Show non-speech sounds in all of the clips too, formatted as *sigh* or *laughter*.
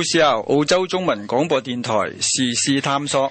午後，澳洲中文廣播電台時事探索。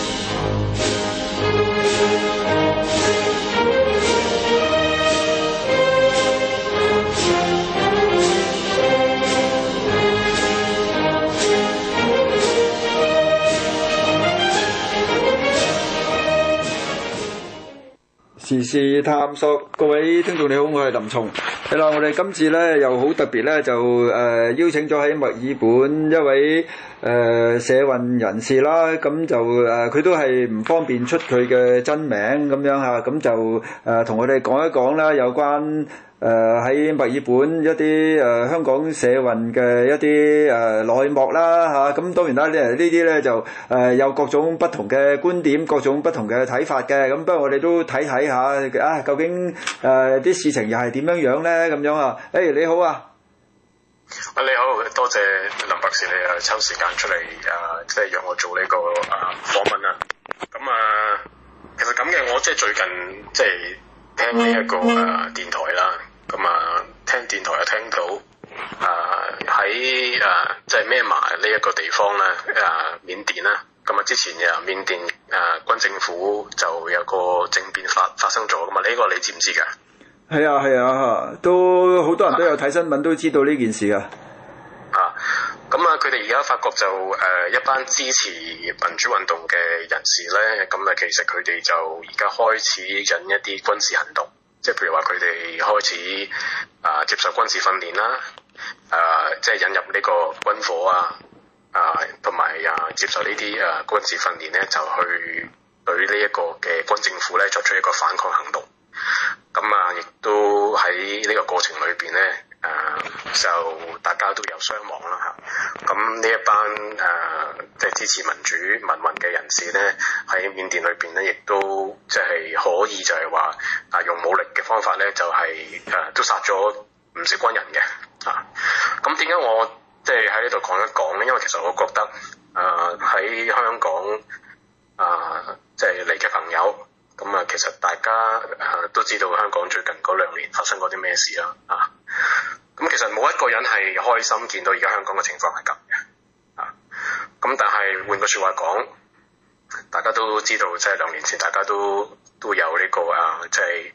*music* 時事探索，各位聽眾你好，我係林松。係啦，我哋今次咧又好特別咧，就誒、呃、邀請咗喺墨爾本一位。誒社運人士啦，咁就誒佢都係唔方便出佢嘅真名咁樣嚇，咁就誒同我哋講一講啦，有關誒喺墨爾本一啲誒香港社運嘅一啲誒內幕啦嚇，咁當然啦，呢啲咧就誒有各種不同嘅觀點，各種不同嘅睇法嘅，咁不過我哋都睇睇下啊，究竟誒啲事情又係點樣樣咧咁樣啊？誒你好啊！喂、啊，你好，多謝林博士，你啊抽時間出嚟啊，即係讓我做呢、這個啊訪問啊。咁啊，其實咁嘅，我即係最近即係聽呢、這、一個啊電台啦。咁啊，聽電台又聽到啊喺啊即係咩埋呢一個地方咧啊緬甸啦。咁啊，之前又緬甸啊軍政府就有個政變發發生咗咁嘛？呢、啊這個你知唔知噶？係啊係啊，都好多人都有睇新聞，都知道呢件事噶。啊，咁啊，佢哋而家發覺就誒一班支持民主運動嘅人士咧，咁、嗯、啊，其實佢哋就而家開始引一啲軍事行動，即係譬如話佢哋開始啊接受軍事訓練啦，啊即係引入呢個軍火啊，啊同埋啊接受呢啲啊軍事訓練咧，就去對呢一個嘅軍政府咧作出一個反抗行動。咁啊，亦都喺呢個過程裏邊咧，誒、呃，就大家都有傷亡啦吓。咁、啊、呢一班誒，即、呃、係支持民主民運嘅人士咧，喺緬甸裏邊咧，亦都即係可以就係話啊，用武力嘅方法咧，就係、是、誒、呃，都殺咗唔少軍人嘅啊。咁點解我即係喺呢度講一講咧？因為其實我覺得誒，喺、呃、香港啊，即係你嘅朋友。咁啊，其實大家都知道香港最近嗰兩年發生過啲咩事啦，啊，咁其實冇一個人係開心見到而家香港嘅情況係咁嘅，啊，咁但係換個說話講，大家都知道即係兩年前大家都都有呢個啊，即係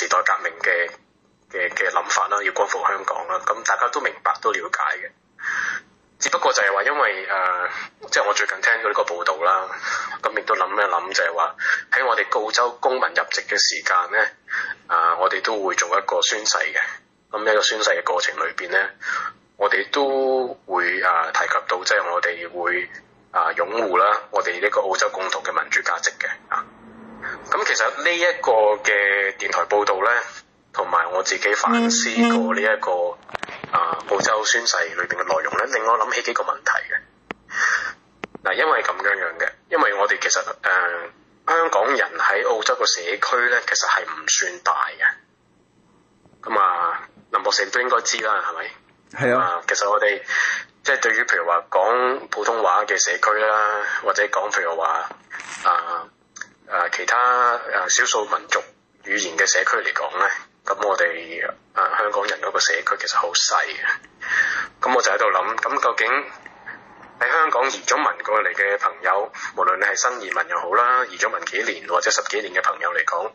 時代革命嘅嘅嘅諗法啦，要光復香港啦，咁大家都明白都了解嘅。只不過就係話，因為誒，即、呃、係、就是、我最近聽咗呢個報道啦，咁亦都諗一諗，就係話喺我哋澳洲公民入籍嘅時間咧，啊、呃，我哋都會做一個宣誓嘅。咁、嗯、呢一個宣誓嘅過程裏邊咧，我哋都會啊、呃、提及到，即、就、係、是、我哋會啊、呃、擁護啦，我哋呢個澳洲共同嘅民主價值嘅。啊，咁、嗯、其實呢一個嘅電台報道咧，同埋我自己反思過呢、這、一個。啊！澳洲宣誓裏邊嘅內容咧，令我諗起幾個問題嘅。嗱、啊，因為咁樣樣嘅，因為我哋其實誒、呃，香港人喺澳洲個社區咧，其實係唔算大嘅。咁啊，林博士都應該知啦，係咪？係啊，啊。其實我哋即係對於譬如話講普通話嘅社區啦，或者講譬如話啊啊其他誒少數民族語言嘅社區嚟講咧。咁我哋啊香港人嗰個社區其實好細嘅，咁我就喺度諗，咁究竟喺香港移咗民過嚟嘅朋友，無論你係新移民又好啦，移咗民幾年或者十幾年嘅朋友嚟講，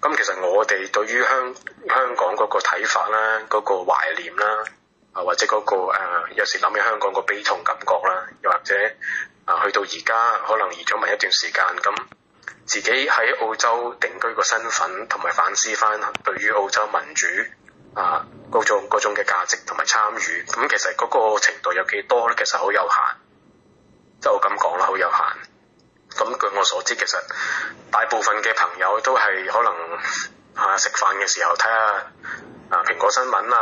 咁其實我哋對於香香港嗰個睇法啦、嗰個懷念啦，啊或者嗰個誒有時諗起香港個悲痛感覺啦，又或者啊去到而家可能移咗民一段時間咁。自己喺澳洲定居個身份，同埋反思翻對於澳洲民主啊嗰種嗰種嘅價值同埋參與，咁其實嗰個程度有幾多咧？其實好有限，即係我咁講啦，好有限。咁據我所知，其實大部分嘅朋友都係可能啊食飯嘅時候睇下啊蘋果新聞啊，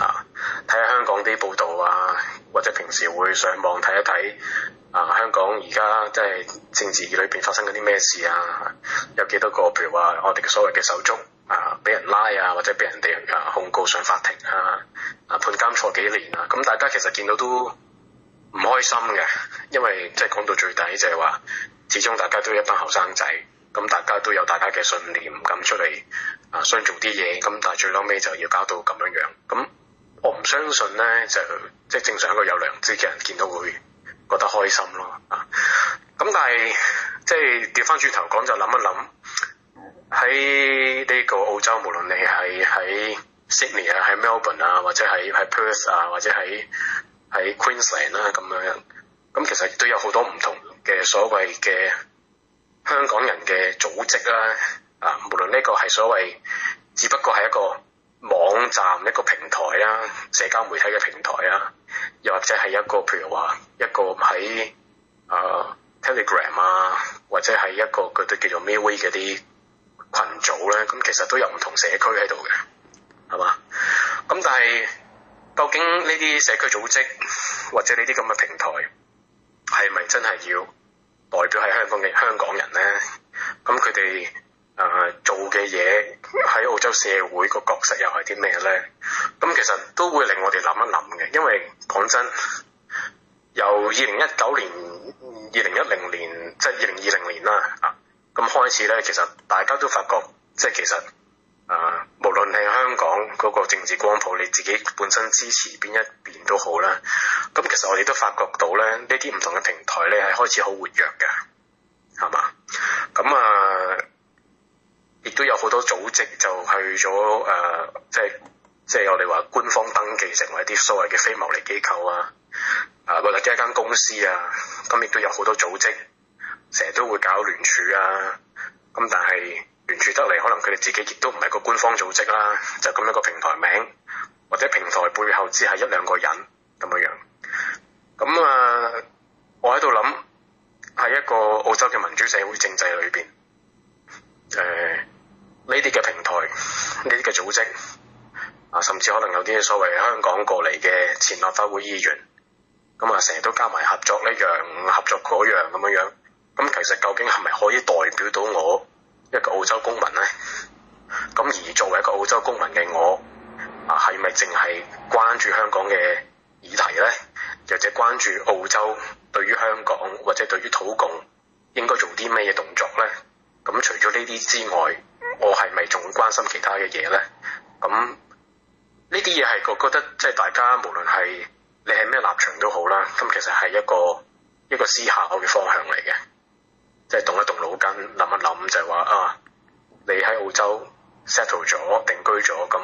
啊睇下香港啲報道啊，或者平時會上網睇一睇。啊！香港而家即係政治裏邊發生緊啲咩事啊？有幾多個譬如話我哋嘅所謂嘅手足啊，俾人拉啊，或者俾人哋啊控告上法庭啊，啊判監坐幾年啊！咁、啊、大家其實見到都唔開心嘅，因為即係講到最底就係、是、話，始終大家都一班後生仔，咁、嗯、大家都有大家嘅信念，唔敢出嚟啊想做啲嘢，咁、嗯、但係最屘尾就要搞到咁樣樣，咁、嗯、我唔相信呢，就即係正常一個有良知嘅人見到會。覺得開心咯啊！咁但係即係調翻轉頭講就諗一諗，喺呢個澳洲，無論你係喺 Sydney 啊、喺 Melbourne 啊，或者係喺 Perth 啊，或者喺喺 Queensland 啦、啊、咁樣，咁、嗯、其實都有好多唔同嘅所謂嘅香港人嘅組織啦啊！無論呢個係所謂只不過係一個。網站、一個平台啊，社交媒體嘅平台啊，又或者係一個譬如話一個喺啊、呃、Telegram 啊，或者係一個佢哋叫做 Milway 嘅啲群組咧，咁其實都有唔同社區喺度嘅，係嘛？咁但係究竟呢啲社區組織或者呢啲咁嘅平台係咪真係要代表係香港嘅香港人咧？咁佢哋？誒、呃、做嘅嘢喺澳洲社會個角色又係啲咩呢？咁、嗯、其實都會令我哋諗一諗嘅，因為講真，由二零一九年、二零一零年即係二零二零年啦，啊，咁、嗯、開始呢，其實大家都發覺，即係其實誒、啊，無論係香港嗰個政治光譜，你自己本身支持邊一邊都好啦。咁、嗯、其實我哋都發覺到呢，呢啲唔同嘅平台呢，係開始好活躍嘅，係嘛？咁、嗯嗯、啊～亦都有好多組織就去咗誒、呃，即係即係我哋話官方登記成為一啲所謂嘅非牟利機構啊，啊或者一間公司啊，咁亦都有好多組織，成日都會搞聯署啊，咁但係聯署得嚟，可能佢哋自己亦都唔係個官方組織啦、啊，就咁、是、一個平台名，或者平台背後只係一兩個人咁嘅樣。咁啊、呃，我喺度諗喺一個澳洲嘅民主社會政制裏邊，誒、呃。呢啲嘅平台，呢啲嘅組織，啊，甚至可能有啲所謂香港過嚟嘅前立法會議員，咁啊成日都加埋合作呢樣合作嗰樣咁樣樣，咁、啊、其實究竟係咪可以代表到我一個澳洲公民呢？咁、啊、而作為一個澳洲公民嘅我，啊係咪淨係關注香港嘅議題呢？又或者關注澳洲對於香港或者對於土共應該做啲咩嘢動作呢？咁、啊、除咗呢啲之外，我係咪仲關心其他嘅嘢呢？咁呢啲嘢係我覺得即係大家無論係你係咩立場都好啦，咁其實係一個一個思考嘅方向嚟嘅，即係動一動腦筋，諗一諗就係話啊，你喺澳洲 settle 咗定居咗，咁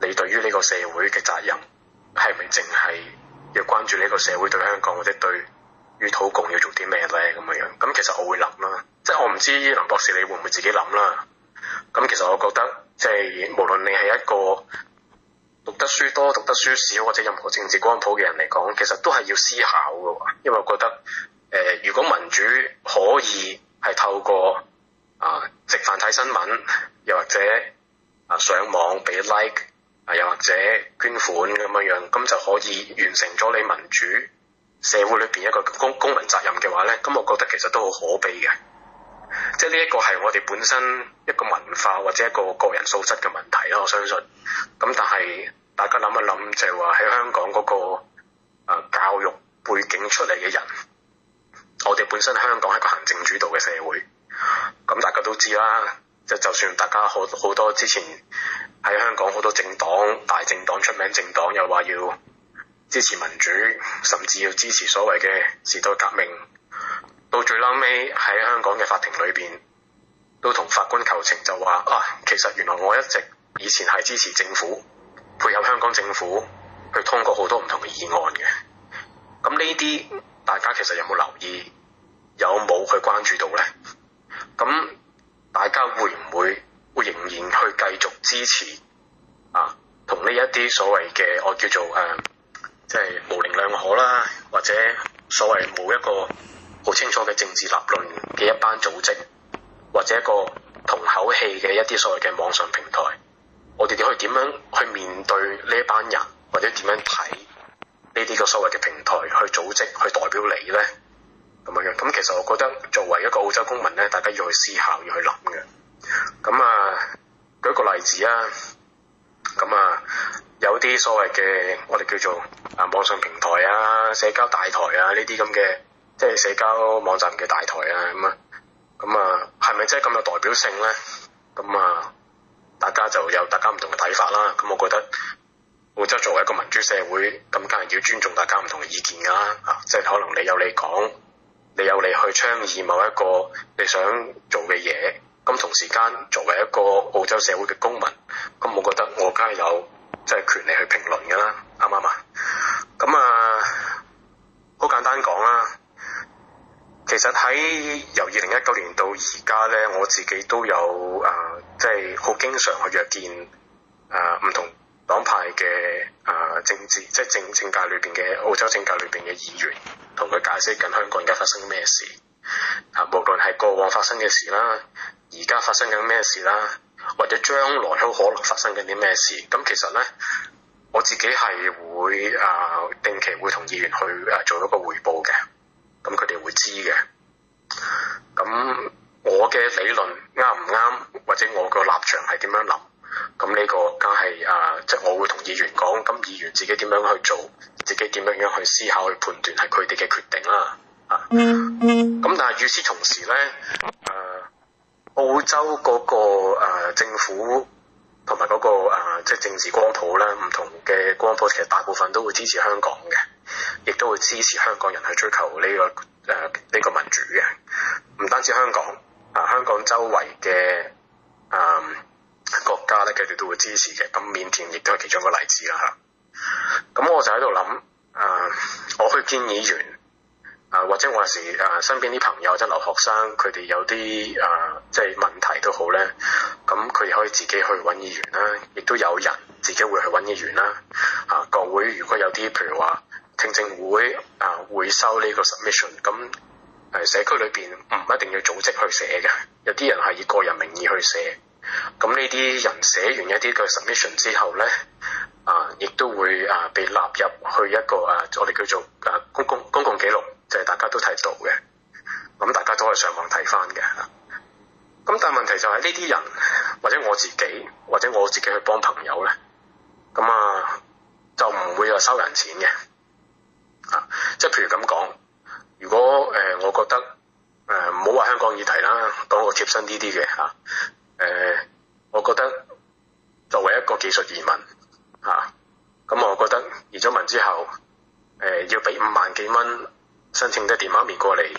你對於呢個社會嘅責任係咪係淨係要關注呢個社會對香港或者對與土共要做啲咩呢？咁樣樣？咁其實我會諗啦，即係我唔知林博士你會唔會自己諗啦。咁其實我覺得，即係無論你係一個讀得書多、讀得書少，或者任何政治光譜嘅人嚟講，其實都係要思考㗎。因為我覺得，誒、呃，如果民主可以係透過啊食飯睇新聞，又或者啊上網俾 like，啊，又或者捐款咁樣樣，咁就可以完成咗你民主社會裏邊一個公公民責任嘅話咧，咁我覺得其實都好可悲嘅。即係呢一個係我哋本身一個文化或者一個個人素質嘅問題啦，我相信。咁但係大家諗一諗，就係話喺香港嗰個教育背景出嚟嘅人，我哋本身香港係個行政主導嘅社會。咁大家都知啦，即就，就算大家好好多之前喺香港好多政黨、大政黨出名政黨，又話要支持民主，甚至要支持所謂嘅時代革命。到最後尾喺香港嘅法庭裏邊，都同法官求情就話啊，其實原來我一直以前係支持政府配合香港政府去通過好多唔同嘅議案嘅。咁呢啲大家其實有冇留意？有冇去關注到呢？咁大家會唔會會仍然去繼續支持啊？同呢一啲所謂嘅我叫做誒，即係模棱兩可啦，或者所謂冇一個。好清楚嘅政治立論嘅一班組織，或者一個同口氣嘅一啲所謂嘅網上平台，我哋點可以點樣去面對呢一班人，或者點樣睇呢啲個所謂嘅平台去組織去代表你呢？咁樣咁，其實我覺得作為一個澳洲公民呢，大家要去思考要去諗嘅。咁啊，舉個例子啊，咁啊，有啲所謂嘅我哋叫做啊網上平台啊、社交大台啊呢啲咁嘅。這即係社交網站嘅大台啊，咁啊，咁啊，係咪真係咁有代表性呢？咁啊，大家就有大家唔同嘅睇法啦。咁我覺得澳洲作為一個民主社會，咁梗係要尊重大家唔同嘅意見㗎啦。啊，即係可能你有你講，你有你去倡議某一個你想做嘅嘢。咁同時間作為一個澳洲社會嘅公民，咁我覺得我梗係有即係權利去評論㗎啦，啱唔啱啊？咁啊，好簡單講啦。其實喺由二零一九年到而家咧，我自己都有啊、呃，即係好經常去約見啊唔、呃、同黨派嘅啊、呃、政治，即係政政界裏邊嘅澳洲政界裏邊嘅議員，同佢解釋緊香港而家發生咩事啊！無論係過往發生嘅事啦，而家發生緊咩事啦，或者將來都可能發生緊啲咩事。咁其實咧，我自己係會啊定期會同議員去啊做一個彙報嘅。咁佢哋會知嘅。咁我嘅理論啱唔啱，或者我個立場係點樣諗？咁呢個梗係啊，即、呃、係我會同議員講。咁議員自己點樣去做，自己點樣樣去思考、去判斷，係佢哋嘅決定啦。啊，咁但係與此同時咧，誒、呃、澳洲嗰、嗰個、呃、政府同埋嗰個即係、呃係、政治光譜咧，唔同嘅光譜其實大部分都會支持香港嘅。亦都會支持香港人去追求呢、這個誒呢、呃這個民主嘅，唔單止香港啊，香港周圍嘅誒、啊、國家咧，佢哋都會支持嘅。咁緬甸亦都係其中一個例子啦。吓、啊、咁、嗯、我就喺度諗誒，我去建議員啊，或者我有時誒身邊啲朋友即係、就是、留學生，佢哋有啲誒、啊、即係問題都好咧，咁佢哋可以自己去搵議員啦，亦、啊、都有人自己會去搵議員啦。啊，國會如果有啲譬如話。聽證會啊，會收呢個 submission、嗯。咁誒，社區裏邊唔一定要組織去寫嘅，有啲人係以個人名義去寫。咁呢啲人寫完一啲嘅 submission 之後咧，啊，亦都會啊被納入去一個啊，我哋叫做啊公公公共記錄，就係、是、大家都睇到嘅。咁、嗯、大家都可以上網睇翻嘅。咁、嗯、但係問題就係呢啲人，或者我自己，或者我自己去幫朋友咧，咁、嗯、啊，就唔會話收人錢嘅。啊，即係譬如咁講，如果誒、呃、我覺得誒唔好話香港議題啦，講個貼身啲啲嘅吓誒我覺得作為一個技術移民嚇，咁、啊、我覺得移咗民之後誒、啊、要俾五萬幾蚊申請嘅電話面過嚟，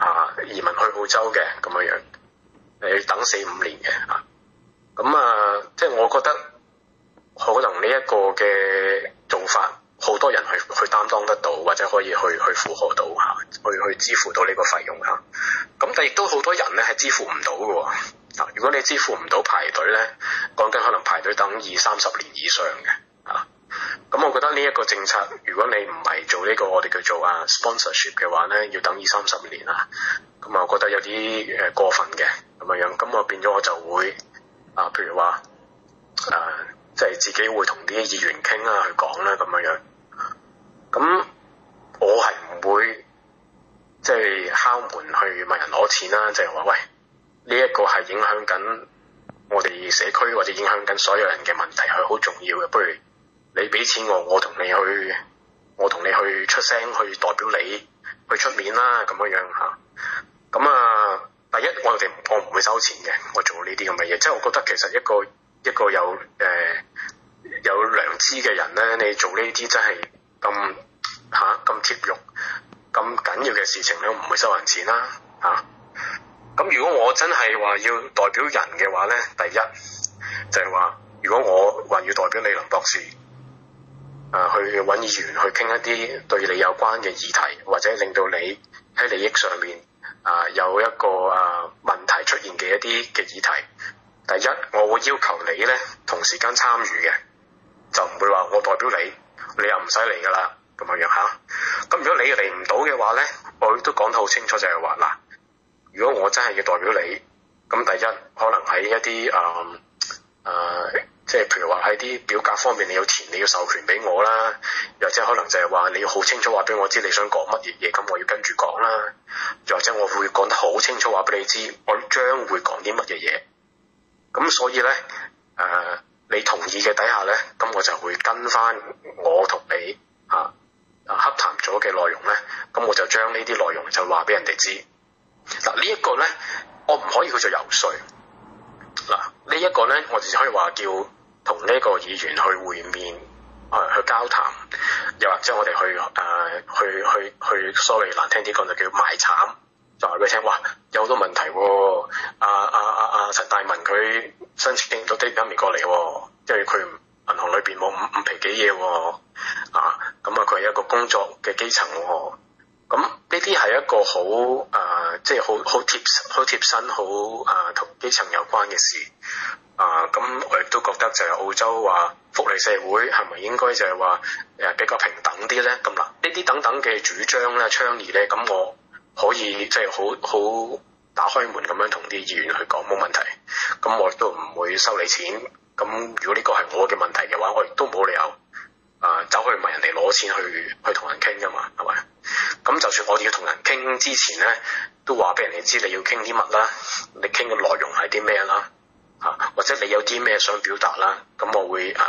嚇、啊，移民去澳洲嘅咁樣樣，誒、啊、等四五年嘅嚇，咁啊，啊即係我覺得。支付到呢個費用嚇，咁但亦都好多人咧係支付唔到嘅。嗱，如果你支付唔到排隊咧，講緊可能排隊等二三十年以上嘅。啊，咁我覺得呢一個政策，如果你唔係做呢個我哋叫做啊 sponsorship 嘅話咧，要等二三十年啊，咁啊我覺得有啲誒過分嘅咁樣樣，咁我變咗我就會啊，譬如話誒即係自己會同啲議員傾啊，去講啦咁樣樣。咁我係唔會。即係敲門去問人攞錢啦，就話、是、喂，呢、這、一個係影響緊我哋社區，或者影響緊所有人嘅問題，係好重要嘅。不如你俾錢我，我同你去，我同你去出聲，去代表你去出面啦，咁樣樣嚇。咁啊，第一我哋我唔會收錢嘅，我做呢啲咁嘅嘢。即係我覺得其實一個一個有誒、呃、有良知嘅人咧，你做呢啲真係咁嚇咁貼肉。咁緊要嘅事情都唔會收人錢啦、啊，嚇、啊！咁如果我真係話要代表人嘅話呢，第一就係、是、話，如果我話要代表李林博士，啊、去揾議員去傾一啲對你有關嘅議題，或者令到你喺利益上面啊有一個啊問題出現嘅一啲嘅議題，第一我會要求你呢同時間參與嘅，就唔會話我代表你，你又唔使嚟噶啦。咁樣樣吓，咁如果你嚟唔到嘅話咧，我都講得好清楚，就係話嗱，如果我真係要代表你，咁第一可能喺一啲誒誒，即係譬如話喺啲表格方面你要填，你要授權俾我啦，又或者可能就係話你要好清楚話俾我知你想講乜嘢嘢，咁我要跟住講啦，又或者我會講得好清楚話俾你知，我將會講啲乜嘢嘢，咁所以咧誒、呃，你同意嘅底下咧，咁我就會跟翻我同你吓。啊啊，洽談咗嘅內容咧，咁我就將呢啲內容就話俾人哋知。嗱、這個，呢一個咧，我唔可以叫做遊說。嗱、這個，呢一個咧，我哋可以話叫同呢一個議員去會面，誒、呃，去交談，又或者我哋去誒、呃，去去去，去，去，sorry，難聽啲講就叫賣慘，就話俾佢聽，哇，有好多問題喎、啊。阿阿阿阿陳大文佢申請唔到 Deadline 過嚟喎、啊，因為佢唔。銀行裏邊冇五五皮幾嘢喎，啊咁啊佢係一個工作嘅基層喎、啊，咁呢啲係一個好誒、呃，即係好好貼好貼身好誒同基層有關嘅事，啊咁、嗯、我亦都覺得就係澳洲話福利社會係咪應該就係話誒比較平等啲咧？咁啦，呢啲等等嘅主張咧、倡議咧，咁、嗯、我可以即係好好打開門咁樣同啲議員去講冇問題，咁、嗯、我都唔會收你錢。咁如果呢個係我嘅問題嘅話，我亦都冇理由啊、呃，走去問人哋攞錢去去同人傾㗎嘛，係咪？咁就算我哋要同人傾之前咧，都話俾人哋知你要傾啲乜啦，你傾嘅內容係啲咩啦？啊，或者你有啲咩想表達啦？咁、啊、我會啊，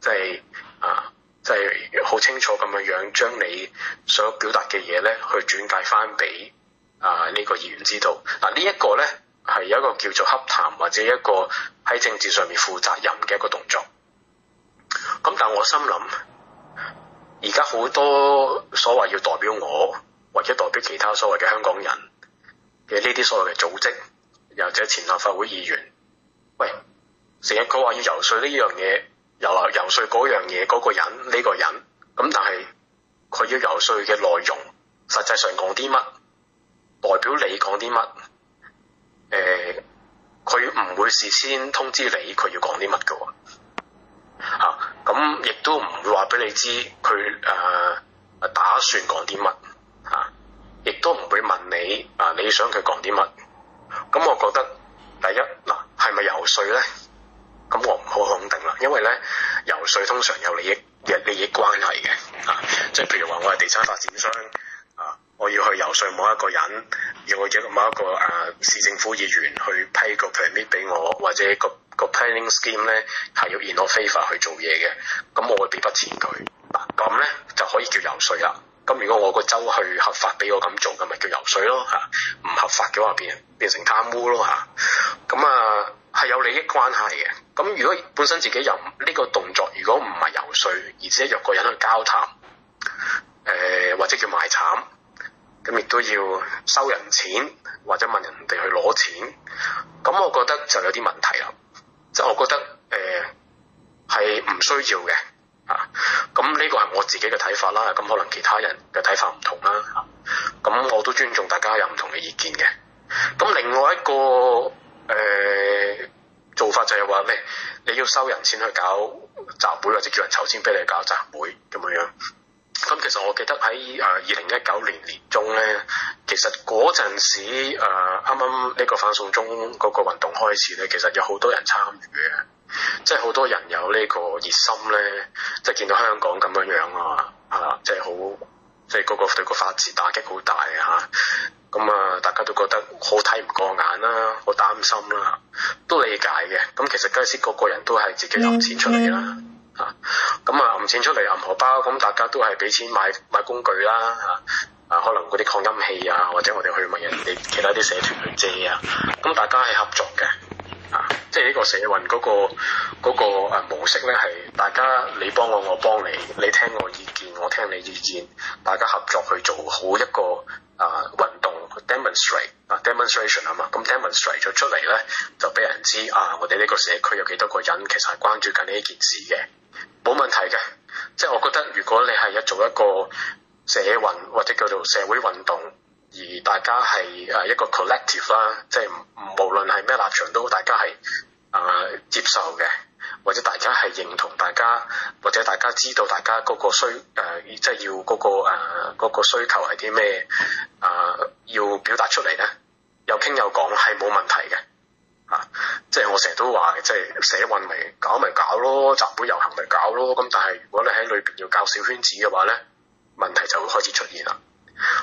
即係啊，即係好清楚咁樣樣，將你想表達嘅嘢咧，去轉介翻俾啊呢、呢個議員知道。嗱、啊，呢個、呢一個咧。係有一個叫做洽談或者一個喺政治上面負責任嘅一個動作。咁，但我心諗，而家好多所謂要代表我或者代表其他所謂嘅香港人嘅呢啲所謂嘅組織，又或者前立法會議員，喂，成日佢話要游說呢樣嘢，游說游說嗰樣嘢，嗰個人呢個人。咁、這個、但係佢要游說嘅內容，實際上講啲乜，代表你講啲乜？誒，佢唔、呃、會事先通知你佢要講啲乜㗎喎，咁、啊、亦都唔會話俾你知佢誒打算講啲乜，嚇、啊，亦都唔會問你啊你想佢講啲乜？咁、啊、我覺得第一嗱係咪游説咧？咁、啊啊、我唔好肯定啦，因為咧游説通常有利益嘅利益關係嘅，啊，即係譬如話我係地產發展商。我要去游説某一個人，要我叫某一個誒、啊、市政府議員去批個 permit 俾我，或者個個 planning scheme 咧係要沿我非法去做嘢嘅，咁我會俾筆錢佢嗱，咁、啊、咧就可以叫游説啦。咁、啊、如果我個州去合法俾我咁做，咁咪叫游説咯嚇。唔、啊、合法嘅話變變成貪污咯嚇。咁啊係、啊、有利益關係嘅。咁、啊、如果本身自己又呢、這個動作，如果唔係游説，而且係約個人去交談，誒、呃、或者叫賣慘。亦都要收人錢，或者問人哋去攞錢，咁我覺得就有啲問題啦。即係我覺得誒係唔需要嘅嚇。咁、啊、呢個係我自己嘅睇法啦。咁可能其他人嘅睇法唔同啦。咁我都尊重大家有唔同嘅意見嘅。咁另外一個誒、呃、做法就係話咩？你你要收人錢去搞集會，或者叫人籌錢俾你搞集會咁樣樣。咁其實我記得喺誒二零一九年年中咧，其實嗰陣時啱啱呢個反送中嗰個運動開始咧，其實有好多人參與嘅，即係好多人有呢個熱心咧，即係見到香港咁樣樣啊，係即係好，即係嗰個對個法治打擊好大嚇，咁啊、嗯，大家都覺得好睇唔過眼啦，好擔心啦，都理解嘅。咁其實嗰陣時個個人都係自己攢錢出嚟啦。嗯嗯咁啊，揜、嗯啊、錢出嚟揜荷包，咁、啊、大家都係俾錢買買工具啦，啊啊，可能嗰啲擴音器啊，或者我哋去問人哋其他啲社團去借啊。咁、啊、大家係合作嘅，啊，即係呢個社運嗰、嗰個嗰、嗰個、模式咧，係大家你幫我，我幫你，你聽我意見，我聽你意見，大家合作去做好一個啊運動，demonstrate 啊，demonstration 啊嘛，咁 demonstrate 咗出嚟咧，就俾人知啊，我哋呢個社區有幾多個人其實係關注緊呢一件事嘅。冇問題嘅，即係我覺得如果你係一做一個社運或者叫做社會運動，而大家係誒一個 collective 啦，即係無論係咩立場都好，大家係誒、呃、接受嘅，或者大家係認同，大家或者大家知道大家個需誒即係要、嗰個誒、呃嗰個需求係啲咩誒要表達出嚟咧，又傾又講係冇問題嘅。啊！即係我成日都話即係社運咪搞咪搞咯，集會遊行咪搞咯。咁但係如果你喺裏邊要搞小圈子嘅話咧，問題就會開始出現啦。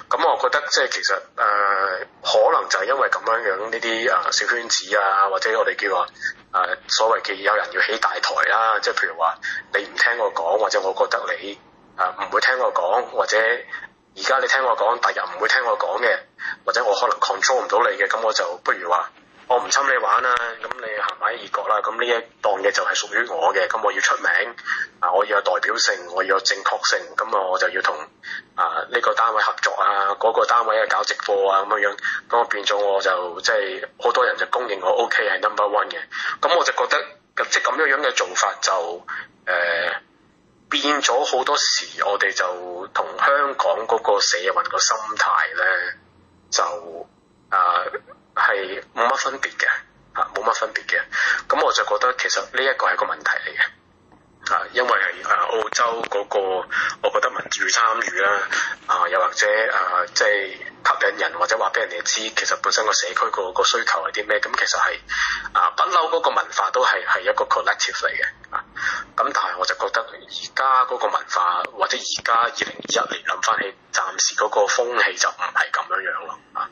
咁、嗯、我覺得即係其實誒、呃，可能就係因為咁樣樣呢啲啊小圈子啊，或者我哋叫話啊所謂嘅有人要起大台啦、啊。即係譬如話你唔聽我講，或者我覺得你啊唔會聽我講，或者而家你聽我講，第日唔會聽我講嘅，或者我可能 control 唔到你嘅，咁我就不如話。我唔侵你玩啦，咁你行埋喺異國啦，咁呢一檔嘢就係屬於我嘅，咁我要出名，啊，我要有代表性，我要有正確性，咁我我就要同啊呢個單位合作啊，嗰、嗰個單位又搞直播啊，咁樣樣，咁我變咗我就即係好多人就公認我 OK 係 number one 嘅，咁我就覺得咁即係咁樣樣嘅做法就誒、呃、變咗好多時，我哋就同香港嗰個社運個心態咧就啊～、呃係冇乜分別嘅，吓，冇乜分別嘅，咁我就覺得其實呢一個係一個問題嚟嘅。啊，因為係澳洲嗰個，我覺得民主參與啦，啊又或者誒即係吸引人，或者話俾人哋知，其實本身個社區個需求係啲咩？咁其實係啊，不嬲嗰個文化都係係一個 collective 嚟嘅。啊，咁但係我就覺得而家嗰個文化，或者而家二零二一年諗翻起，暫時嗰個風氣就唔係咁樣樣咯。啊，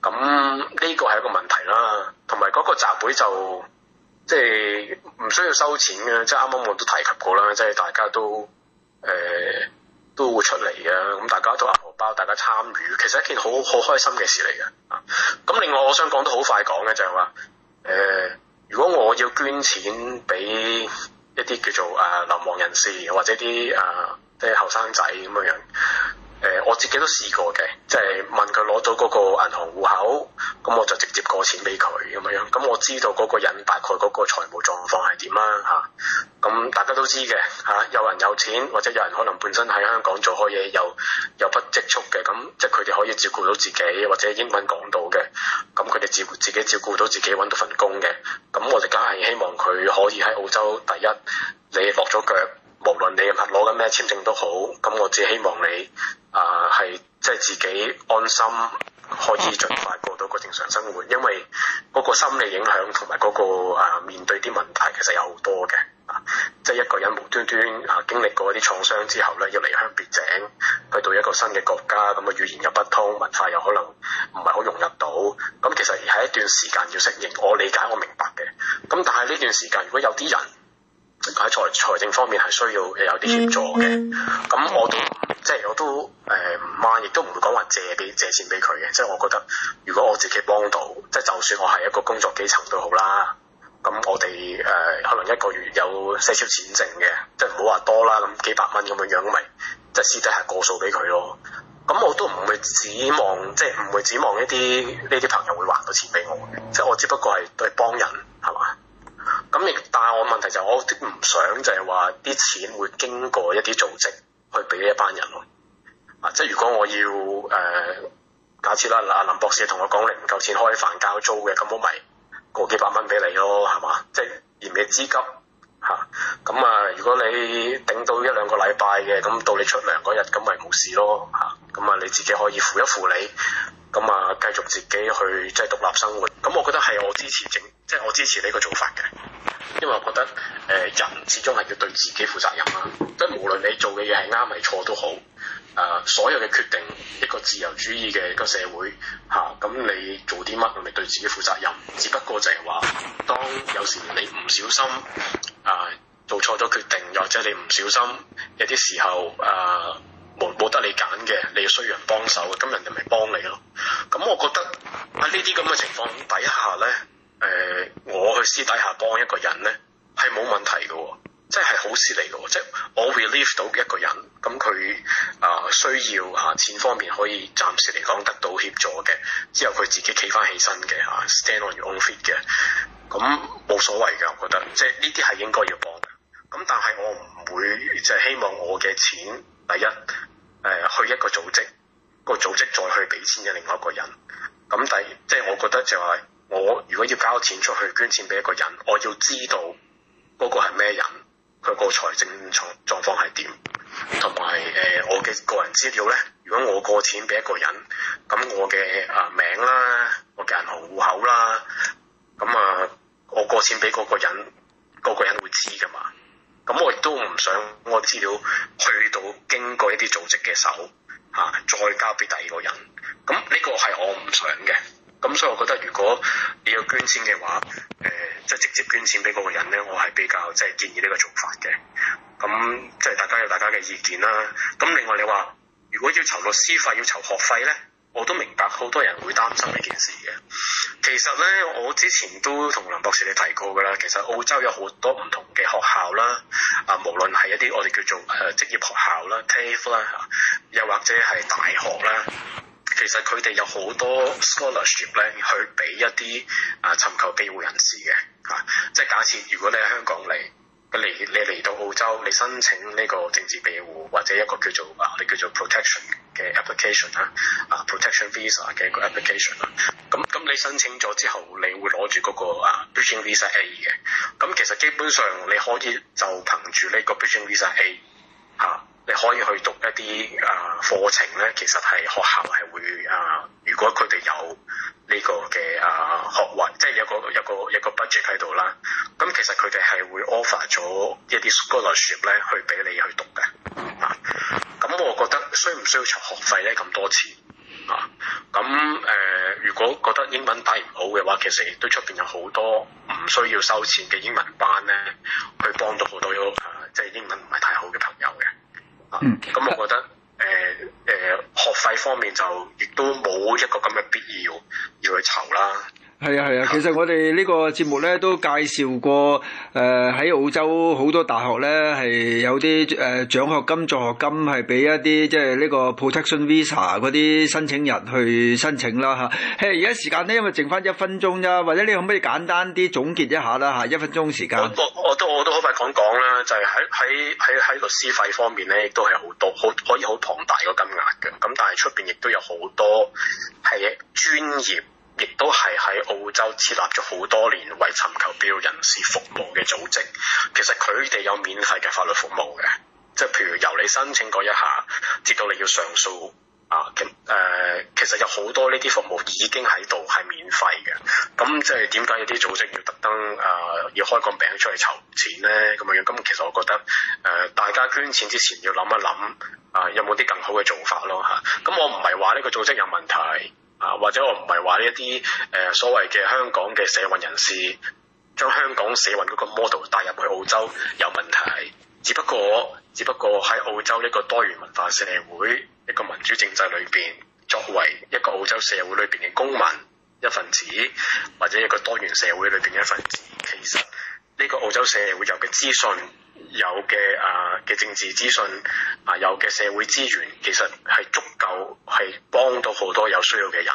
咁，嗯，呢個係一個問題啦，同埋嗰個集會就。即係唔需要收錢嘅，即係啱啱我都提及過啦，即係大家都誒、呃、都會出嚟啊，咁大家都揦荷包，大家參與，其實一件好好開心嘅事嚟嘅。啊，咁另外我想講都好快講嘅就係話誒，如果我要捐錢俾一啲叫做啊流亡人士或者啲啊即係後生仔咁嘅樣。誒、呃、我自己都試過嘅，即、就、係、是、問佢攞到嗰個銀行戶口，咁、嗯、我就直接過錢俾佢咁樣樣。咁、嗯、我知道嗰個人大概嗰個財務狀況係點啦嚇。咁、啊嗯、大家都知嘅嚇、啊，有人有錢或者有人可能本身喺香港做開嘢有有筆積蓄嘅，咁即係佢哋可以照顧到自己，或者英文講到嘅，咁佢哋自自己照顧到自己揾到份工嘅。咁、嗯、我哋梗係希望佢可以喺澳洲第一，你落咗腳。無論你係攞緊咩簽證都好，咁我只希望你啊係、呃、即係自己安心，可以盡快過到個正常生活。因為嗰個心理影響同埋嗰個啊、呃、面對啲問題其實有好多嘅、啊、即係一個人無端端啊經歷過一啲創傷之後咧，要離鄉別井，去到一個新嘅國家，咁、嗯、啊語言又不通，文化又可能唔係好融入到，咁、嗯、其實係一段時間要適應。我理解，我明白嘅。咁、嗯、但係呢段時間如果有啲人，喺財財政方面係需要有啲協助嘅，咁、嗯嗯、我都即係、就是、我都誒唔問，亦、呃、都唔會講話借俾借錢俾佢嘅。即、就、係、是、我覺得，如果我自己幫到，即、就、係、是、就算我係一個工作基層都好啦。咁我哋誒、呃、可能一個月有少少錢剩嘅，即係唔好話多啦，咁幾百蚊咁樣樣咪即係私底下過數俾佢咯。咁我都唔會指望，即係唔會指望呢啲呢啲朋友會還到錢俾我。即、就、係、是、我只不過係都係幫人，係嘛？咁，但係我問題就係、是，我唔想就係話啲錢會經過一啲組織去俾一班人咯。啊，即係如果我要誒、呃、假設啦，阿林博士同我講，你唔夠錢開飯交租嘅咁，我咪過幾百蚊俾你咯，係嘛？即係嚴嘅資金嚇咁啊、嗯。如果你頂到一兩個禮拜嘅咁，到你出糧嗰日咁，咪冇事咯嚇。咁啊、嗯，你自己可以扶一扶你咁啊、嗯，繼續自己去即係獨立生活。咁、嗯、我覺得係我支持整，即、就、係、是、我支持你個做法嘅。因為我覺得，誒、呃、人始終係要對自己負責任啦。即、啊、係無論你做嘅嘢係啱係錯都好，啊，所有嘅決定，一個自由主義嘅一個社會，嚇、啊、咁你做啲乜、嗯，你咪對自己負責任。只不過就係話，當有時你唔小心，啊，做錯咗決定，或者你唔小心，有啲時候啊，冇冇得你揀嘅，你需要人幫手，咁人哋咪幫你咯。咁、啊、我覺得喺呢啲咁嘅情況底下咧。誒、呃，我去私底下幫一個人咧，係冇問題嘅、哦，即係好事嚟嘅，即係我 relieve 到一個人，咁佢啊需要啊錢方面可以暫時嚟講得到協助嘅，之後佢自己企翻起身嘅，吓、啊、stand on your own feet 嘅，咁冇所謂嘅，我覺得即係呢啲係應該要幫嘅。咁但係我唔會即係希望我嘅錢第一誒、呃、去一個組織，個組織再去俾錢嘅另外一個人。咁第二，即係我覺得就係、是。我如果要交錢出去捐錢俾一個人，我要知道嗰個係咩人，佢個財政狀狀況係點，同埋誒我嘅個人資料咧。如果我過錢俾一個人，咁我嘅啊名啦，我嘅銀行戶口啦，咁啊我過錢俾嗰個人，嗰、嗰個人會知噶嘛。咁我亦都唔想我資料去到經過呢啲組織嘅手，嚇、啊、再交俾第二個人。咁呢個係我唔想嘅。咁所以我覺得，如果你要捐錢嘅話，誒、呃，即係直接捐錢俾嗰個人咧，我係比較即係、就是、建議呢個做法嘅。咁即係大家有大家嘅意見啦。咁另外你話，如果要籌律師費、要籌學費咧，我都明白好多人會擔心呢件事嘅。其實咧，我之前都同林博士你提過噶啦。其實澳洲有好多唔同嘅學校啦，啊，無論係一啲我哋叫做誒職業學校啦、TAFE 啦，又或者係大學啦。其實佢哋有好多 scholarship 咧，去俾一啲啊尋求庇護人士嘅嚇、啊。即係假設如果你喺香港嚟，你嚟你嚟到澳洲，你申請呢個政治庇護或者一個叫做啊，你叫做 protection 嘅 application 啦、啊，啊 protection visa 嘅一個 application 啦、啊。咁咁你申請咗之後，你會攞住嗰個啊 bridging visa A 嘅。咁、啊、其實基本上你可以就憑住呢個 bridging visa A 嚇、啊。你可以去讀一啲啊課程咧，其實係學校係會啊。如果佢哋有呢個嘅啊學位，即係有一個有一個有一個 budget 喺度啦。咁、啊、其實佢哋係會 offer 咗一啲 scholarship 咧，去俾你去讀嘅啊。咁我覺得需唔需要出學費咧咁多錢啊？咁、嗯、誒、啊，如果覺得英文底唔好嘅話，其實亦都出邊有好多唔需要收錢嘅英文班咧，去幫到好多有、啊、即係英文唔係太好嘅朋友嘅。嗯，咁我覺得，誒誒學費方面就亦都冇一個咁嘅必要要去籌啦。 *noise* *noise* *noise* 係啊，係啊，其實我哋呢個節目咧都介紹過，誒、呃、喺澳洲好多大學咧係有啲誒獎學金、助學金係俾一啲即係呢個 protection visa 嗰啲申請人去申請啦吓。嘿、啊，而家時間咧，因為剩翻一分鐘啫，或者你可唔可以簡單啲總結一下啦吓？一、啊、分鐘時間。我我都我都好快講講啦，就係喺喺喺喺律師費方面咧，亦都係好多好可以好龐大個金額嘅。咁但係出邊亦都有好多係專業。亦都係喺澳洲設立咗好多年，為尋求庇護人士服務嘅組織。其實佢哋有免費嘅法律服務嘅，即係譬如由你申請過一下，直到你要上訴啊。誒，其實有好多呢啲服務已經喺度係免費嘅。咁即係點解有啲組織要特登啊，要開個餅出去籌錢咧咁樣？咁其實我覺得誒、呃，大家捐錢之前要諗一諗啊、呃，有冇啲更好嘅做法咯嚇。咁我唔係話呢個組織有問題。啊，或者我唔係話呢一啲誒所謂嘅香港嘅社運人士，將香港社運嗰個 model 帶入去澳洲有問題，只不過只不過喺澳洲呢個多元文化社會一個民主政制裏邊，作為一個澳洲社會裏邊嘅公民一份子，或者一個多元社會裏邊嘅一份子，其實呢個澳洲社會有嘅資訊。有嘅啊嘅政治資訊啊，有嘅社會資源，其實係足夠係幫到好多有需要嘅人。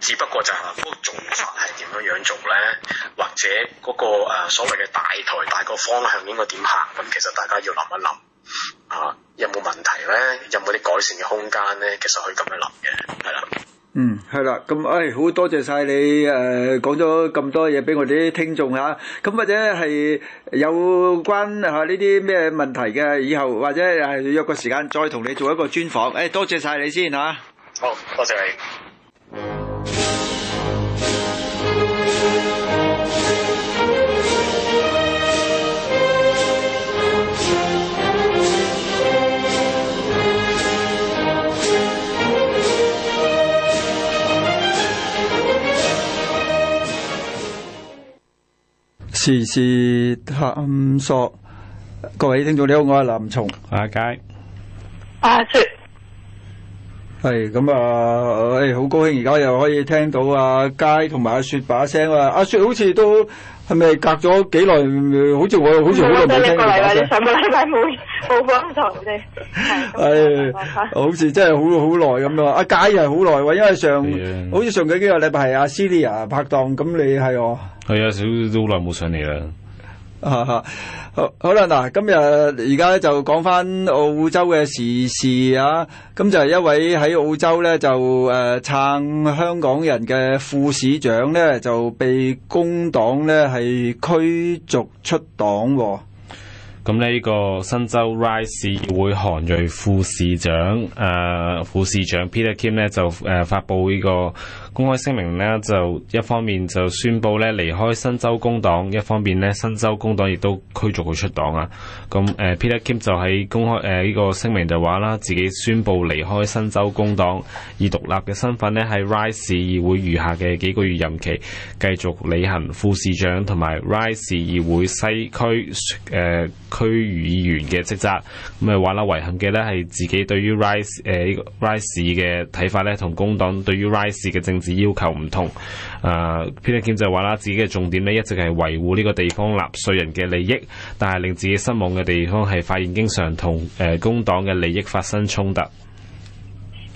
只不過就係、是、嗰、那個做法係點樣樣做咧，或者嗰、那個、呃、所謂嘅大台大個方向應該點行咁，其實大家要諗一諗啊，有冇問題咧？有冇啲改善嘅空間咧？其實可以咁樣諗嘅，係啦。嗯，係啦，咁誒，好、哎呃、多謝晒你誒，講咗咁多嘢，俾我哋啲聽眾吓，咁或者係有關吓呢啲咩問題嘅，以後或者係約個時間再同你做一個專訪，誒、哎，多謝晒你先吓。啊、好，多謝你。時事探索，各位聽眾你好，我係林松。阿佳，阿雪，係咁啊！誒，好高興，而家又可以聽到阿佳同埋阿雪把聲啦。阿雪好似都係咪隔咗幾耐？好似我好似好耐冇聽過。得你個禮拜，你上個禮拜冇冇播唔同嘅。係，好似真係好好耐咁樣。阿佳又係好耐喎，因為上好似上幾幾個禮拜係阿 Silvia 拍檔，咁你係我。係啊，少都好耐冇上嚟啦。嚇嚇，好好啦，嗱，今日而家就講翻澳洲嘅時事啊。咁就係一位喺澳洲咧就誒撐、呃、香港人嘅副市長咧就被工黨咧係驅逐出黨喎、哦。咁呢、嗯、個新州 Ryde 議會韓裔副市長，誒、呃、副市長 Peter Kim 咧就誒、呃、發布呢、這個。公開聲明呢，就一方面就宣佈咧離開新州工黨，一方面咧新州工黨亦都驅逐佢出黨啊。咁誒 Peter Kim 就喺公開誒呢個聲明就話啦，自己宣佈離開新州工黨，以獨立嘅身份呢，喺 Rise 市議會餘下嘅幾個月任期繼續履行副市長同埋 Rise 市議會西區誒區議員嘅職責。咁啊話啦，遺憾嘅咧係自己對於 Rise 誒呢個 Rise 嘅睇法咧同工黨對於 Rise 嘅政，要求唔同，誒、啊，偏聽檢就話啦，自己嘅重點咧一直係維護呢個地方納稅人嘅利益，但係令自己失望嘅地方係發現經常同誒工黨嘅利益發生衝突。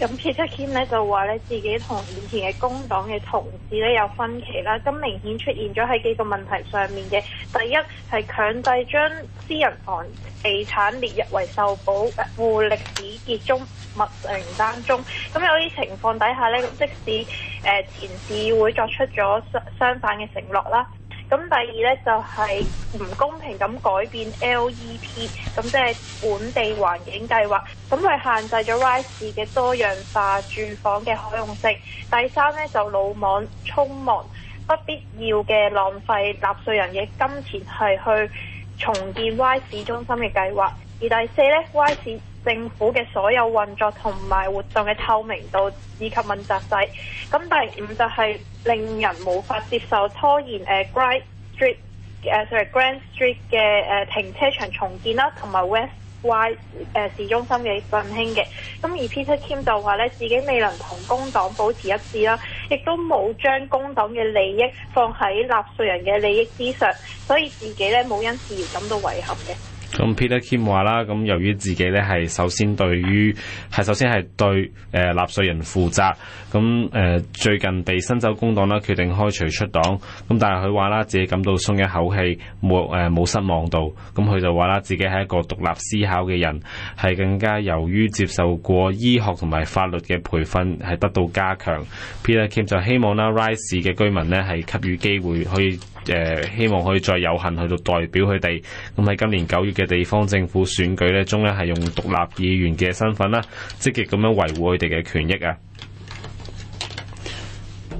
咁 Peter Kim 咧就話咧自己同以前嘅工黨嘅同事咧有分歧啦，咁明顯出現咗喺幾個問題上面嘅。第一係強制將私人房地產列入為受保護歷史建築物名單中，咁有啲情況底下咧，即使誒前市議會作出咗相相反嘅承諾啦。咁第二咧就係、是、唔公平咁改變 LEP，咁即係本地環境計劃，咁佢限制咗 Y 市嘅多樣化住房嘅可用性。第三咧就魯莽、匆忙、不必要嘅浪費納稅人嘅金錢係去重建 Y 市中心嘅計劃。而第四咧，Y 市。政府嘅所有運作同埋活動嘅透明度以及問責制，咁第五就係令人無法接受拖延。誒、uh,，Great Street 誒、uh,，sorry，Grand Street 嘅誒、uh, 停車場重建啦，同埋 West Y 誒、uh, 市中心嘅振興嘅。咁而 P7 簽就話咧，自己未能同工黨保持一致啦，亦都冇將工黨嘅利益放喺納稅人嘅利益之上，所以自己咧冇因辭而感到遺憾嘅。咁 Peter Kim 話啦，咁由於自己咧係首先對於係首先係對誒納稅人負責，咁誒、呃、最近被新州工黨啦決定開除出黨，咁但係佢話啦自己感到鬆一口氣，冇誒冇失望到，咁佢就話啦自己係一個獨立思考嘅人，係更加由於接受過醫學同埋法律嘅培訓，係得到加強。Peter Kim 就希望啦、啊、Rise 嘅居民咧係給予機會可以。誒希望可以再有幸去到代表佢哋，咁喺今年九月嘅地方政府選舉咧中央係用獨立議員嘅身份啦、啊，積極咁樣維護佢哋嘅權益啊！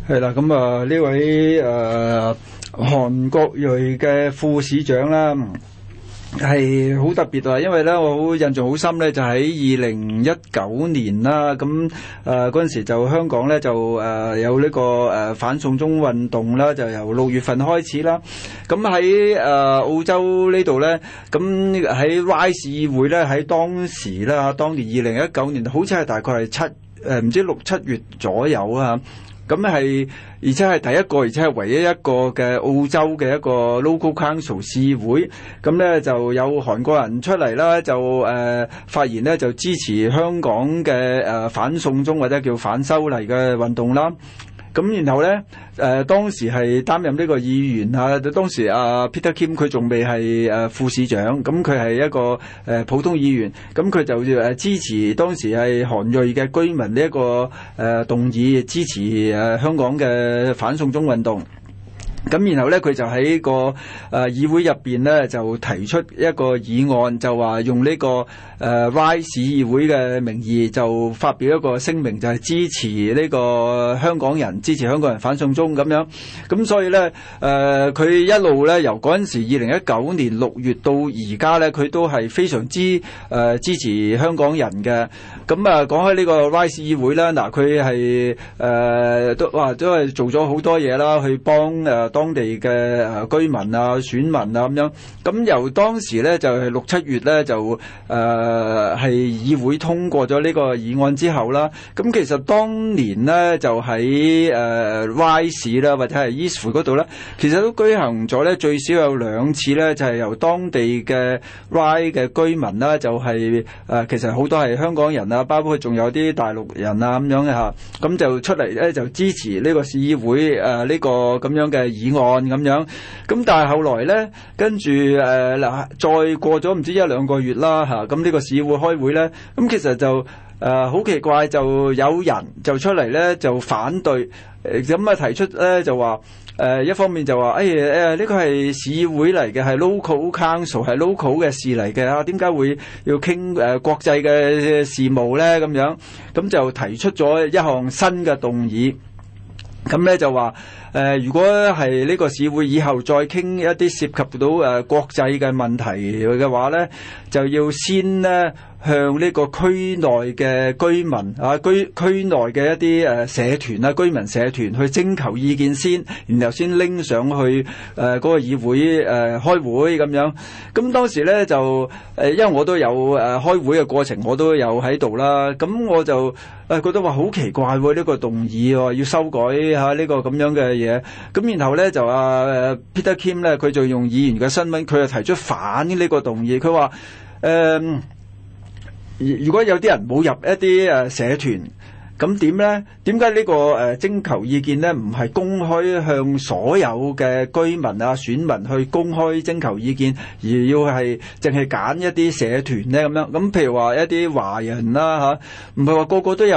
係啦，咁啊呢位誒、呃、韓國裔嘅副市長啦。係好特別啊，因為咧我印象好深咧，就喺二零一九年啦，咁誒嗰陣時就香港咧就誒有呢個誒反送中運動啦，就由六月份開始啦。咁喺誒澳洲呢度咧，咁喺 Ryde 議會咧喺當時啦，當年二零一九年，好似係大概係七誒唔知六七月左右啊。咁咧係，而且係第一個，而且係唯一一個嘅澳洲嘅一個 local council 市會，咁咧就有韓國人出嚟啦，就誒、呃、發言咧，就支持香港嘅誒、呃、反送中或者叫反修例嘅運動啦。咁然後咧，誒、呃、當時係擔任呢個議員啊，當時啊 Peter Kim 佢仲未係誒副市長，咁佢係一個誒、呃、普通議員，咁佢就誒支持當時係韓裔嘅居民呢、這、一個誒、呃、動議，支持誒、呃、香港嘅反送中運動。咁然後咧，佢就喺、這個誒、呃、議會入邊咧，就提出一個議案，就話用呢、這個。誒、uh, rise 市議會嘅名義就發表一個聲明，就係、是、支持呢個香港人，支持香港人反送中咁樣。咁所以呢，誒、呃、佢一路咧由嗰陣時二零一九年六月到而家呢，佢都係非常之誒、呃、支持香港人嘅。咁啊，講開呢個 rise 市議會咧，嗱佢係誒都話都係做咗好多嘢啦，去幫誒、呃、當地嘅居民啊、選民啊咁樣。咁由當時呢，就係六七月呢，就誒。呃誒係、呃、議會通過咗呢個議案之後啦，咁、嗯、其實當年咧就喺誒 Y 市啦，或者係 Eastwood 度咧，其實都舉行咗咧最少有兩次咧，就係、是、由當地嘅 Y 嘅居民啦，就係、是、誒、呃、其實好多係香港人啊，包括仲有啲大陸人啊咁樣嘅吓，咁就出嚟咧就支持呢個市議會誒呢、呃這個咁樣嘅議案咁樣咁、嗯、但係後來咧跟住誒嗱再過咗唔知一兩個月啦吓咁呢個。市會開會咧，咁其實就誒好、呃、奇怪，就有人就出嚟咧就反對，咁、呃、啊提出咧就話誒、呃、一方面就話誒誒呢個係市會嚟嘅，係 local council 係 local 嘅事嚟嘅啊，點解會要傾誒、呃、國際嘅事務咧？咁樣咁、嗯、就提出咗一項新嘅動議，咁咧就話。誒、呃，如果係呢個市會以後再傾一啲涉及到誒、呃、國際嘅問題嘅話咧，就要先咧。向呢個區內嘅居民啊，居區內嘅一啲誒、呃、社團啊，居民社團去徵求意見先，然後先拎上去誒嗰、呃那個議會誒、呃、開會咁樣。咁、嗯、當時咧就誒、呃，因為我都有誒、呃、開會嘅過程，我都有喺度啦。咁、嗯、我就誒、呃、覺得話好奇怪喎、哦，呢、這個動議要修改吓呢個咁樣嘅嘢。咁、嗯、然後咧就阿、呃、Peter Kim 咧，佢就用議員嘅新聞，佢就提出反呢個動議，佢話誒。嗯如果有啲人冇入一啲誒社團。咁點咧？點解呢、呢個誒、呃、徵求意見咧，唔係公開向所有嘅居民啊、選民去公開徵求意見，而要係淨係揀一啲社團咧咁樣？咁、啊、譬如話一啲華人啦、啊、吓，唔係話個個都入有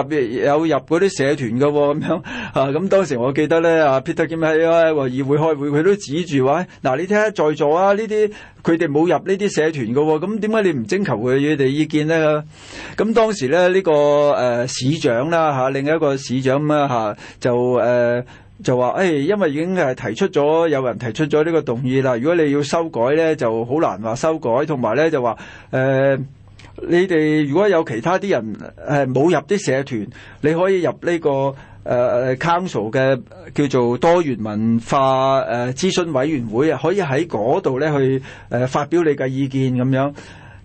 入嗰啲社團嘅咁樣嚇。咁、啊啊啊、當時我記得咧，啊 Peter 兼係話議會開會，佢都指住話：嗱，regular, 你睇下在座啊呢啲，佢哋冇入呢啲社團嘅喎、啊。咁點解你唔徵求佢哋意見咧？咁當時咧呢、呢個誒、啊、市長啦。嚇，另一個市長咁啦就誒、呃、就話誒、哎，因為已經係提出咗，有人提出咗呢個動議啦。如果你要修改咧，就好難話修改。同埋咧就話誒、呃，你哋如果有其他啲人誒冇入啲社團，你可以入呢、呢個誒、呃、Council 嘅叫做多元文化誒諮詢委員會，可以喺嗰度咧去誒發表你嘅意見咁樣。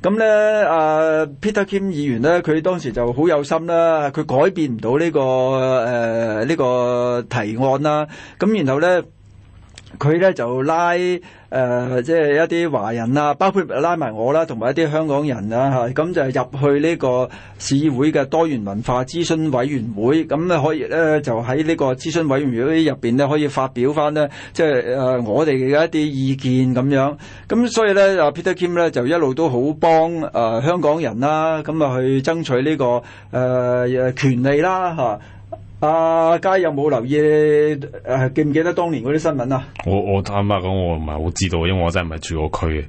咁咧，阿、啊、Peter Kim 議員咧，佢當時就好有心啦，佢改變唔到呢個誒呢、呃呢個提案啦，咁然後咧。佢咧就拉誒，即、呃、係、就是、一啲華人啦，包括拉埋我啦，同埋一啲香港人啦嚇，咁就入去呢個市議會嘅多元文化諮詢委員會，咁咧可以咧就喺呢個諮詢委員會入邊咧可以發表翻咧，即係誒我哋嘅一啲意見咁樣。咁所以咧，阿 Peter Kim 咧就一路都好幫誒、呃、香港人啦，咁啊去爭取呢、這個誒、呃、權利啦嚇。啊阿佳、啊、有冇留意？誒、啊，記唔記得當年嗰啲新聞啊？我我坦白講，我唔係好知道，因為我真係唔係住個區嘅。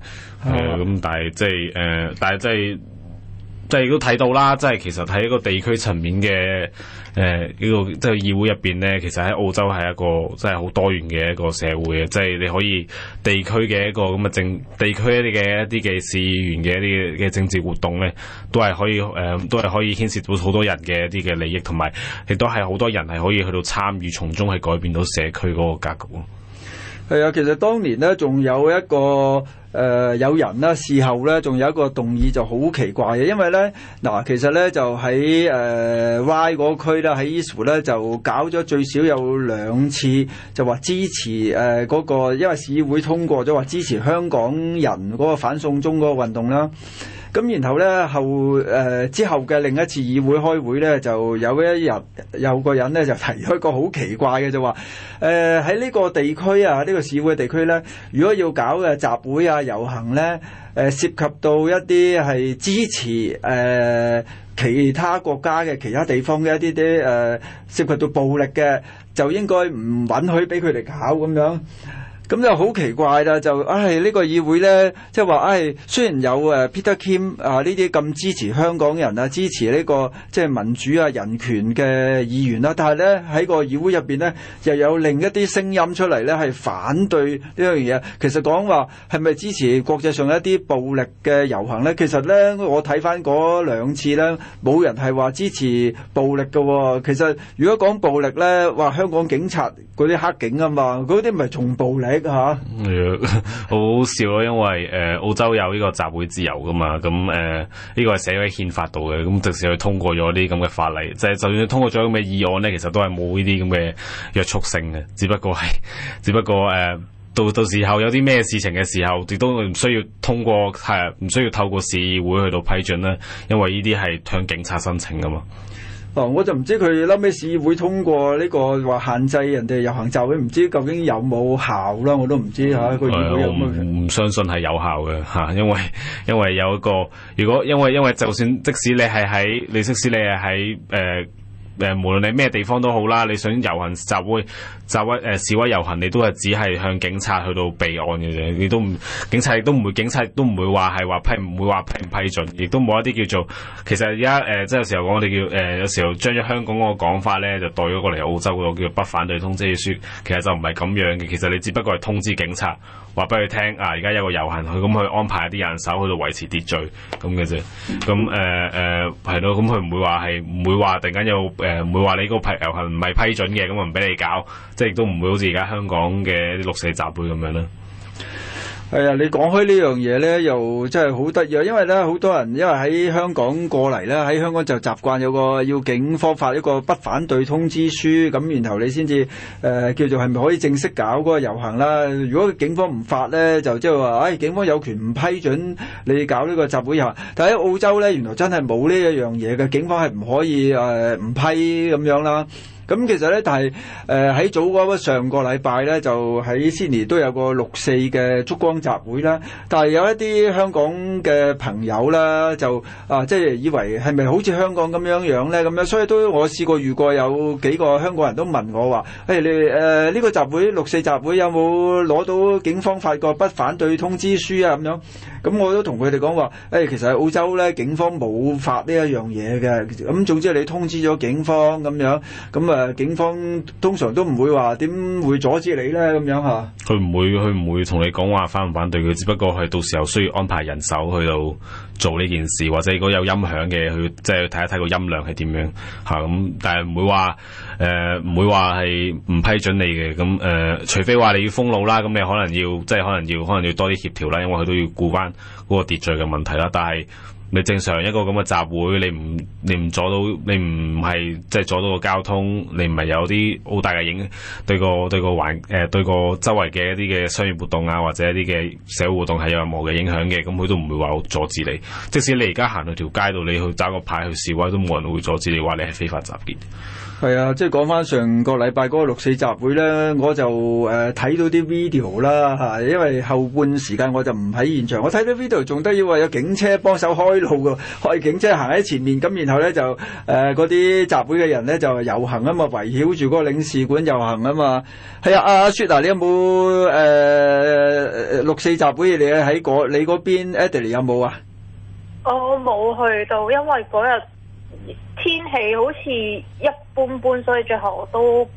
係，咁但係即係誒，但係即係。呃即係亦都睇到啦，即係其實喺一個地區層面嘅誒呢個即係議會入邊咧，其實喺澳洲係一個真係好多元嘅一個社會嘅，即係你可以地區嘅一個咁嘅政地區一啲嘅一啲嘅市議員嘅一啲嘅政治活動咧，都係可以誒，都係可以牽涉到好多人嘅一啲嘅利益，同埋亦都係好多人係可以去到參與，從中去改變到社區嗰個格局咯。係啊，其實當年咧，仲有一個。誒、呃、有人啦，事後咧，仲有一個動議就好奇怪嘅，因為咧，嗱，其實咧就喺誒 Y 個區咧，喺 Eastwood 咧就搞咗最少有兩次，就話支持誒嗰、呃那個，因為市議會通過咗話支持香港人嗰個反送中嗰個運動啦。咁然後呢，後誒、呃、之後嘅另一次議會開會呢，就有一日有個人呢，就提出一個好奇怪嘅就話：誒喺呢個地區啊，呢、這個市會地區呢，如果要搞嘅集會啊、遊行呢，誒、呃、涉及到一啲係支持誒、呃、其他國家嘅其他地方嘅一啲啲誒涉及到暴力嘅，就應該唔允許俾佢哋搞咁樣。咁就好奇怪啦，就唉呢、哎這個議會咧，即係話唉，雖然有誒 Peter Kim 啊呢啲咁支持香港人啊、支持呢、這個即係、就是、民主啊、人權嘅議員啦、啊，但係咧喺個議會入邊咧，又有另一啲聲音出嚟咧，係反對呢樣嘢。其實講話係咪支持國際上一啲暴力嘅遊行咧？其實咧，我睇翻嗰兩次咧，冇人係話支持暴力嘅喎、哦。其實如果講暴力咧，話香港警察嗰啲黑警啊嘛，嗰啲唔係仲暴力。吓，啊、 *laughs* 好笑咯，因為誒、呃、澳洲有呢個集會自由噶嘛，咁誒呢個係社會憲法度嘅，咁、嗯、即使佢通過咗啲咁嘅法例，就係、是、就算通過咗咁嘅議案咧，其實都係冇呢啲咁嘅約束性嘅，只不過係只不過誒、呃、到到時候有啲咩事情嘅時候，亦都唔需要通過係唔需要透過市議會去到批准啦，因為呢啲係向警察申請噶嘛。哦，我就唔知佢冧咩事會通過呢、呢個話限制人哋遊行集會，唔知究竟有冇效啦我都唔知嚇。個、嗯、議會唔相信係有效嘅嚇，因為因為有一個，如果因為因為就算即使你係喺你，即使你係喺誒誒，無論你咩地方都好啦，你想遊行集會。集威示威遊行，你都係只係向警察去到備案嘅啫，你都唔警察亦都唔會，警察亦都唔會話係話批唔會話批唔批准，亦都冇一啲叫做其實而家誒即係有時候講我哋叫誒、呃、有時候將咗香港嗰個講法咧就代咗過嚟澳洲嗰個叫做不反對通知書，其實就唔係咁樣嘅，其實你只不過係通知警察話俾佢聽啊，而家有個遊行，去咁去安排一啲人手去到維持秩序咁嘅啫，咁誒誒係咯，咁佢唔會話係唔會話突然間有，呃，誒唔會話你個批遊行唔係批准嘅，咁唔俾你搞。即係都唔會好似而家香港嘅六四集會咁樣啦。係啊、哎，你講開呢樣嘢呢，又真係好得意啊！因為呢，好多人因為喺香港過嚟咧，喺香港就習慣有個要警方發一個不反對通知書，咁然後你先至誒叫做係咪可以正式搞嗰個遊行啦？如果警方唔發呢，就即係話，唉、哎，警方有權唔批准你搞呢個集會遊行。但喺澳洲呢，原來真係冇呢一樣嘢嘅，警方係唔可以誒唔、呃、批咁樣啦。咁、嗯、其實咧，但係誒喺早嗰上個禮拜咧，就喺悉尼都有個六四嘅燭光集會啦。但係有一啲香港嘅朋友啦，就啊即係以為係咪好似香港咁樣樣咧咁樣，所以都我試過遇過有幾個香港人都問我話，誒、欸、你誒呢、呃這個集會六四集會有冇攞到警方發過不反對通知書啊？咁樣，咁、嗯、我都同佢哋講話，誒、欸、其實喺澳洲咧，警方冇發呢一樣嘢嘅。咁、嗯、總之你通知咗警方咁樣，咁啊。誒，警方通常都唔會話點會阻止你呢？咁樣嚇。佢唔會，佢唔會同你講話反唔反對佢，只不過係到時候需要安排人手去到做呢件事，或者如果有音響嘅，去即係睇一睇個音量係點樣嚇咁、嗯。但係唔會話誒，呃、唔會話係唔批准你嘅咁誒，除非話你要封路啦，咁你可能要即係、就是、可能要，可能要多啲協調啦，因為佢都要顧返嗰個秩序嘅問題啦，但係。你正常一個咁嘅集會，你唔你唔阻到，你唔係即係阻到個交通，你唔係有啲好大嘅影對個對個環誒、呃、對個周圍嘅一啲嘅商業活動啊或者一啲嘅社會活動係有任何嘅影響嘅，咁佢都唔會話阻止你。即使你而家行到條街度，你去揸個牌去示威，都冇人會阻止你話你係非法集結。係啊，即係講翻上個禮拜嗰個六四集會咧，我就誒睇、呃、到啲 video 啦嚇，因為後半時間我就唔喺現場，我睇到 video 仲得要話，有警車幫手開路嘅，開警車行喺前面，咁然後咧就誒嗰啲集會嘅人咧就遊行啊嘛，圍繞住嗰個領事館遊行啊嘛。係啊，阿、啊、雪嗱、啊，你有冇誒、呃、六四集會你喺你嗰邊？Adley 有冇啊？我冇去到，因為嗰日。天氣好似一般般，所以最後我都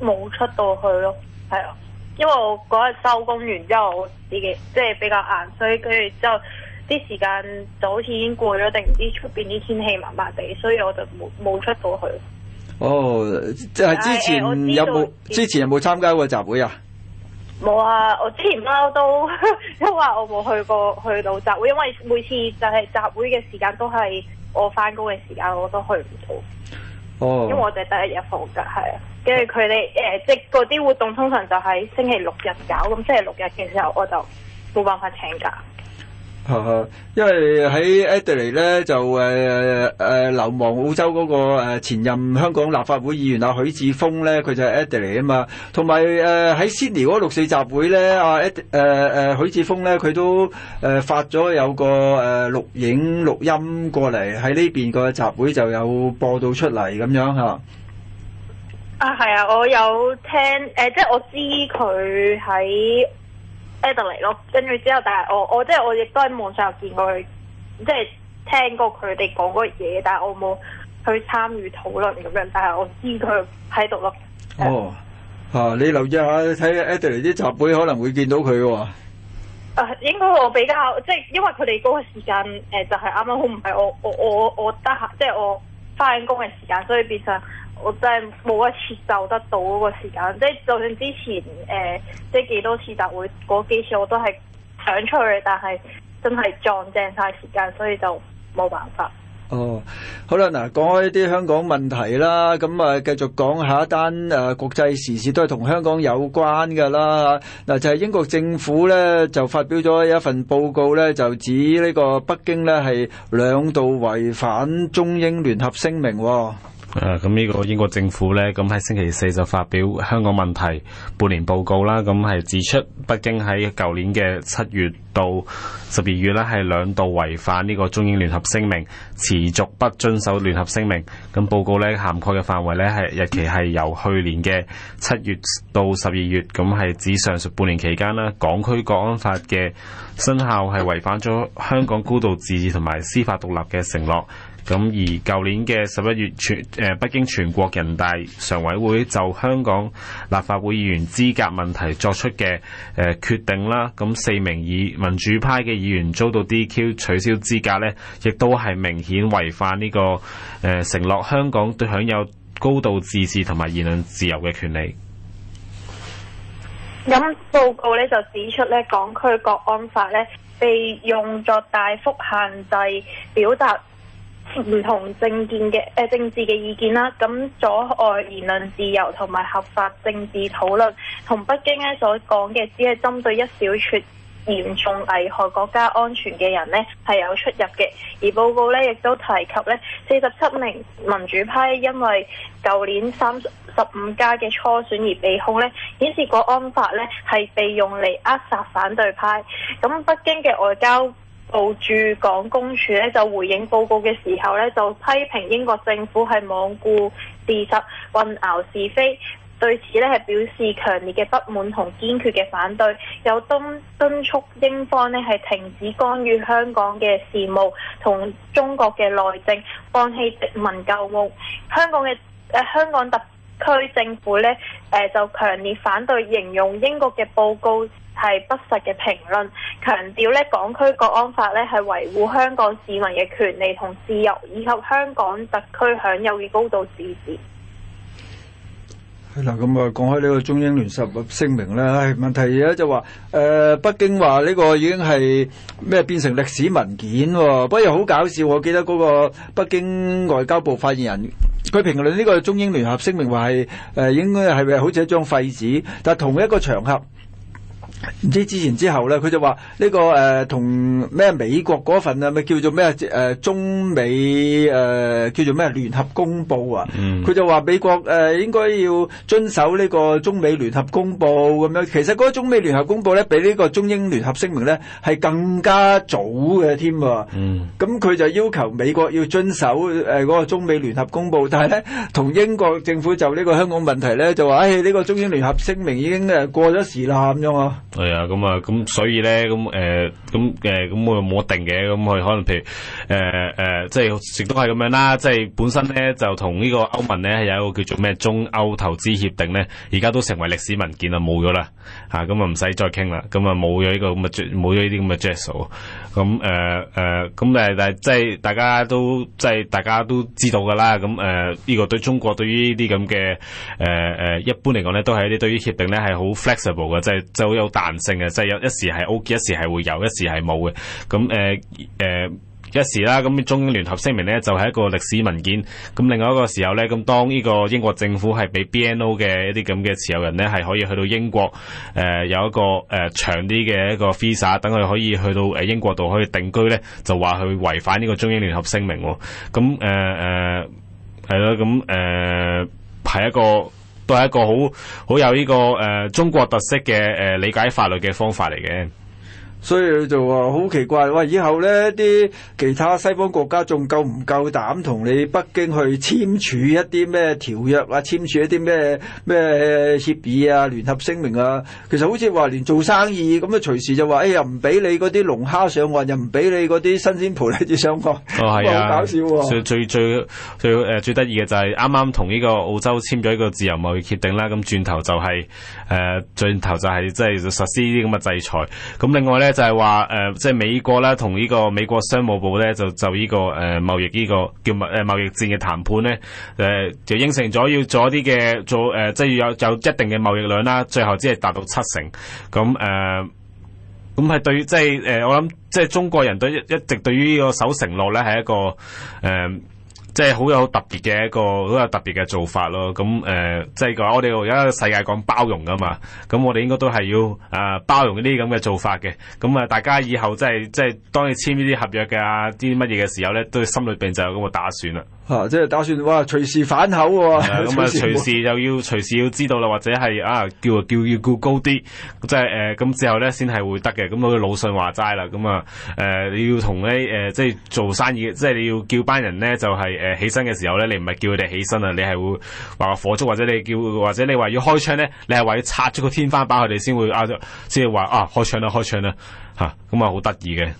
冇出到去咯，係啊，因為我嗰日收工完之後，我自己即係比較晏，所以佢之後啲時間就好似已經過咗，定唔知出邊啲天氣麻麻地，所以我就冇冇出到去。哦，即係之前有冇、哎、之前有冇參加過集會啊？冇啊，我之前咧都 *laughs* 因為我冇去過去到集會，因為每次就係集會嘅時間都係。我翻工嘅時間我都去唔到，因為我哋得一日放假。係啊，跟住佢哋誒，即係嗰啲活動通常就喺星期六日搞，咁星期六日嘅時候我就冇辦法請假。嚇！因為喺 Adelaide、e、咧就誒誒、呃、流亡澳洲嗰個前任香港立法會議員阿、啊、許智峰咧，佢就係 Adelaide、e、啊嘛。同埋誒喺 Sydney 嗰六四集會咧，啊誒誒許智峰咧，佢都誒發咗有個誒錄影錄音過嚟，喺呢邊個集會就有播到出嚟咁樣嚇。啊，係 *music* 啊，啊，我有聽誒、啊，即係我知佢喺。Adelaide 嚟咯，跟住之後，但係我我即係我亦都喺網上見過佢，即係聽過佢哋講嗰嘢，但係我冇去參與討論咁樣，但係我知佢喺度咯。哦，嚇、啊！你留意下睇 Adelaide 啲集會，可能會見到佢喎、哦。啊，應該我比較即係，因為佢哋嗰個時間，就係啱啱好唔係我我我我得閒，即、就、係、是、我翻緊工嘅時間，所以變相。我真係冇一次就得到嗰個時間，即係就算之前誒、呃，即係幾多次集會嗰幾次，我都係想出去，但係真係撞正晒時間，所以就冇辦法。哦，好啦，嗱，講開啲香港問題啦，咁啊，繼續講下一單誒、啊，國際時事都係同香港有關噶啦。嗱，就係英國政府咧就發表咗一份報告咧，就指呢個北京咧係兩度違反中英聯合聲明、哦。誒，咁呢、嗯，這個英國政府咧，咁、嗯、喺星期四就發表香港問題半年報告啦，咁、嗯、係指出北京喺舊年嘅七月到十二月咧，係兩度違反呢個中英聯合聲明，持續不遵守聯合聲明。咁、嗯、報告咧涵蓋嘅範圍咧係日期係由去年嘅七月到十二月，咁、嗯、係指上述半年期間啦，港區國安法嘅生效係違反咗香港高度自治同埋司法獨立嘅承諾。咁而舊年嘅十一月全誒、呃、北京全國人大常委會就香港立法會議員資格問題作出嘅誒、呃、決定啦，咁、啊、四名以民主派嘅議員遭到 DQ 取消資格呢，亦都係明顯違反呢個誒、呃、承諾香港對享有高度自治同埋言論自由嘅權利。咁報告呢就指出呢，港區國安法呢被用作大幅限制表達唔同政見嘅誒政治嘅意見啦，咁阻礙言論自由同埋合法政治討論，同北京咧所講嘅只係針對一小撮嚴重危害國家安全嘅人呢，係有出入嘅。而報告呢，亦都提及呢四十七名民主派因為舊年三十五家嘅初選而被控。呢顯示國安法呢，係被用嚟扼殺反對派。咁北京嘅外交，部駐港公署咧就回應報告嘅時候咧，就批評英國政府係罔顧事實、混淆是非，對此咧係表示強烈嘅不滿同堅決嘅反對，有敦敦促英方咧係停止干預香港嘅事務同中國嘅內政，放棄殖民舊夢，香港嘅誒、呃、香港特。區政府咧，誒、呃、就強烈反對形容英國嘅報告係不實嘅評論，強調咧港區國安法咧係維護香港市民嘅權利同自由，以及香港特區享有嘅高度自治。係啦，咁啊，講開呢個中英聯合聲明咧、哎，問題嘢就話，誒、呃，北京話呢個已經係咩變成歷史文件、哦，不過好搞笑，我記得嗰個北京外交部發言人，佢評論呢個中英聯合聲明，話係誒、應該係咪好似一張廢紙？但係同一個場合。唔知之前之後咧，佢就話呢、這個誒、呃、同咩美國嗰份咪、啊、叫做咩誒、呃、中美誒、呃、叫做咩聯合公報啊？佢、嗯、就話美國誒、呃、應該要遵守呢個中美聯合公報咁樣。其實嗰個中美聯合公報咧，比呢個中英聯合聲明咧係更加早嘅添、啊。咁佢、嗯、就要求美國要遵守誒嗰個中美聯合公報，但係咧同英國政府就呢個香港問題咧就話，唉、哎、呢、這個中英聯合聲明已經誒過咗時啦咁、啊、樣啊。係啊，咁啊，咁所以咧，咁誒，咁誒，咁我冇一定嘅，咁、嗯、佢、嗯、methodology 可能譬如誒誒，即係亦都係咁樣啦，即係本身咧就同呢個歐盟咧係有一個叫做咩中歐投資協定咧，而家都成為歷史文件、mistakes. 啊。冇咗啦，嚇、啊，咁啊唔使再傾啦，咁啊冇咗呢個咁嘅，冇咗呢啲咁嘅 deal，咁誒誒，咁但係但係，即係大家都即係大家都知道㗎啦，咁誒呢個對中國對於呢啲咁嘅誒誒，一般嚟講咧都係一啲對於協定咧係好 flexible 嘅，即係就好有彈性嘅，即係有一時係 OK，一時係會有，一時係冇嘅。咁誒誒一時啦。咁中英聯合聲明咧就係、是、一個歷史文件。咁另外一個時候咧，咁當呢個英國政府係俾 BNO 嘅一啲咁嘅持有人咧，係可以去到英國誒、呃、有一個誒、呃、長啲嘅一個 visa，等佢可以去到誒英國度可以定居咧，就話佢違反呢個中英聯合聲明、哦。咁誒誒係咯，咁誒係一個。都係一個好好有呢、這個誒、呃、中國特色嘅誒、呃、理解法律嘅方法嚟嘅。所以就話好奇怪，喂，以後呢啲其他西方國家仲夠唔夠膽同你北京去簽署一啲咩條約啊，簽署一啲咩咩協議啊、聯合聲明啊？其實好似話連做生意咁啊，隨時就話哎呀唔俾你嗰啲龍蝦上岸，又唔俾你嗰啲新鮮葡提子上岸，好、哦啊、搞笑喎、啊！所以最最、呃、最誒最得意嘅就係啱啱同呢個澳洲簽咗一個自由貿易協定啦，咁轉頭就係、是。誒盡頭就係、是、即係實施呢啲咁嘅制裁。咁另外咧就係話誒，即係美國咧同呢個美國商務部咧就就呢、這個誒、呃、貿易呢、這個叫貿誒貿易戰嘅談判咧，誒、呃、就應承咗要做一啲嘅做誒、呃，即係要有有一定嘅貿易量啦。最後只係達到七成。咁誒，咁、呃、係對於即係誒、呃，我諗即係中國人都一一直對於呢個守承諾咧係一個誒。呃即係好有特別嘅一個好有特別嘅做法咯，咁誒、呃，即係講我哋而家世界講包容㗎嘛，咁我哋應該都係要誒、呃、包容呢啲咁嘅做法嘅，咁啊大家以後即係即係當你簽呢啲合約啊，啲乜嘢嘅時候咧，都心裏邊就有咁嘅打算啦。啊！即係打算哇，隨時反口喎，咁啊，隨時又要隨時要知道啦，或者係啊，叫啊叫要高啲，即係誒，咁之後咧先係會得嘅。咁我魯迅話齋啦，咁啊，誒你要同啲誒即係做生意，即係你要叫班人咧、就是，就係誒起身嘅時候咧，你唔係叫佢哋起身啊，你係會話個火燭，或者你叫或者你話要開槍咧，你係話要拆咗個天花板，佢哋先會啊，即係話啊，開槍啦，開槍啦，嚇、啊，咁啊好得意嘅。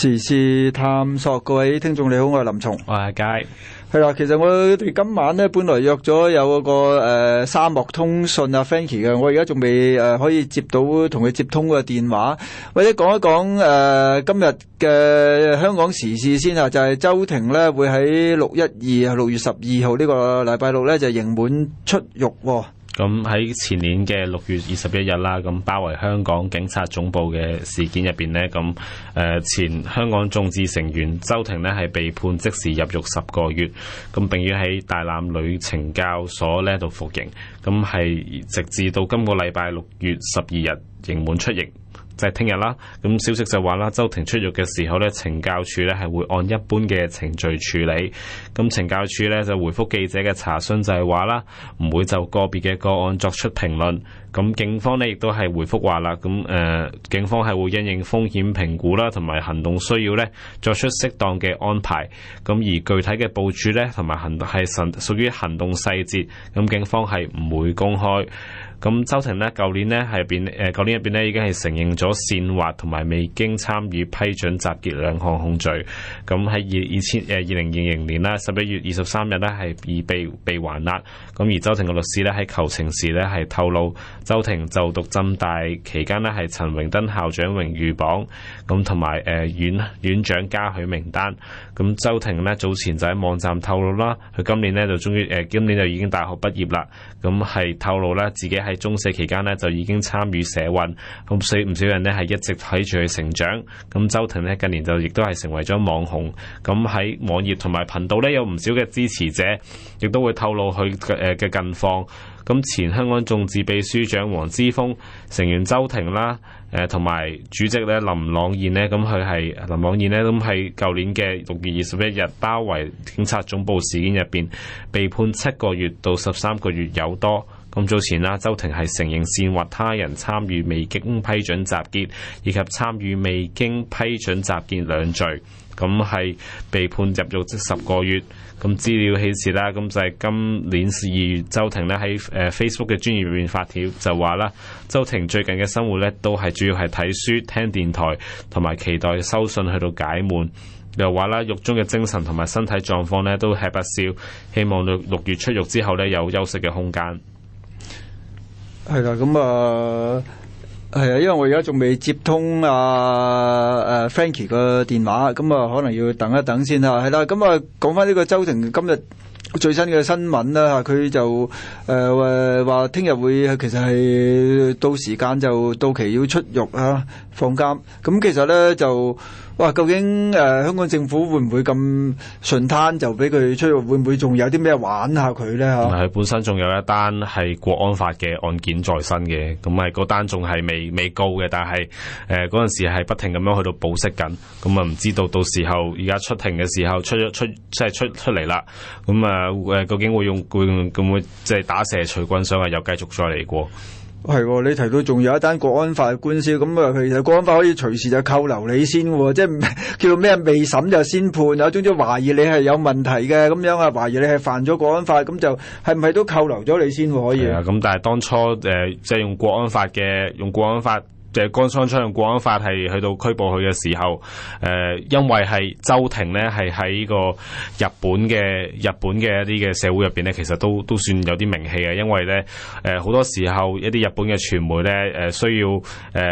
時事探索，各位聽眾你好，我係林松，我係佳，係啦。其實我哋今晚咧本來約咗有嗰個誒、呃、沙漠通訊啊 Franky 嘅，我而家仲未誒、呃、可以接到同佢接通個電話，或者講一講誒、呃、今日嘅香港時事先啊，就係、是、周庭咧會喺六一二六月十二號呢個禮拜六咧就刑、是、滿出獄、哦。咁喺前年嘅六月二十一日啦，咁包圍香港警察總部嘅事件入邊咧，咁誒前香港眾志成員周庭咧係被判即時入獄十個月，咁並要喺大欖女懲教所咧度服刑，咁係直至到今個禮拜六月十二日刑滿出獄。就係聽日啦，咁消息就話啦，周庭出獄嘅時候咧，懲教署咧係會按一般嘅程序處理。咁懲教署咧就回覆記者嘅查詢就，就係話啦，唔會就個別嘅個案作出評論。咁警方咧亦都係回覆話啦，咁誒、呃，警方係會因應風險評估啦，同埋行動需要咧作出適當嘅安排。咁而具體嘅部署咧，同埋行係屬屬於行動細節，咁警方係唔會公開。咁周庭呢，舊年呢係入邊誒，舊年入邊呢已經係承認咗煽惑同埋未經參與批准集結兩項控罪。咁喺二二千誒二零二零年啦，十一月二十三日呢，係已被被還押。咁而周庭嘅律師呢，喺求情時呢，係透露，周庭就讀浸大期間呢，係陳榮登校長榮譽榜，榜，咁同埋誒院院長嘉許名單。咁周庭呢，早前就喺網站透露啦，佢今年呢，就終於誒，今年就已經大學畢業啦。咁係透露呢，自己喺中四期間呢，就已經參與社運，咁所以唔少人呢，係一直睇住佢成長。咁周庭呢，近年就亦都係成為咗網紅，咁喺網頁同埋頻道呢，有唔少嘅支持者，亦都會透露佢嘅誒嘅近況。咁前香港眾志秘書長黃之鋒、成員周庭啦，誒同埋主席咧林朗彥呢，咁佢係林朗彥呢，咁喺舊年嘅六月二十一日包圍警察總部事件入邊被判七個月到十三個月有多。咁、嗯、早前啦，周庭係承認煽惑他人參與未經批准集結以及參與未經批准集結兩罪，咁、嗯、係被判入獄十個月。咁資料顯示啦，咁就係、是、今年二月，周庭咧喺誒 Facebook 嘅專頁裏面發帖，就話啦，周庭最近嘅生活咧，都係主要係睇書、聽電台，同埋期待收信去到解悶。又話啦，獄中嘅精神同埋身體狀況咧，都吃不消，希望六六月出獄之後咧，有休息嘅空間。係啦，咁啊。係啊，因為我而家仲未接通啊誒、啊啊、Frankie 個電話，咁、嗯、啊可能要等一等先啦。係啦，咁啊講翻呢個周庭今日最新嘅新聞啦吓，佢、啊、就誒話聽日會其實係到時間就到期要出獄啊，放監。咁、嗯、其實咧就。哇，究竟誒、呃、香港政府會唔會咁順攤就俾佢出去？會唔會仲有啲咩玩下佢咧？嚇，佢本身仲有一單係國安法嘅案件在身嘅，咁咪個單仲係未未告嘅，但係誒嗰陣時係不停咁樣去到保釋緊，咁啊唔知道到時候而家出庭嘅時候出咗出即係出出嚟啦，咁、嗯、啊誒究竟會用會會即係打蛇隨棍，想係又繼續再嚟過？係喎，你提到仲有一單國安法嘅官司，咁啊其實國安法可以隨時就扣留你先，即係叫咩未審就先判，有一種即係懷疑你係有問題嘅咁樣啊，懷疑你係犯咗國安法，咁就係唔係都扣留咗你先可以？係啊，咁但係當初誒即係用國安法嘅，用國安法。誒，關窗出用《國安法》係去到拘捕佢嘅時候，誒、呃，因為係周庭咧，係喺個日本嘅日本嘅一啲嘅社會入邊咧，其實都都算有啲名氣嘅，因為咧，誒、呃，好多時候一啲日本嘅傳媒咧，誒、呃，需要誒，即、呃、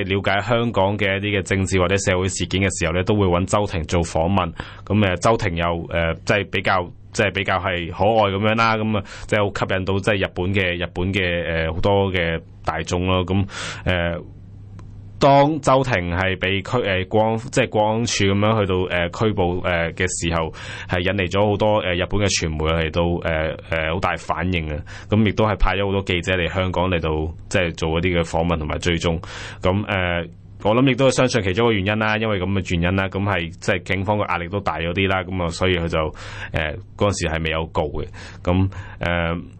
係、就是、了解香港嘅一啲嘅政治或者社會事件嘅時候咧，都會揾周庭做訪問。咁、嗯、誒，周庭又誒，即、呃、係、就是、比較，即、就、係、是、比較係可愛咁樣啦。咁、嗯、啊，即係好吸引到即係日本嘅日本嘅誒好多嘅大眾咯。咁、嗯、誒。呃當周庭係被拘誒、呃，光即係國安處咁樣去到誒、呃、拘捕誒嘅、呃、時候，係引嚟咗好多誒、呃、日本嘅傳媒嚟到誒誒好大反應啊！咁、嗯、亦都係派咗好多記者嚟香港嚟到，即係做一啲嘅訪問同埋追蹤。咁、嗯、誒、呃，我諗亦都係相信其中一個原因啦，因為咁嘅原因啦，咁、嗯、係即係警方嘅壓力都大咗啲啦，咁、嗯、啊，所以佢就誒嗰、呃、時係未有告嘅。咁、嗯、誒。呃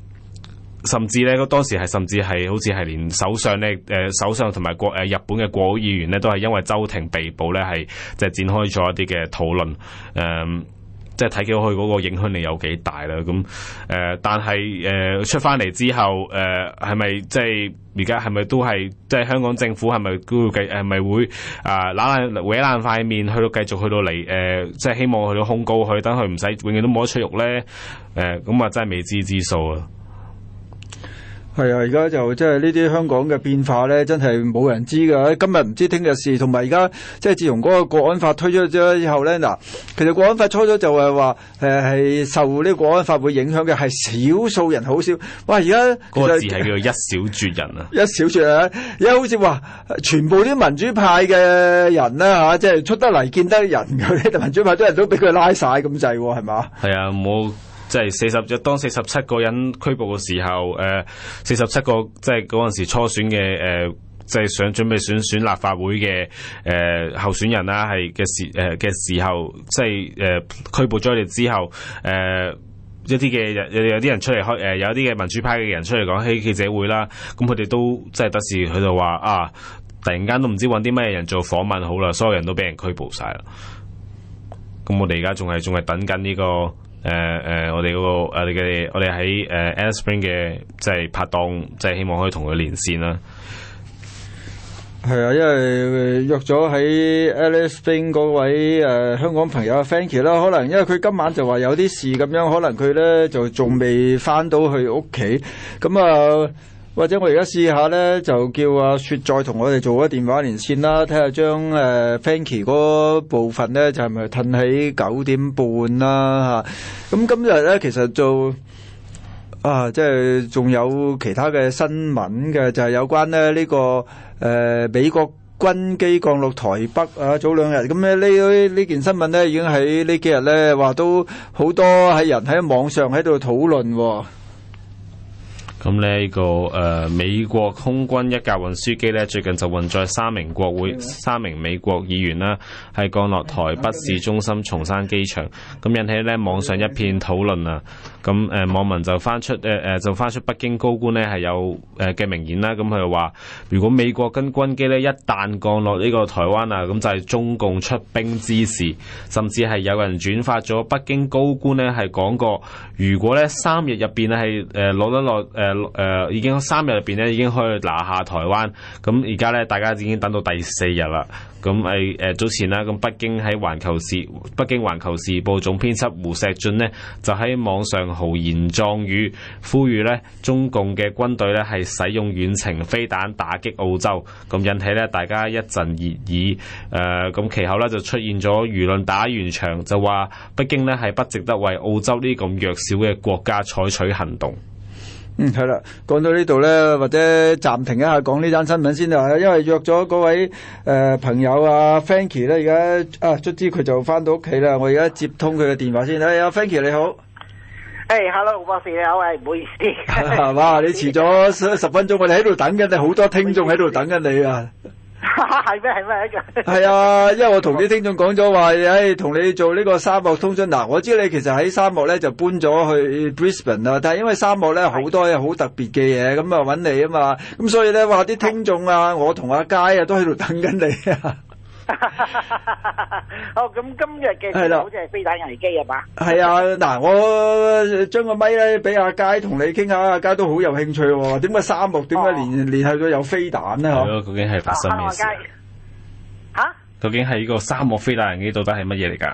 甚至咧，佢當時係甚至係好似係連首相呢，誒、呃、首相同埋國誒日本嘅國會議員咧，都係因為周庭被捕咧，係即係展開咗一啲嘅討論，誒即係睇見佢嗰個影響力有幾大啦。咁誒、呃，但係誒、呃、出翻嚟之後，誒係咪即係而家係咪都係即係香港政府係咪都會繼係咪會啊攋攋搲爛塊面去到繼續去到嚟誒，即、呃、係、就是、希望去到控告佢，等佢唔使永遠都冇得出獄咧？誒咁啊，真係未知之數啊！係啊，而家就即係呢啲香港嘅變化咧，真係冇人知㗎。今日唔知聽日事，同埋而家即係自從嗰個《國安法》推出咗之後咧，嗱，其實《國安法》初初就係話，誒、呃、係受呢個《國安法》會影響嘅係少數人，好少。哇！而家個字係叫做一小撮人啊。一小撮啊，而家好似話全部啲民主派嘅人啦、啊、嚇，即係出得嚟見得人民主派啲人都俾佢拉晒咁滯，係嘛？係啊，冇。即係四十，40，當四十七個人拘捕嘅時候，誒四十七個即係嗰陣時初選嘅誒，即係想準備選選立法會嘅誒、呃、候選人啦、啊，係嘅時誒嘅、呃、時候，即係誒拘捕咗佢哋之後，誒、呃、一啲嘅有啲人出嚟開誒，有啲嘅民主派嘅人出嚟講起記者會啦，咁佢哋都即係、就是、得時，佢就話啊，突然間都唔知搵啲咩人做訪問好啦，所有人都俾人拘捕晒啦。咁我哋而家仲係仲係等緊呢、這個。誒誒，我哋個我哋嘅我哋喺誒 Alice Spring 嘅即係拍檔，即係希望可以同佢連線啦。係啊，因為約咗喺 Alice Spring 嗰位誒香港朋友阿 Fancy 啦，可能因為佢今晚就話有啲事咁樣，可能佢咧就仲未翻到去屋企，咁啊。.或者我而家試下咧，就叫阿雪再同我哋做一電話連線啦，睇下將誒 Fanky 嗰部分咧，就係咪褪喺九點半啦、啊、嚇？咁、啊、今日咧，其實做啊，即係仲有其他嘅新聞嘅，就係、是、有關咧呢、這個誒、呃、美國軍機降落台北啊，早兩日咁咧呢？呢件新聞咧已經喺呢幾日咧話都好多喺人喺網上喺度討論。咁呢、個誒、呃，美國空軍一架運輸機咧，最近就運載三名國會、嗎三名美國議員啦。係降落台北市中心松山機場，咁引起咧網上一片討論啊！咁誒、呃、網民就翻出誒誒、呃、就翻出北京高官呢係有誒嘅名言啦，咁佢就話如果美國跟軍機咧一旦降落呢個台灣啊，咁就係中共出兵之時，甚至係有人轉發咗北京高官呢係講過，如果咧三日入邊咧係攞得落誒誒已經三日入邊咧已經可以拿下台灣，咁而家咧大家已經等到第四日啦。咁誒誒早前啦，咁北京喺《環球時北京《環球時報總編輯胡錫進咧就喺網上豪言壯語呼籲咧中共嘅軍隊咧係使用遠程飛彈打擊澳洲，咁引起咧大家一陣熱議誒，咁、呃、其後咧就出現咗輿論打圓場，就話北京咧係不值得為澳洲呢咁弱小嘅國家採取行動。嗯，係啦，講到呢度咧，或者暫停一下講呢單新聞先啦，因為約咗嗰位誒、呃、朋友啊 Fanky 咧，而、啊、家誒卒之佢就翻到屋企啦，我而家接通佢嘅電話先。誒、哎，阿 Fanky 你好，誒、hey，Hello 博士你好，喂，唔好意思，啊、哇，你遲咗十十分鐘， *laughs* 我哋喺度等緊你，好多聽眾喺度等緊你啊。係咩？係咩？ *laughs* 係 *laughs* 啊，因為我同啲聽眾講咗話，唉、哎，同你做呢個沙漠通訊。嗱、啊，我知你其實喺沙漠咧就搬咗去 Brisbane 啊，但係因為沙漠咧好的多嘢好特別嘅嘢，咁啊搵你啊嘛，咁所以咧話啲聽眾啊，好我同阿佳啊都喺度等緊你啊。 *laughs* 哦，咁今日嘅好似係飛彈危機係嘛？係啊，嗱，我將個咪咧俾阿佳同你傾下，阿佳都好有興趣喎。點解沙漠？點解連聯繫到有飛彈咧？哦，係咯，究竟係發生咩事？吓？究竟係呢個沙漠飛彈危機到底係乜嘢嚟噶？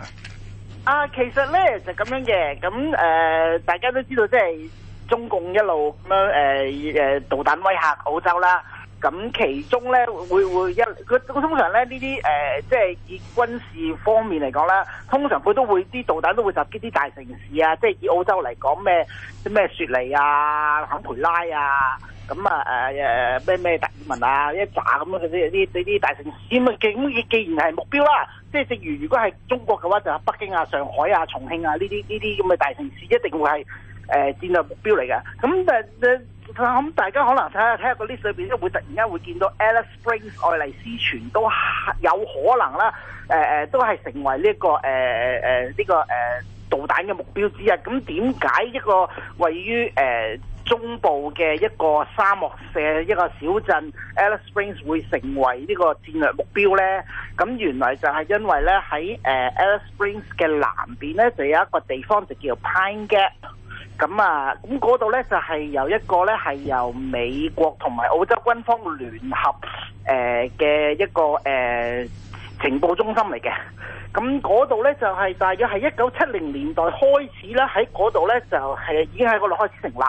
啊，其實咧就咁樣嘅，咁誒，大家都知道即係中共一路咁樣誒誒，導彈威嚇澳洲啦。咁其中咧會會一佢佢通常咧呢啲誒、呃、即係以軍事方面嚟講咧，通常佢都會啲導彈都會襲擊啲大城市啊！即係以澳洲嚟講咩咩雪梨啊、坎培拉啊，咁啊誒誒咩咩達爾文啊一炸咁嗰啲啲啲啲大城市咁既既然係目標啦，啊，即係正如如果係中國嘅話，就係、是、北京啊、上海啊、重慶啊呢啲呢啲咁嘅大城市一定會係。誒、呃，戰略目標嚟嘅，咁誒誒，咁、嗯嗯、大家可能睇下睇下個 list 裏邊，都會突然間會見到 Alice Springs 愛麗絲泉都有可能啦，誒、呃、誒，都係成為呢、這個誒誒呢個誒、呃、導彈嘅目標之一。咁點解一個位於誒、呃、中部嘅一個沙漠社，一個小鎮 Alice Springs 會成為呢個戰略目標咧？咁、嗯、原來就係因為咧喺誒 Alice Springs 嘅南邊咧，就有一個地方就叫 Pine Gap。咁啊，咁嗰度咧就係、是、由一個咧，係由美國同埋澳洲軍方聯合誒嘅、呃、一個誒、呃、情報中心嚟嘅。咁嗰度呢，就係大約係一九七零年代開始啦，喺嗰度呢，就係已經喺嗰度開始成立。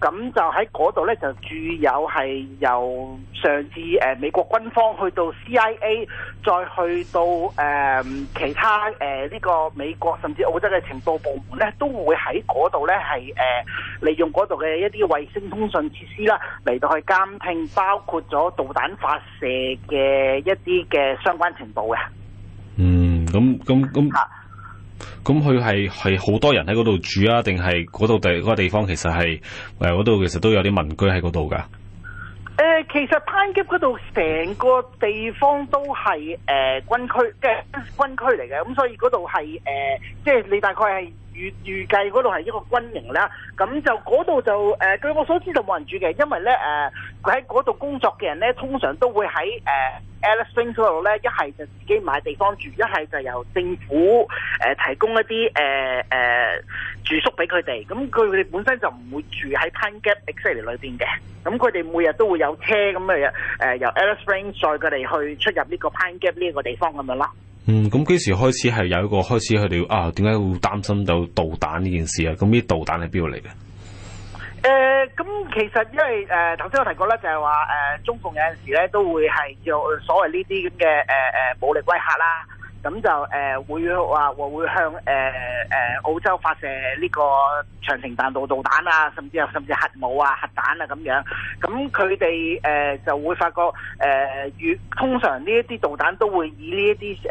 咁就喺嗰度呢，就住有係由上至誒美國軍方去到 CIA，再去到誒、呃、其他誒呢、呃這個美國甚至澳洲嘅情報部門呢，都會喺嗰度呢，係、呃、誒利用嗰度嘅一啲衛星通訊設施啦，嚟到去監聽，包括咗導彈發射嘅一啲嘅相關情報嘅。嗯。咁咁咁，咁佢係係好多人喺嗰度住啊？定係嗰度第嗰個地方，其實係誒度其實都有啲民居喺嗰度㗎。誒、呃，其實 Pine Gap 嗰度成個地方都係誒、呃、軍區嘅、呃、軍區嚟嘅，咁所以嗰度係誒，即係你大概係。預預計嗰度係一個軍營啦，咁就嗰度就誒、呃，據我所知就冇人住嘅，因為咧佢喺嗰度工作嘅人咧，通常都會喺誒 Alice Springs 嗰度咧，一、呃、係就自己買地方住，一係就由政府誒、呃、提供一啲誒誒住宿俾佢哋，咁佢哋本身就唔會住喺 Pine Gap Area 裏邊嘅，咁佢哋每日都會有車咁嘅嘢，誒由 Alice Springs 載佢哋去出入呢個 Pine Gap 呢個地方咁樣啦。嗯，咁幾時開始係有一個開始佢哋啊？點解會擔心到導彈呢件事啊？咁呢導彈係邊度嚟嘅？誒、呃，咁其實因為誒，頭、呃、先我提過咧，就係話誒，中共有陣時咧都會係叫所謂呢啲咁嘅誒誒武力威嚇啦。咁就誒、呃、會話會會向誒誒、呃呃、澳洲發射呢個長城彈道導彈啊，甚至啊甚至核武啊、核彈啊咁樣，咁佢哋誒就會會發覺誒誒、呃，通常呢一啲導彈都會以呢一啲誒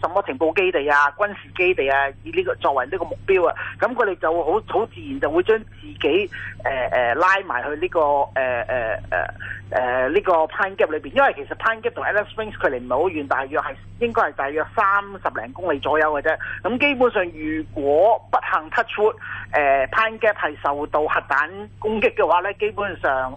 什麼情報基地啊、軍事基地啊，以呢、這個作為呢個目標啊。咁佢哋就會好好自然就會將自己誒誒、呃、拉埋去呢、這個誒誒誒誒呢個 pine gap 裏邊，因為其實 pine gap 同 Alice Springs 距離唔係好遠，大約係應該係大約三。三十零公里左右嘅啫，咁基本上如果不幸突出，誒 Pine Gap 係受到核彈攻擊嘅話咧，基本上誒，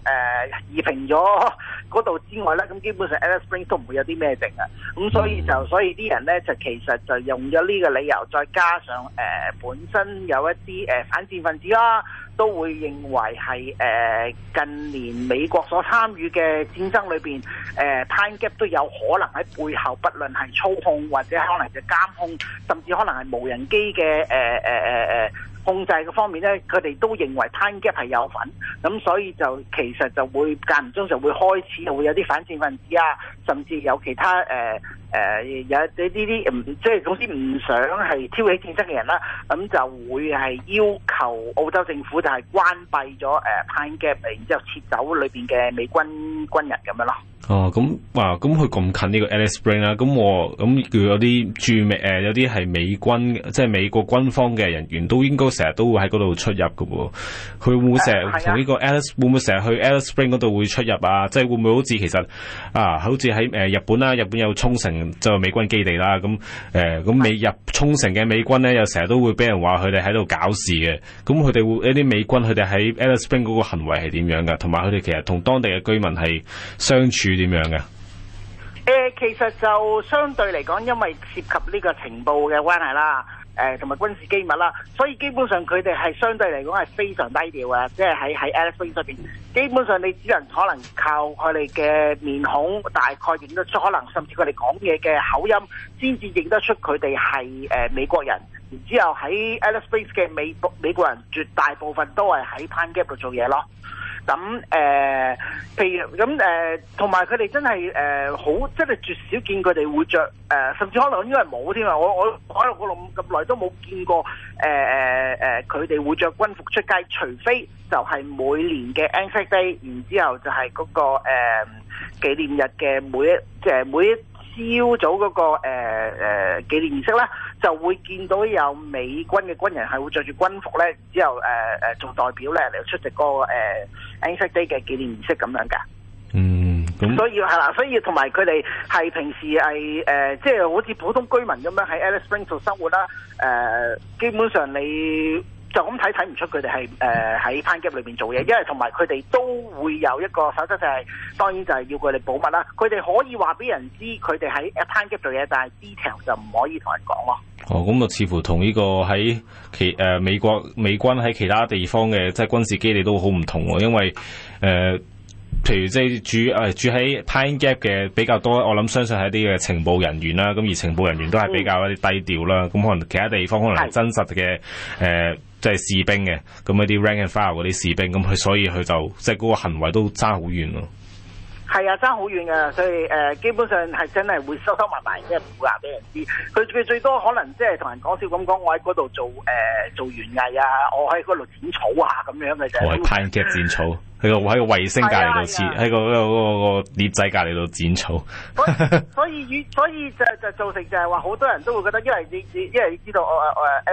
夷、呃、平咗嗰度之外咧，咁基本上 Alice、e、Spring 都唔會有啲咩病啊，咁所以就所以啲人咧就其實就用咗呢個理由，再加上誒、呃，本身有一啲誒、呃，反戰分子啦。都會認為係誒、呃，近年美國所參與嘅戰爭裏邊，誒 Pine Gap 都有可能喺背後，不論係操控或者可能嘅監控，甚至可能係無人機嘅誒誒誒誒。呃呃呃，控制嘅方面咧，佢哋都認為 Pine Gap 係有份，咁所以就其實就會間唔中就會開始會有啲反戰分子啊，甚至有其他誒誒、呃呃、有啲呢啲唔即係總之唔想係挑起戰爭嘅人啦、啊，咁就會係要求澳洲政府就係關閉咗誒 Pine Gap，然之後撤走裏邊嘅美軍軍人咁樣咯。哦，咁、嗯、哇，咁佢咁近呢個 Alice Spring 啦、啊，咁我咁如果有啲著名誒、呃、有啲係美軍，即係美國軍方嘅人員都應該成日都會喺嗰度出入嘅，佢會唔會成日同呢個 Alice、啊啊、會唔會成日去 Alice Spring 度會出入啊？即係會唔會好似其實啊，好似喺誒日本啦，日本有沖繩就係、美軍基地啦，咁誒咁美日沖繩嘅美軍咧，又成日都會俾人話佢哋喺度搞事嘅。咁佢哋會一啲美軍佢哋喺 Alice Spring 嗰個行為係點樣噶？同埋佢哋其實同當地嘅居民係相處。點樣嘅？誒、呃，其實就相對嚟講，因為涉及呢個情報嘅關係啦，誒、呃，同埋軍事機密啦，所以基本上佢哋係相對嚟講係非常低調嘅，即係喺喺 Alice Springs 裏邊，基本上你只能可能靠佢哋嘅面孔大概認得出，可能甚至佢哋講嘢嘅口音，先至認得出佢哋係誒美國人。然之後喺 Alice Springs 嘅美美國人絕大部分都係喺 Pine Gap 度做嘢咯。咁誒，譬、嗯呃、如咁誒，同埋佢哋真係誒好，真係絕少見佢哋會着，誒、呃，甚至可能應該係冇添啊！我我講咗我咁咁耐都冇見過誒誒誒，佢、呃、哋、呃呃、會着軍服出街，除非就係每年嘅 Anzac Day，然之後就係嗰、那個誒、呃、紀念日嘅每一即係每一朝早嗰、那個誒誒、呃呃、紀念儀式啦。就會見到有美軍嘅軍人係會着住軍服咧，之後誒誒做代表咧嚟出席、那個誒 Anzac Day 嘅紀念儀式咁樣嘅、嗯。嗯，所以係啦，所以同埋佢哋係平時係誒、呃，即係好似普通居民咁樣喺 Alice Springs 度生活啦。誒、呃，基本上你。就咁睇睇唔出佢哋係誒喺 pine gap 裏邊做嘢，因為同埋佢哋都會有一個守則，就係、是、當然就係要佢哋保密啦。佢哋可以話俾人知佢哋喺 pine gap 做嘢，但係 detail 就唔可以同人講咯。哦，咁啊，似乎同呢個喺其誒美國美軍喺其他地方嘅即係軍事基地都好唔同喎，啊，因為誒、呃、譬如即係住誒、呃、住喺 pine gap 嘅比較多，我諗相信係一啲嘅情報人員啦。咁而情報人員都係比較一啲低調啦。咁的可能其他地方可能真實嘅誒。的即係士兵嘅，咁一啲 rank and file 嗰啲士兵，咁佢所以佢就即係嗰個行為都爭好遠咯。係啊，爭好遠嘅，所以誒、呃，基本上係真係會收收埋埋，即係唔話俾人知。佢佢最多可能即係同人講笑咁講，我喺嗰度做誒、呃、做園藝啊，我喺嗰度剪草啊咁樣嘅就。我係攀腳剪草。 *laughs* 喺個喺個衛星隔籬度切，喺個嗰個列仔隔籬度剪草。所以所以就就造成就係話好多人都會覺得，因為你你因為你知道我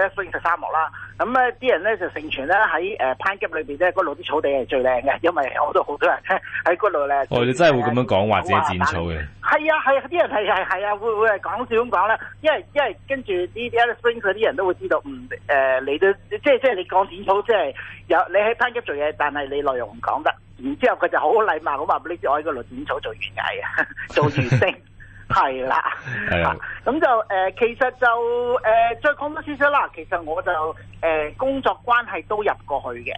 誒 Alice Springs 沙漠啦，咁咧啲人咧就盛傳咧喺誒 Pine Gap 裏邊咧嗰度啲草地係最靚嘅，因為嗰度好多人喺嗰度咧。我哋真係會咁樣講或者剪草嘅？係啊係啊，啲人係係係啊，會會係講笑咁講啦。因為因為跟住呢啲 Alice Springs 啲人都會知道，嗯誒，你都即係即係你講剪草，即係有你喺 Pine Gap 做嘢，但係你內容唔講。講得，然之後佢就好禮貌咁話俾你知，我喺個律短草做園藝啊，做明星，係啦，係 *laughs* 啊的。咁就誒，其實就誒，再講多少少啦。其實我就誒，工作關係都入過去嘅。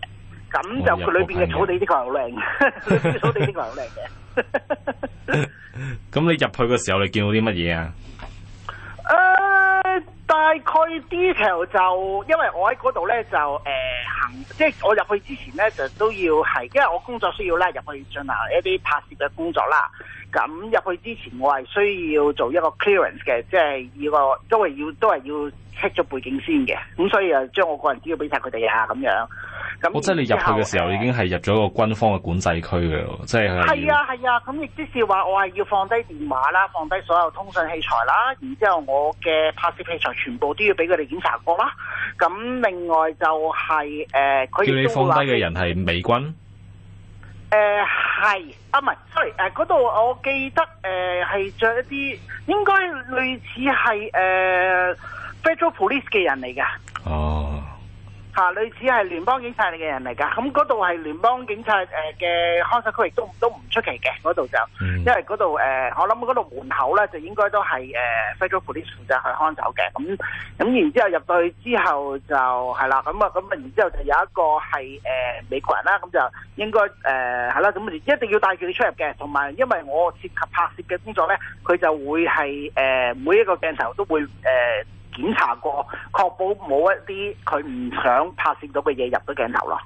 咁就佢裏邊嘅草地的確好靚，草地的確好靚嘅。咁你入去嘅時候，你見到啲乜嘢啊？大概 detail 就，因為我喺嗰度咧就，誒、呃、行，即係我入去之前咧就都要係，因為我工作需要咧入去進行一啲拍攝嘅工作啦。咁入去之前，我係需要做一個 clearance 嘅，即、就、係、是、要個都係要都係要 check 咗背景先嘅。咁所以啊，將我個人資料俾晒佢哋啊，咁樣。咁、哦、即係你入去嘅時候已經係入咗個軍方嘅管制區嘅，呃、即係。係啊係啊，咁亦即是、啊、是、是話，我係要放低電話啦，放低所有通訊器材啦，然之後我嘅拍攝器材全部都要俾佢哋檢查過啦。咁另外就係誒，佢叫你放低嘅人係美軍。誒係、呃，啊唔係，sorry，誒嗰度我記得誒係着一啲應該類似係誒、呃、Federal Police 嘅人嚟噶。哦。嚇，類似係聯邦警察嚟嘅人嚟㗎，咁嗰度係聯邦警察誒嘅看守區域，都都唔出奇嘅，嗰度就，因為嗰度誒，我諗嗰度門口咧就應該都係誒、呃、Federal Police 負責去看守嘅，咁、嗯、咁、嗯、然之後入到去之後就係啦，咁啊咁啊，然之後就有一個係誒、呃、美國人啦，咁、嗯、就應該誒係啦，咁我哋一定要帶住你出入嘅，同埋因為我涉及拍攝嘅工作咧，佢就會係誒、呃、每一個鏡頭都會誒。呃檢查過，確保冇一啲佢唔想拍攝到嘅嘢入到鏡頭啦。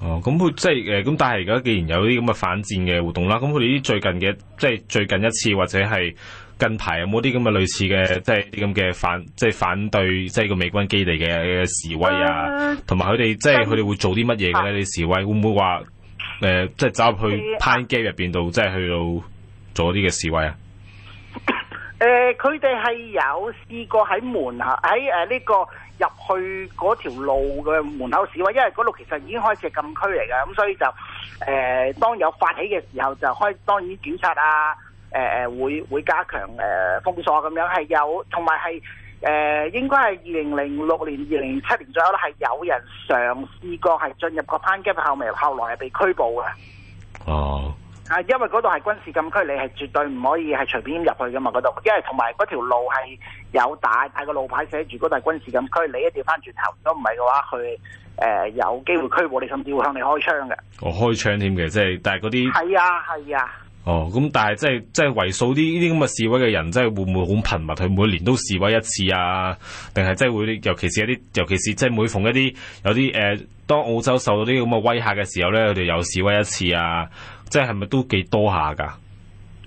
哦，咁佢即係誒，咁但係而家既然有啲咁嘅反戰嘅活動啦，咁佢哋啲最近嘅即係最近一次或者係近排有冇啲咁嘅類似嘅，即係啲咁嘅反，即係反對即係個美軍基地嘅示威啊，同埋佢哋即係佢哋會做啲乜嘢嘅咧？啲，嗯，示威會唔會話誒，即係走入去派街入邊度，即係，嗯，去到做啲嘅示威啊？誒，佢哋係有試過喺門口喺誒呢個入去嗰條路嘅門口示威，因為嗰度其實已經開始係禁區嚟㗎。咁、嗯、所以就誒、呃、當有發起嘅時候就開當然警察啊，誒、呃、誒會會加強誒、呃、封鎖咁樣係有，同埋係誒應該係二零零六年二零零七年左右咧係有人嘗試過係進入個 Pine Gap 後來係被拘捕嘅。哦。Oh. 啊，因為嗰度係軍事禁區，你係絕對唔可以係隨便入去噶嘛。嗰度，因為同埋嗰條路係有大大個路牌寫住嗰度係軍事禁區，你一定要翻轉頭。都唔係嘅話，佢誒、呃、有機會拘捕你，甚至會向你開槍嘅。哦，開槍添嘅，即係但係嗰啲係啊係啊。啊哦，咁但係即係即係為數啲呢啲咁嘅示威嘅人，即係會唔會好頻密？佢每年都示威一次啊？定係即係會，尤其是一啲，尤其是即係每逢一啲有啲誒，當澳洲受到啲咁嘅威嚇嘅時候咧，佢哋又示威一次啊？即係咪都幾多下噶？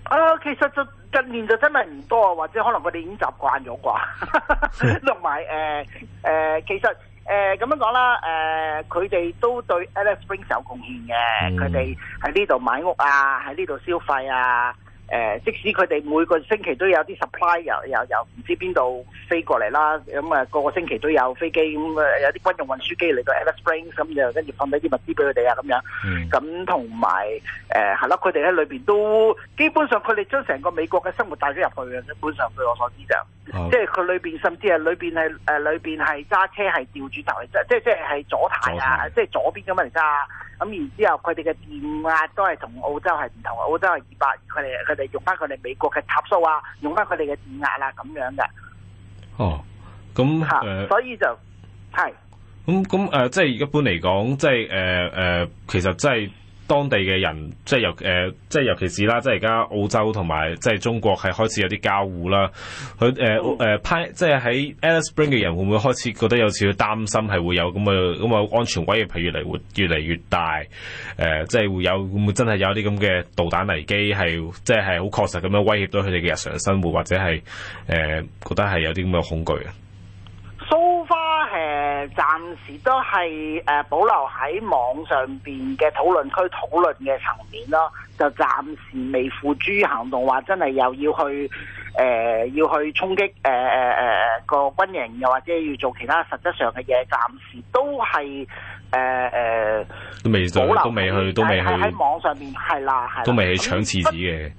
啊，其實就近年就真係唔多，或者可能佢哋已經習慣咗啩。同埋誒誒，其實誒咁、呃、樣講啦，誒佢哋都對 Alice Springs 有貢獻嘅，佢哋喺呢度買屋啊，喺呢度消費啊。誒、呃，即使佢哋每個星期都有啲 supply，又又唔知邊度飛過嚟啦，咁啊個個星期都有飛機，咁、呃、啊有啲軍用運輸機嚟到 Alice Springs，咁就跟住放低啲物資俾佢哋啊，咁樣。咁同埋誒係咯，佢哋喺裏邊都基本，基本上，佢哋將成個美國嘅生活帶咗入去嘅。基本上據我所知就，哦、即係佢裏邊甚至係裏邊係誒裏邊係揸車係調轉頭嚟，即係即係係左軚啊，即係左邊咁樣嚟揸。台咁然之後，佢哋嘅電壓都係同澳洲係唔同，澳洲係二百，佢哋佢哋用翻佢哋美國嘅插蘇啊，用翻佢哋嘅電壓啦、啊，咁樣嘅。哦，咁、嗯、誒，啊、所以就係咁咁誒，即係一般嚟講，即係誒誒，其實即係。當地嘅人，即係尤誒即係尤其是啦，即係而家澳洲同埋即係中國係開始有啲交互啦。佢誒誒派，即係喺 Alice Springs 嘅人會唔會開始覺得有少少擔心，係會有咁啊咁啊安全威脅係越嚟越越嚟越大？誒、呃、即係會有會唔會真係有啲咁嘅導彈危機係即係係好確實咁樣威脅到佢哋嘅日常生活，或者係誒、呃、覺得係有啲咁嘅恐懼啊懼？So far 誒暫時都係誒保留喺網上邊嘅討論區討論嘅層面咯，就暫時未付諸行動，話真係又要去誒、呃、要去衝擊誒誒誒誒個軍營，又或者要做其他實質上嘅嘢，暫時都係誒誒誒保留，都未去，都未喺網上面，係啦在，係都未去搶廁紙嘅。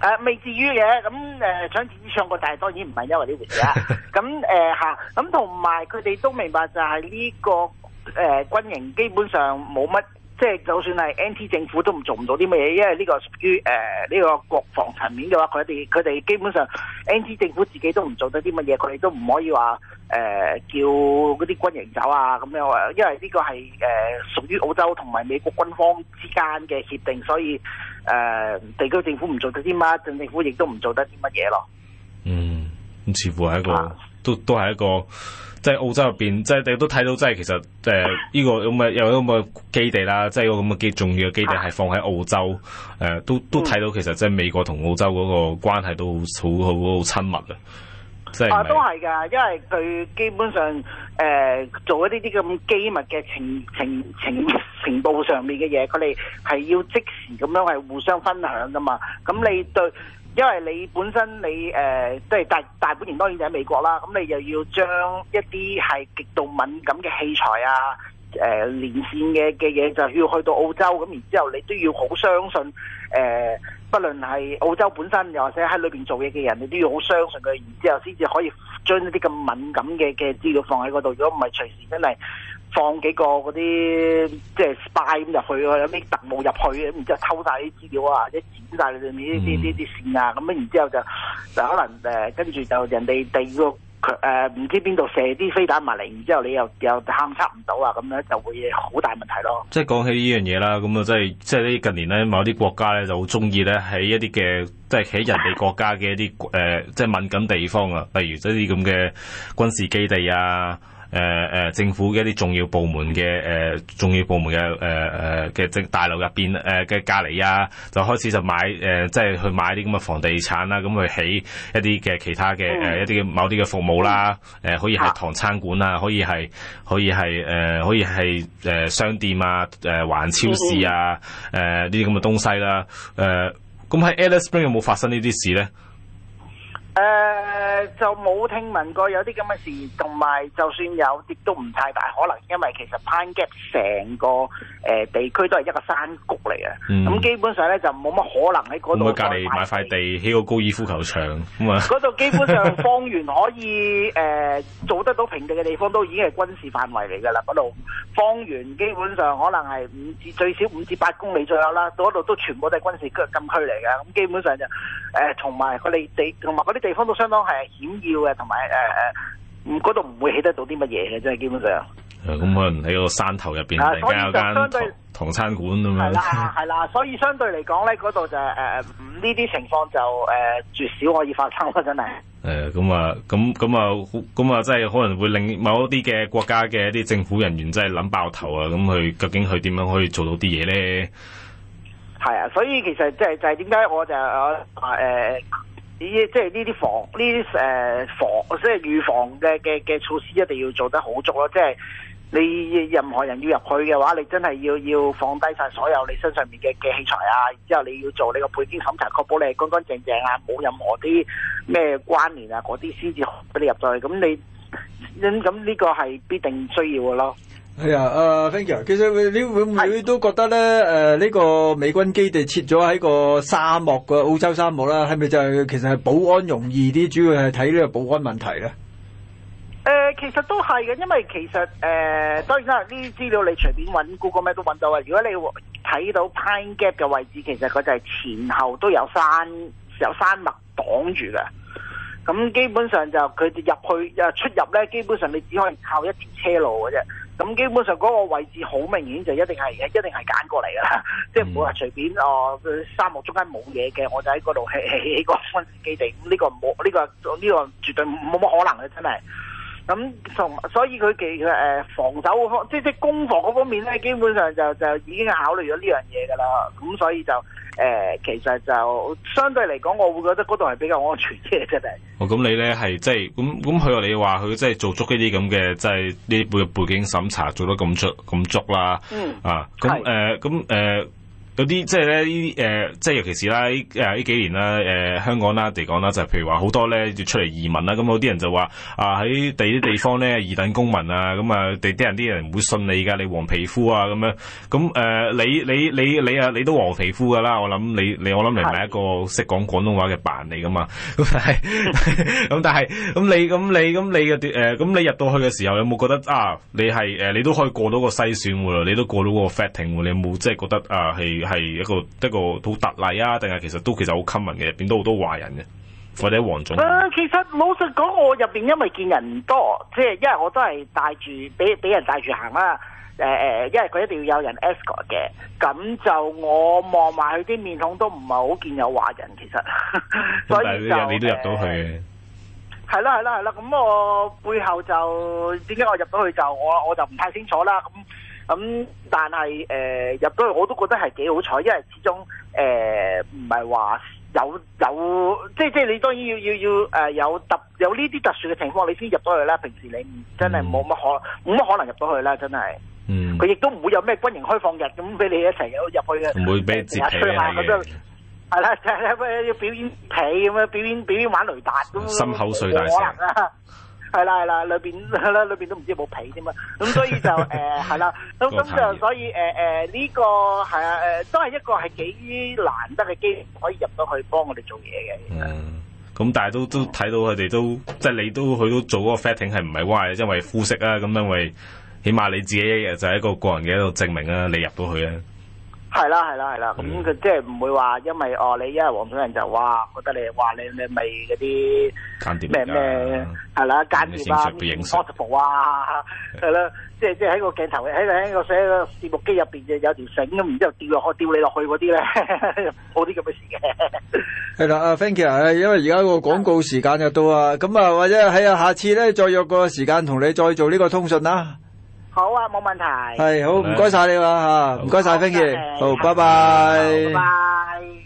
誒、啊、未至於嘅，咁誒想自己唱過，但係當然唔係因為呢回事啦。咁誒嚇，咁同埋佢哋都明白就係呢、這個誒、呃、軍營基本上冇乜，即、就、係、是、就算係 NT 政府都唔做唔到啲乜嘢，因為呢個屬於誒呢、呃這個國防層面嘅話，佢哋佢哋基本上 NT 政府自己都唔做得啲乜嘢，佢哋都唔可以話誒、呃、叫嗰啲軍營走啊咁樣啊，因為呢個係誒、呃、屬於澳洲同埋美國軍方之間嘅協定，所以。誒，地區政府唔做得啲乜，鎮政府亦都唔做得啲乜嘢咯。嗯，咁似乎係一個，都都係一個，即係澳洲入邊，即係你都睇到，呃這個有有，即係其實誒，呢個咁嘅，有咁嘅基地啦，即係個咁嘅幾重要嘅基地係放喺澳洲。誒、啊呃，都都睇到其實即係美國同澳洲嗰個關係都好，好，好，好親密啊！是是啊，都係噶，因為佢基本上誒、呃、做一啲啲咁機密嘅情情情情報上面嘅嘢，佢哋係要即時咁樣係互相分享噶嘛。咁你對，因為你本身你誒即係大大本營當然就喺美國啦。咁你又要將一啲係極度敏感嘅器材啊、誒、呃、連線嘅嘅嘢，就要去到澳洲。咁然之後你都要好相信誒。呃不論係澳洲本身，又或者喺裏邊做嘢嘅人，你都要好相信佢，然之後先至可以將一啲咁敏感嘅嘅資料放喺嗰度。如果唔係，隨時真係放幾個嗰啲即係 spy 咁入去，有咩特務入去，然之後偷晒啲資料啊，一剪晒你啲啲啲綫啊，咁樣，然之後就就可能誒，跟住就人哋第二個。誒唔、呃、知邊度射啲飛彈埋嚟，然之後你又又探測唔到啊，咁樣就會好大問題咯。即係講起呢樣嘢啦，咁啊、就是，即係即係呢近年咧，某啲國家咧就好中意咧喺一啲嘅，即係喺人哋國家嘅一啲誒，即、呃、係、就是、敏感地方啊，例如一啲咁嘅軍事基地啊。誒誒、呃，政府嘅一啲重要部門嘅誒、呃，重要部門嘅誒誒嘅政大樓入邊誒嘅隔籬啊，就開始就買誒，即、呃、係、就是、去買啲咁嘅房地產啦、啊，咁去起一啲嘅其他嘅誒一啲嘅某啲嘅服務啦，誒、嗯呃、可以係唐餐館啊，可以係、啊、可以係誒、呃、可以係誒、呃、商店啊，誒、呃、環超市啊，誒呢啲咁嘅東西啦、啊，誒、呃、咁喺 Alice Spring 有冇發生呢啲事咧？誒，就冇聽聞過有啲咁嘅事，同埋就算有，亦都唔太大可能，因為其實 Pine Gap 成個誒地區都係一個山谷嚟嘅，咁基本上咧就冇乜可能喺嗰度。咁佢隔籬買塊地起個高爾夫球場，咁啊？嗰度基本上方圓可以誒做得到平地嘅地方都已經係軍事範圍嚟噶啦，嗰度方圓基本上可能係五至最少五至八公里左右啦，嗰度都全部都係軍事禁區嚟嘅，咁基本上就誒同埋佢哋地同埋嗰啲。地方都相當係險要嘅，同埋誒誒，嗰度唔會起得到啲乜嘢嘅，真係基本上。咁可能喺個山頭入邊，大家有間 Ven ope, 同，同餐館咁樣。係啦， *laughs* 係啦，所以相對嚟講咧，嗰度就誒呢啲情況就誒絕少可以發生咯，真係。誒，咁 *noise* 啊，咁咁啊，咁、嗯、啊，真、嗯、係、嗯嗯嗯嗯嗯嗯即係、可能會令某一啲嘅國家嘅一啲政府人員真係諗爆頭啊！咁、嗯、佢、嗯、究竟佢點樣可以做到啲嘢咧？係啊，所以其實即係就係點解我就誒誒。呢即係呢啲防呢啲誒防即係預防嘅嘅嘅措施一定要做得好足咯，即係你任何人要入去嘅話，你真係要要放低晒所有你身上面嘅嘅器材啊，之後你要做你個背景審查，確保你係乾乾淨淨啊，冇任何啲咩關聯啊嗰啲先至俾你入到去。咁你咁呢個係必定需要嘅咯。係啊，誒，Finger，、哎 uh, 其實你會唔會都覺得咧？誒、呃，呢、這個美軍基地設咗喺個沙漠個澳洲沙漠啦，係咪就係、是、其實係保安容易啲？主要係睇呢個保安問題咧。誒、呃，其實都係嘅，因為其實誒、呃，當然啦，呢啲資料你隨便揾 Google 咩都揾到嘅。如果你睇到 Pine Gap 嘅位置，其實佢就係前後都有山，有山脈擋住嘅。咁基本上就佢哋入去誒出入咧，基本上你只可能靠一條車路嘅啫。咁基本上嗰個位置好明顯就一定係一定係揀過嚟噶啦，即係唔會話隨便哦，沙漠中間冇嘢嘅，我就喺嗰度起起起個軍事基地。咁呢個冇呢個呢個絕對冇乜可能嘅，真係。咁同所以佢其實誒防守方，即係即係攻防嗰方面咧，基本上就就已經考慮咗呢樣嘢噶啦。咁所以就誒，其實就相對嚟講，我會覺得嗰度係比較安全嘅真係哦，咁你咧係即係咁咁佢話你話佢即係做足呢啲咁嘅，即係呢背背景審查做得咁足咁足啦。嗯啊，咁誒，咁誒。有啲即係咧，依啲誒，即係尤其是啦，誒呢幾年啦，誒、嗯、香港啦嚟講啦，就係譬如話好多咧要出嚟移民啦，咁有啲人就話啊，喺第啲地方咧二等公民啊，咁啊第啲人啲人唔會信你㗎，你黃皮膚啊咁樣，咁誒、呃、你你你你啊你，你都黃皮膚㗎啦，我諗你你我諗你咪一個識講廣東話嘅白人嚟㗎嘛，咁但係咁你咁你咁你嘅誒咁你，你入到去嘅時候有冇覺得啊你係誒你都可以過到個篩選喎，你都過到個 fitting 喎，你冇即係覺得啊係？係一個一個好特例啊，定係其實都其實好 common 嘅，入邊都好多華人嘅，或者黃種誒，其實老實講，我入邊因為見人唔多，即係因為我都係帶住俾俾人帶住行啦、啊。誒、呃、誒，因為佢一定要有人 escort 嘅，咁就我望埋佢啲面孔都唔係好見有華人，其實 *laughs* 所以就你都入到去就係咯係咯係咯，咁、呃、我背後就點解我入到去就我我就唔太清楚啦咁。咁、嗯、但係誒、呃、入到去我都覺得係幾好彩，因為始終誒唔係話有有即即你當然要要要誒有特、呃、有呢啲特殊嘅情況，你先入到去啦。平時你真係冇乜可冇乜可能入到去啦，真係。嗯。佢亦都唔會有咩軍營開放日咁俾你一齊入去嘅。唔會俾自己啊。係啦，係咩要表演皮咁樣表演表演玩雷達咁。心口碎大石。係啦係啦，裏邊啦裏邊都唔知有冇被添嘛。咁所以就誒係啦，咁咁就所以誒誒呢個係啊誒，都係一個係幾難得嘅機會可以入到去幫我哋做嘢嘅。嗯，咁但係都都睇到佢哋都 *laughs* 即係你都佢都做嗰個 fitting 係唔係歪，因為膚色啊，咁因為起碼你自己一日就係一個個人嘅一個證明啦、啊，你入到去咧、啊。係啦，係啦，係啦，咁佢、嗯、即係唔會話，因為哦，你一係黃種人就哇，覺得你哇，你你咪嗰啲咩咩，係啦，間諜啊 c o m f 啊，係啦，即係即係喺個鏡頭喺喺、個寫、個攝錄機入邊嘅有條繩咁，然之後掉落去吊你落去嗰啲咧，冇啲咁嘅事嘅。係啦，阿 Frankie 啊，因為而家個廣告時間又到啊，咁啊，或者喺啊下次咧再約個時間同你再做呢個通訊啦。好啊，冇問題。係 *noise* 好，唔該晒你喎吓，唔該晒。輝傑，好，拜拜。拜拜。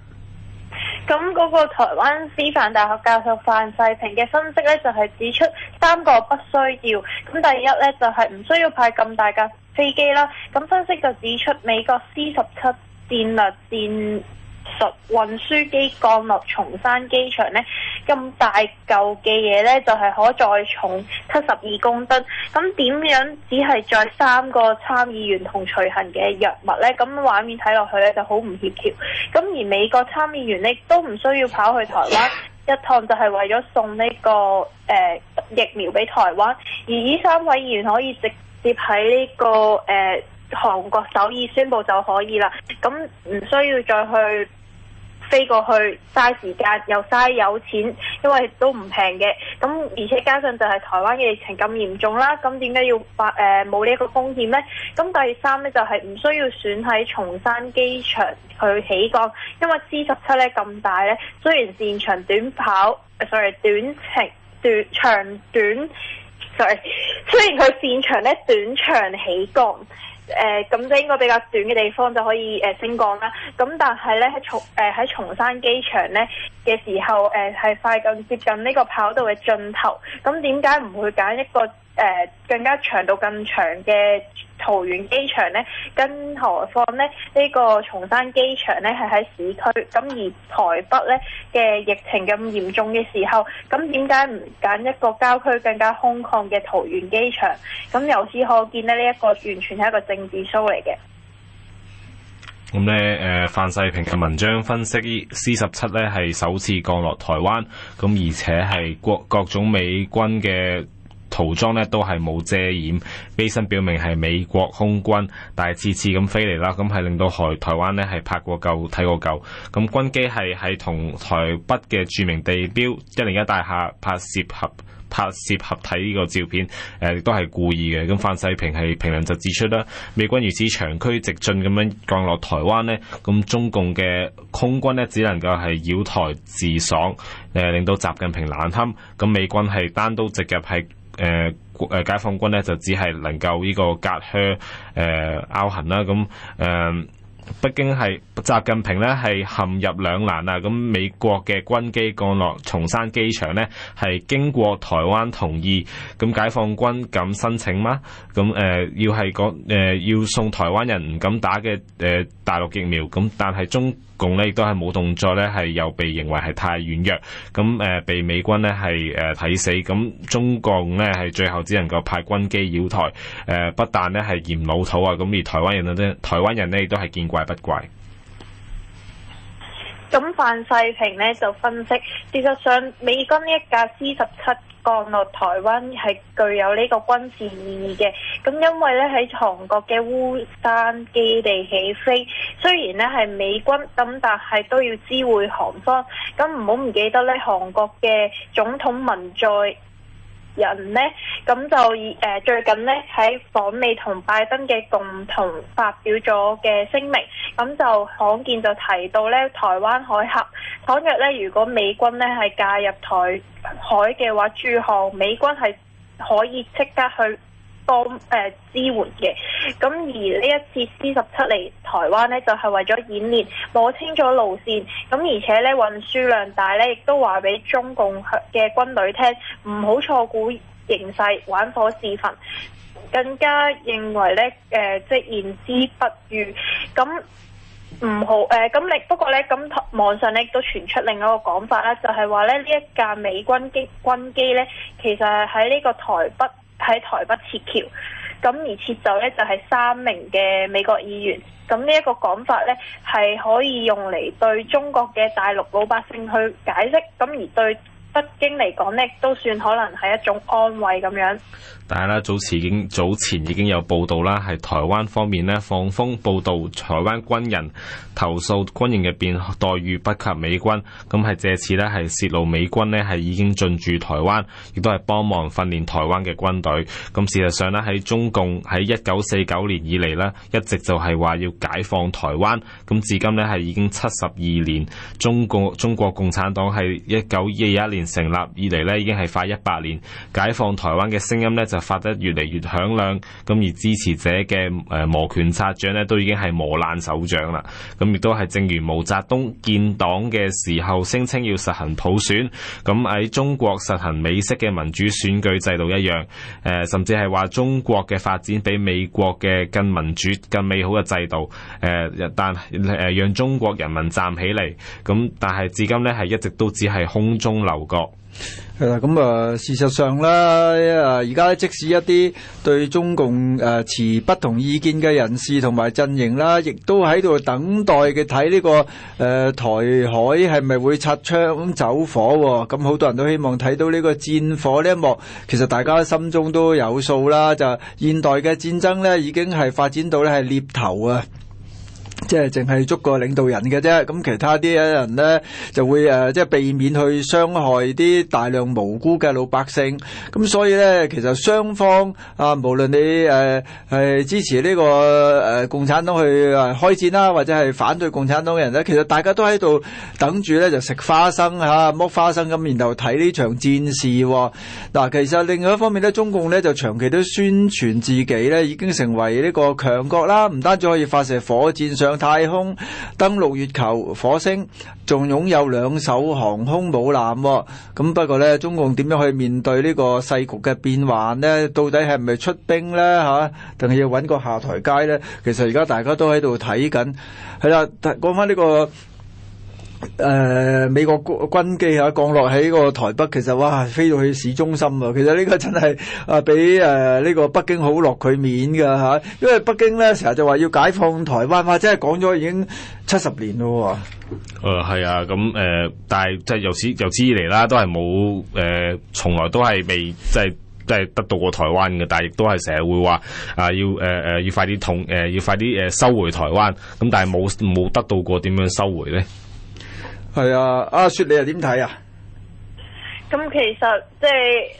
咁嗰個台灣師範大學教授范世平嘅分析咧，就係、是、指出三個不需要。咁第一咧，就係、是、唔需要派咁大架飛機啦。咁分析就指出美國 C 十七戰略戰術運輸機降落松山機場呢，咁大嚿嘅嘢呢，就係可載重七十二公噸。咁點樣只係載三個參議員同隨行嘅藥物呢？咁畫面睇落去呢，就好唔協調。咁而美國參議員呢，都唔需要跑去台灣一趟，就係為咗送呢個誒疫苗俾台灣。而呢三位議員可以直接喺呢個誒，呃韓國首爾宣布就可以啦，咁唔需要再去飛過去，嘥時間又嘥有錢，因為都唔平嘅。咁而且加上就係台灣嘅疫情咁嚴重啦，咁點解要發誒冇呢一個風險咧？咁第三呢，就係唔需要選喺松山機場去起降，因為 C 十七咧咁大呢，雖然擅長短跑，啊，sorry 短程短長短，sorry 雖然佢擅長咧短場起降。誒，咁即應該比較短嘅地方就可以誒、呃、升降啦。咁但係咧喺重誒喺松山機場咧嘅時候，誒、呃、係快近接近呢個跑道嘅盡頭。咁點解唔會揀一個？誒、呃，更加長到更長嘅桃園機場呢，更何況呢？呢、這個松山機場呢，係喺市區，咁而台北呢嘅疫情咁嚴重嘅時候，咁點解唔揀一個郊區更加空曠嘅桃園機場？咁由此可見呢，呢、這、一個完全係一個政治 show 嚟嘅。咁呢，誒、呃，范世平嘅文章分析，C 十七呢，係首次降落台灣，咁而且係各各種美軍嘅。塗裝咧都係冇遮掩，飛身表明係美國空軍，但係次次咁飛嚟啦，咁係令到台台灣咧係拍過夠睇過夠咁軍機係係同台北嘅著名地標一零一大廈拍攝合拍攝合體呢個照片，誒亦都係故意嘅。咁范世平係評論就指出啦，美軍如此長驅直進咁樣降落台灣呢，咁中共嘅空軍呢，只能夠係繞台自爽，誒、呃、令到習近平難堪。咁美軍係單刀直入係。誒，誒、呃，解放軍咧就只係能夠呢個隔靴誒，搲痕啦，咁誒。呃北京係習近平咧係陷入兩難啊！咁美國嘅軍機降落松山機場呢，係經過台灣同意，咁解放軍敢申請嗎？咁誒、呃、要係講誒要送台灣人唔敢打嘅誒、呃、大陸疫苗，咁但係中共呢亦都係冇動作呢，係又被認為係太軟弱，咁誒、呃、被美軍呢係誒睇死，咁中共呢係最後只能夠派軍機繞台，誒、呃、不但咧係嫌老土啊，咁而台灣人呢，台灣人呢亦都係見怪不怪？咁范世平呢就分析，事實上美軍一架 C 十七降落台灣係具有呢個軍事意義嘅。咁因為呢喺韓國嘅烏山基地起飛，雖然呢係美軍，咁但係都要知會韓方。咁唔好唔記得呢韓國嘅總統文在人呢，咁就誒最近呢，喺訪美同拜登嘅共同發表咗嘅聲明，咁就罕見就提到咧台灣海峽，倘若咧如果美軍咧係介入台海嘅話，駐韓美軍係可以即刻去我、呃、支援嘅，咁而呢一次 C 十七嚟台灣呢就係、是、為咗演練摸清咗路線，咁而且呢，運輸量大呢，亦都話俾中共嘅軍隊聽，唔好錯估形勢，玩火自焚。更加認為呢，誒、呃，即係言之不預，咁唔好誒。咁、呃、另不過呢，咁網上呢亦都傳出另一個講法啦，就係話呢呢一架美軍機軍機呢，其實係喺呢個台北。喺台北撤僑，咁而撤走咧就係、是、三名嘅美國議員。咁呢一個講法咧係可以用嚟對中國嘅大陸老百姓去解釋。咁而對北京嚟講咧都算可能係一種安慰咁樣。但係咧，早前已經有報道啦，係台灣方面呢放風報道，台灣軍人投訴軍營入邊待遇不及美軍，咁係藉此呢，係泄露美軍呢，係已經進駐台灣，亦都係幫忙訓練台灣嘅軍隊。咁事實上呢，喺中共喺一九四九年以嚟呢，一直就係話要解放台灣。咁至今呢，係已經七十二年，中共中國共產黨係一九二一年成立以嚟呢，已經係快一百年，解放台灣嘅聲音呢，就，發得越嚟越響亮，咁而支持者嘅誒摩拳擦掌咧，都已經係磨爛手掌啦。咁亦都係正如毛澤東建黨嘅時候聲稱要實行普選，咁喺中國實行美式嘅民主選舉制度一樣。誒、呃，甚至係話中國嘅發展比美國嘅更民主、更美好嘅制度。誒、呃，但誒、呃、讓中國人民站起嚟，咁但係至今呢，係一直都只係空中樓閣。係啦，咁啊，事實上啦，啊而家即使一啲對中共誒持不同意見嘅人士同埋陣營啦，亦都喺度等待嘅睇呢個誒台海係咪會擦槍走火？咁好多人都希望睇到呢個戰火呢一幕。其實大家心中都有數啦，就現代嘅戰爭呢，已經係發展到呢係獵頭啊。即係淨係捉個領導人嘅啫，咁其他啲人咧就會誒、啊、即係避免去傷害啲大量無辜嘅老百姓。咁所以咧，其實雙方啊，無論你誒係、啊啊、支持呢、呢個誒、啊、共產黨去誒開戰啦，或者係反對共產黨嘅人咧，其實大家都喺度等住咧，就食花生吓剝、啊、花生咁、啊，然後睇呢場戰事。嗱、啊，其實另外一方面咧，中共咧就長期都宣傳自己咧已經成為呢個強國啦，唔、啊、單止可以發射火箭上。太空登陸月球、火星，仲擁有兩艘航空母艦。咁不過呢，中共點樣去面對呢個世局嘅變幻呢？到底係咪出兵呢？吓，定係要揾個下台階呢？其實而家大家都喺度睇緊。係啦，講翻呢個。誒、呃，美國軍機吓、啊、降落喺個台北，其實哇，飛到去市中心啊。其實呢個真係啊，俾誒呢個北京好落佢面噶吓、啊，因為北京咧成日就話要解放台灣，或者係講咗已經七十年咯。誒、呃，係啊，咁、嗯、誒、呃，但係即係由此由此以嚟啦，都係冇誒，從、呃、來都係未即係即係得到過台灣嘅，但係亦都係成日會話啊，要誒誒、呃呃、要快啲統，誒、呃、要快啲誒、呃呃、收回台灣，咁但係冇冇得到過點樣收回咧？係啊，阿、啊、雪你又點睇啊？咁、嗯、其實即係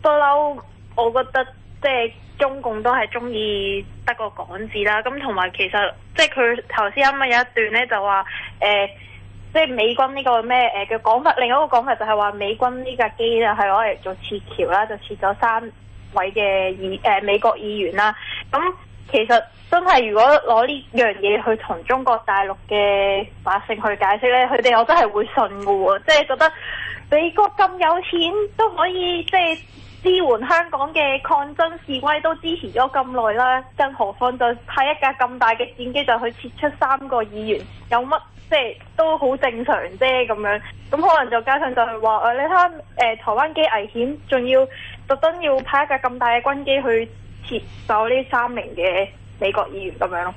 不嬲，我覺得即係中共都係中意得個港字啦。咁同埋其實即係佢頭先啱啱有一段咧，就話誒、呃，即係美軍呢個咩誒嘅講法，另一個講法就係話美軍呢架機啊，係攞嚟做撤僑啦，就撤咗三位嘅議誒美國議員啦。咁、嗯其實真係，如果攞呢樣嘢去同中國大陸嘅百姓去解釋呢，佢哋我真係會信嘅喎，即係覺得美國咁有錢都可以即係支援香港嘅抗爭示威，都支持咗咁耐啦，更何況就派一架咁大嘅戰機就去撤出三個議員，有乜即係都好正常啫咁樣。咁可能就加上就係話，誒你睇誒台灣機危險，仲要特登要派一架咁大嘅軍機去。接受呢三名嘅美國議員咁樣咯。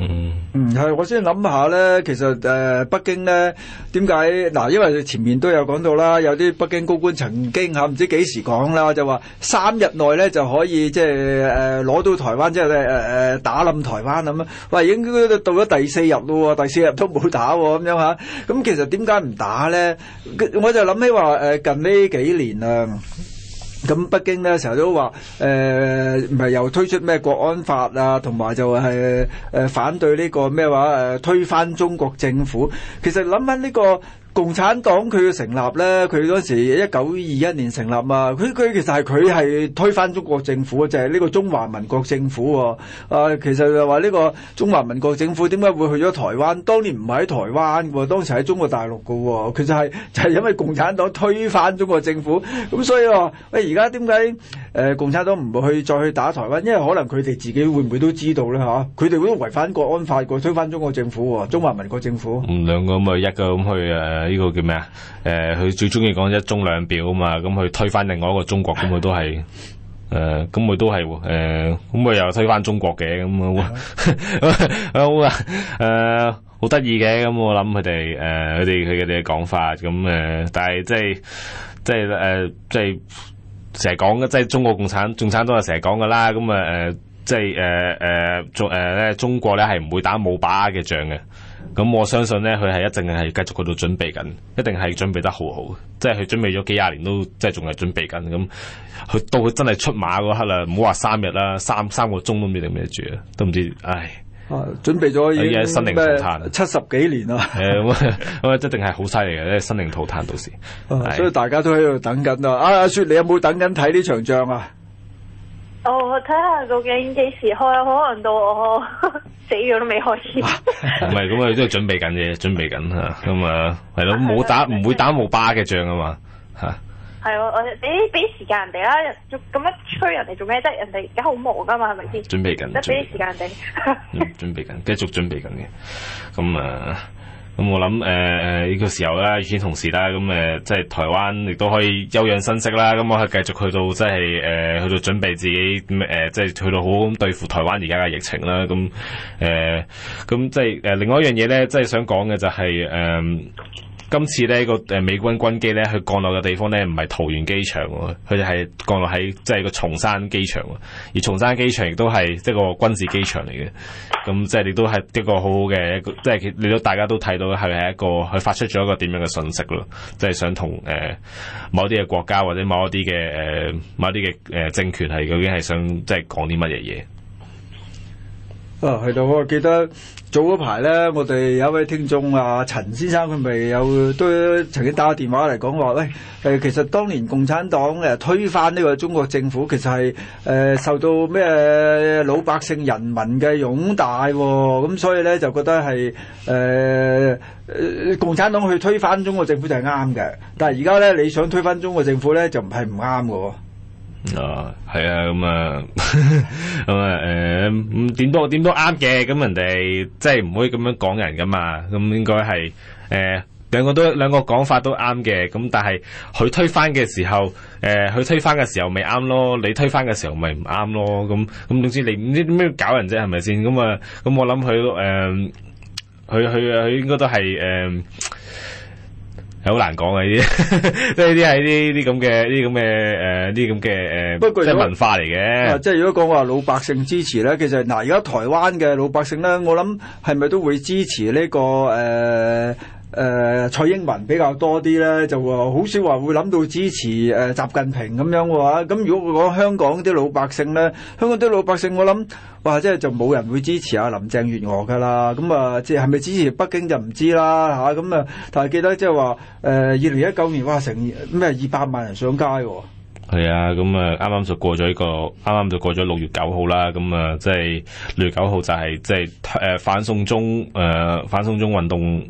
嗯，嗯係，我先諗下咧，其實誒、呃、北京咧點解嗱？因為前面都有講到啦，有啲北京高官曾經嚇唔、啊、知幾時講啦、啊，就話三日內咧就可以即係誒攞到台灣，即係誒誒打冧台灣咁啊！喂，已經到咗第四日咯喎，第四日都冇打喎，咁樣嚇。咁、啊嗯、其實點解唔打咧？我就諗起話誒，近呢幾年啊。咁北京咧成日都話誒唔係又推出咩國安法啊，同埋就係誒反對呢個咩話誒推翻中國政府。其實諗翻呢個。共產黨佢嘅成立咧，佢嗰時一九二一年成立啊，佢佢其實係佢係推翻中國政府嘅，就係、是、呢個中華民國政府喎、啊。啊，其實就話呢個中華民國政府點解會去咗台灣？當年唔係喺台灣嘅，當時喺中國大陸嘅、啊。佢就係、是、就係、是、因為共產黨推翻中國政府，咁所以話喂而家點解誒共產黨唔會去再去打台灣？因為可能佢哋自己會唔會都知道咧嚇？佢哋會違反國安法過，個推翻中國政府、啊，中華民國政府。嗯，兩個咪一個咁去誒、啊。呢個叫咩啊？誒，佢最中意講一中兩表啊嘛，咁佢推翻另外一個中國，咁佢都係誒，咁佢都係誒，咁佢又推翻中國嘅，咁我誒，好得意嘅，咁我諗佢哋誒，佢哋佢哋嘅講法，咁誒，但係即係即係誒，即係成日講嘅，即係中國共產黨、共產黨又成日講噶啦，咁啊誒，即係誒誒中誒咧，中國咧係唔會打冇把握嘅仗嘅。咁我相信咧，佢係一定係繼續喺度準備緊，一定係準備得好好，即係佢準備咗幾廿年都，即係仲係準備緊。咁佢到佢真係出馬嗰刻啦，唔好話三日啦，三三個鐘都唔知定咩住啊，都唔知唉。啊，準備咗已經咩？七十幾年啦，咁咁、啊、 *laughs* *laughs* 一定係好犀利嘅咧，生靈塗炭到時。啊、是所以大家都喺度等緊啦、啊。阿雪，你有冇等緊睇呢場仗啊？我睇下究竟幾時開，可能到我死咗都未開始。唔係，咁啊， *laughs* 都係準備緊嘅，準備緊吓，咁啊，係咯，冇打唔會打冇巴嘅仗啊嘛，吓。係我我誒，俾時間人哋啦，咁一催人哋做咩啫？人哋而家好忙噶嘛，係咪先？準備緊，得俾啲時間人哋。嗯，準備緊，繼續準備緊嘅，咁啊。嗯啊咁、嗯、我諗，誒、呃、誒，呢、這個時候咧，與此同時啦，咁、嗯、誒、呃，即係台灣亦都可以休養生息啦。咁我係繼續去到，即係誒、呃，去到準備自己，誒、呃，即係去到好好咁對付台灣而家嘅疫情啦。咁、嗯、誒，咁、呃嗯、即係誒、呃，另外一樣嘢咧，即係想講嘅就係、是、誒。嗯今次呢個誒美軍軍機咧，去降落嘅地方咧，唔係桃園機場喎，佢就係降落喺即係個松山機場，而松山機場亦都係即係個軍事機場嚟嘅。咁即係亦都係一個好好嘅、就是、一個，即係你都大家都睇到係係一個佢發出咗一個點樣嘅訊息咯，即、就、係、是、想同誒、呃、某啲嘅國家或者某一啲嘅誒某啲嘅誒政權係究竟係想即係、就是、講啲乜嘢嘢？啊，係咯、哦！我記得早排咧，我哋有一位聽眾啊，陳先生佢咪有都曾經打過電話嚟講話咧，誒、哎呃、其實當年共產黨誒推翻呢個中國政府，其實係誒、呃、受到咩老百姓人民嘅擁戴喎、哦，咁所以咧就覺得係誒、呃、共產黨去推翻中國政府就係啱嘅，但係而家咧你想推翻中國政府咧，就唔係唔啱嘅。哦，係啊，咁啊，咁啊，誒，點都點都啱嘅，咁人哋即係唔可以咁樣講人噶嘛，咁應該係誒，兩個都兩個講法都啱嘅，咁但係佢推翻嘅時候，誒，佢推翻嘅時候咪啱咯，你推翻嘅時候咪唔啱咯，咁咁總之你唔知咩搞人啫，係咪先？咁啊，咁我諗佢誒，佢佢佢應該都係誒。好難講啊！呢啲即係呢啲係呢啲咁嘅呢啲咁嘅誒呢啲咁嘅誒，不過即係文化嚟嘅。即係如果講話老百姓支持咧，其實嗱，而、呃、家台灣嘅老百姓咧，我諗係咪都會支持呢、呢個誒？呃誒、呃、蔡英文比較多啲咧，就話好少話會諗到支持誒、呃、習近平咁樣嘅話，咁如果講香港啲老百姓咧，香港啲老百姓我諗，哇！即係就冇人會支持阿林鄭月娥噶啦，咁啊，即係係咪支持北京就唔知啦嚇，咁啊，但係記得即係話誒二零一九年哇成咩二百萬人上街喎、哦？係啊，咁啊啱啱就過咗呢個啱啱就過咗六月九號啦，咁啊即係六月九號就係即係誒反送中誒、呃、反送中運動。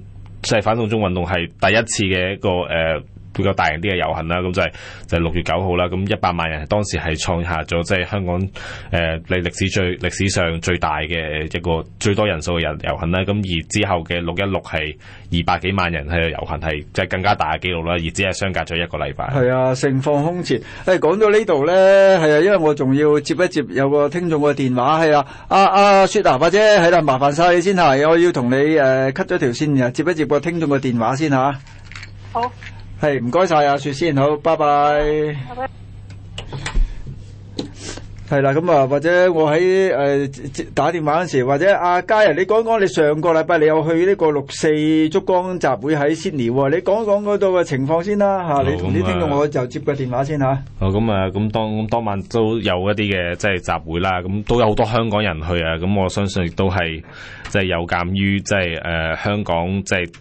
即係反送中運動係第一次嘅一個誒，Uh 比較大型啲嘅遊行啦，咁就係就係六月九號啦，咁一百萬人當時係創下咗即係香港誒，歷、呃、歷史最歷史上最大嘅一個最多人數嘅人遊行啦，咁而之後嘅六一六係二百幾萬人喺度遊行，係即係更加大嘅紀錄啦，而只係相隔咗一個禮拜。係啊，盛況空前。誒，講到呢度咧，係啊，因為我仲要接一接有個聽眾嘅電話，係啊，啊啊，雪牙或者係啦，麻煩晒你先係、啊，我要同你誒 cut 咗條線啊，接一接個聽眾嘅電話先吓。啊、好。係，唔該晒阿雪先，好，拜拜。拜拜。係啦，咁啊，或者我喺誒、呃、打電話嗰時，或者阿嘉、啊、人，你講講你上個禮拜你有去呢個六四燭光集會喺悉尼喎，你講講嗰度嘅情況先啦嚇，哦、你同啲聽眾我就接個電話先嚇。哦，咁、嗯、啊，咁當當晚都有一啲嘅，即係集會啦，咁都有好多香港人去啊，咁我相信亦都係即係有鑑於即係誒香港，即係誒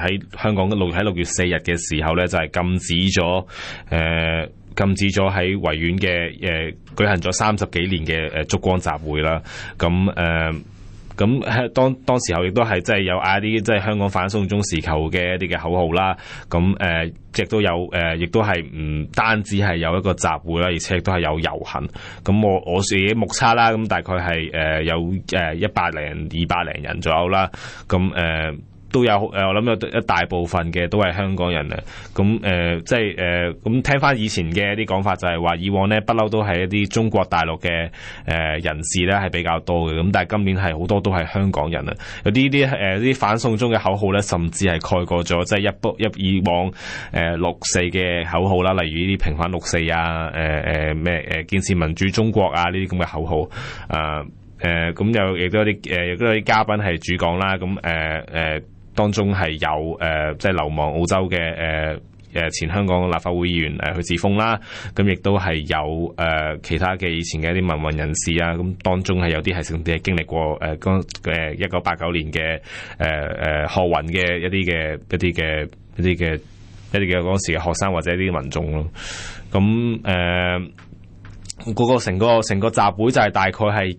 喺香港六喺六月四日嘅時候咧，就係、是、禁止咗誒。呃禁止咗喺維園嘅誒、呃、舉行咗三十幾年嘅誒燭光集會啦，咁誒咁喺當當時候亦都係即係有嗌啲即係香港反送中時球嘅一啲嘅口號啦，咁誒亦都有誒，亦、啊、都係唔單止係有一個集會啦，而且亦都係有遊行，咁、啊、我我自己目測啦，咁、啊、大概係誒、啊、有誒一百零二百零人左右啦，咁、啊、誒。啊都有誒，我諗有一大部分嘅都係香港人啊！咁、嗯、誒，即係誒，咁聽翻以前嘅一啲講法就，就係話以往咧不嬲都係一啲中國大陸嘅誒人士咧係比較多嘅，咁但係今年係好多都係香港人啊！有啲啲誒啲反送中嘅口號咧，甚至係蓋過咗即係一一以往誒六四嘅口號啦，例如呢啲平反六四啊、誒誒咩誒建設民主中國啊呢啲咁嘅口號啊，誒咁又亦都有啲誒，亦都有啲嘉賓係主講啦，咁誒誒。嗯當中係有誒，即、呃、係、就是、流亡澳洲嘅誒誒前香港立法會議員誒、呃、許智峰啦，咁、啊、亦都係有誒、呃、其他嘅以前嘅一啲民運人士啊，咁當中係有啲係成啲係經歷過誒、呃呃呃、一九八九年嘅誒誒學運嘅一啲嘅一啲嘅一啲嘅一啲嘅嗰時嘅學生或者一啲民眾咯，咁誒嗰個成個成個集會就係大概係誒。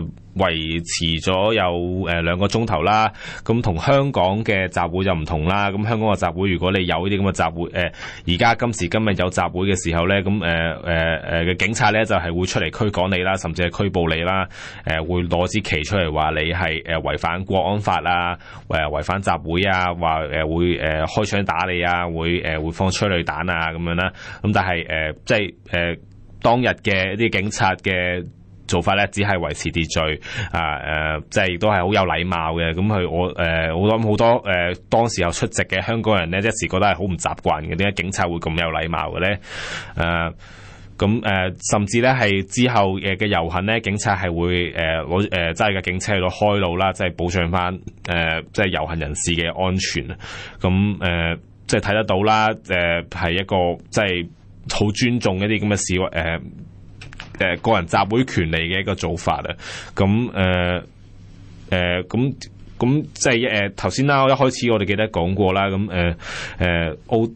呃維持咗有誒兩個鐘頭啦，咁同香港嘅集會就唔同啦。咁香港嘅集會，如果你有呢啲咁嘅集會，誒而家今時今日有集會嘅時候呢，咁誒誒誒嘅警察呢就係、是、會出嚟驅趕你啦，甚至係拘捕你啦，誒、呃、會攞支旗出嚟話你係誒違反國安法啦，誒違反集會啊，話誒會誒開槍打你啊，會誒會放催淚彈啊咁樣啦。咁但係誒、呃、即係誒、呃、當日嘅一啲警察嘅做法咧只係維持秩序啊，誒、呃，即係都係好有禮貌嘅。咁佢我誒，我諗好、呃、多誒、呃，當時候出席嘅香港人咧，一時覺得係好唔習慣嘅。點解警察會咁有禮貌嘅咧？誒、呃，咁、呃、誒，甚至咧係之後嘅遊行咧，警察係會誒攞誒揸架警車去到開路啦，即係保障翻誒、呃，即係遊行人士嘅安全。咁、呃、誒，即係睇得到啦。誒、呃，係一個即係好尊重一啲咁嘅示威誒個人集會權利嘅一個做法啊，咁誒誒咁咁即係誒頭先啦，呃呃、一開始我哋記得講過啦，咁誒誒澳誒。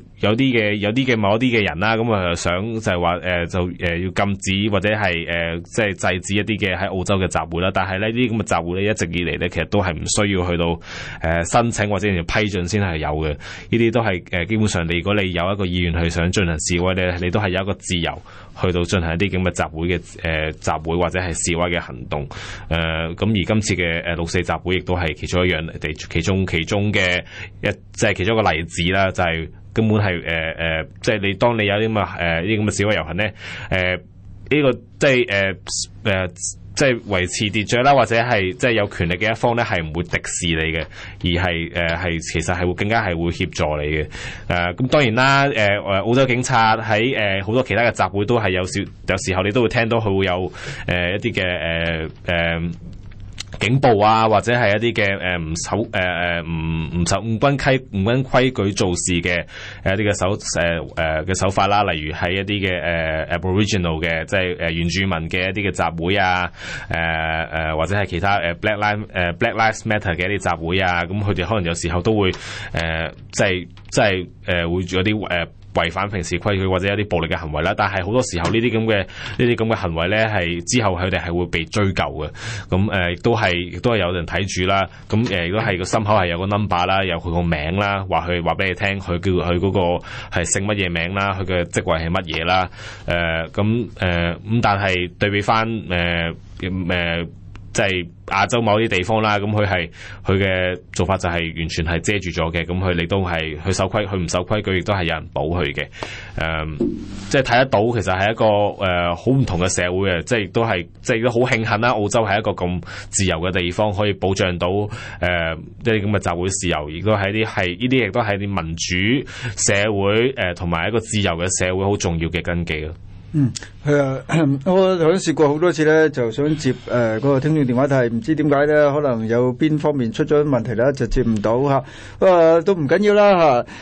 呃有啲嘅有啲嘅某一啲嘅人啦，咁、嗯、啊想就係話，誒、呃，就誒、呃、要禁止或者係誒、呃、即係制止一啲嘅喺澳洲嘅集會啦。但係呢啲咁嘅集會咧一直以嚟咧，其實都係唔需要去到誒、呃、申請或者要批准先係有嘅。呢啲都係誒、呃、基本上你如果你有一個意願去想進行示威咧，你都係有一個自由去到進行一啲咁嘅集會嘅誒、呃、集會或者係示威嘅行動誒。咁、呃、而今次嘅誒六四集會亦都係其中一樣地其中其中嘅一即係其中一個例子啦、就是，就係。根本係誒誒，即係你當你有啲咁嘅誒呢啲咁嘅示威遊行咧，誒、呃、呢個即係誒誒，即係維持秩序啦，或者係即係有權力嘅一方咧，係唔會敵視你嘅，而係誒係其實係會更加係會協助你嘅。誒、呃、咁當然啦，誒、呃、澳洲警察喺誒好多其他嘅集會都係有少有時候你都會聽到佢會有誒、呃、一啲嘅誒誒呃呃。警暴啊，或者係一啲嘅誒唔守誒誒唔唔守唔跟規唔跟規矩做事嘅誒、啊啊啊啊啊啊、一啲嘅手誒誒嘅手法啦，例如喺一啲嘅誒 Aboriginal 嘅即係誒原住民嘅一啲嘅集會啊，誒誒或者係其他誒 Black Lives 誒 Black Lives Matter 嘅一啲集會啊，咁佢哋可能有時候都會誒即係即係誒會有啲誒，啊違反平時規矩或者有啲暴力嘅行為啦，但係好多時候呢啲咁嘅呢啲咁嘅行為咧，係之後佢哋係會被追究嘅。咁、嗯、誒、呃、都係亦都係有人睇住啦。咁誒如果係個心口係有個 number 啦，有佢個名啦，話佢話俾你聽，佢叫佢嗰個係姓乜嘢名啦，佢嘅職位係乜嘢啦？誒咁誒咁，但係對比翻誒誒。呃呃呃即係亞洲某啲地方啦，咁佢係佢嘅做法就係完全係遮住咗嘅，咁佢亦都係佢守規，佢唔守規矩亦都係有人保佢嘅，誒、嗯，即係睇得到其實係一個誒好唔同嘅社會嘅，即係亦都係即係都好慶幸啦，澳洲係一個咁自由嘅地方，可以保障到誒一啲咁嘅集會自由，而佢喺啲係呢啲亦都係啲民主社會誒同埋一個自由嘅社會好重要嘅根基啊。嗯，係啊，我頭先試過好多次咧，就想接誒、呃嗰個聽眾電話，但係唔知點解咧，可能有邊方面出咗問題咧，就接唔到吓。不、啊、過都唔緊要啦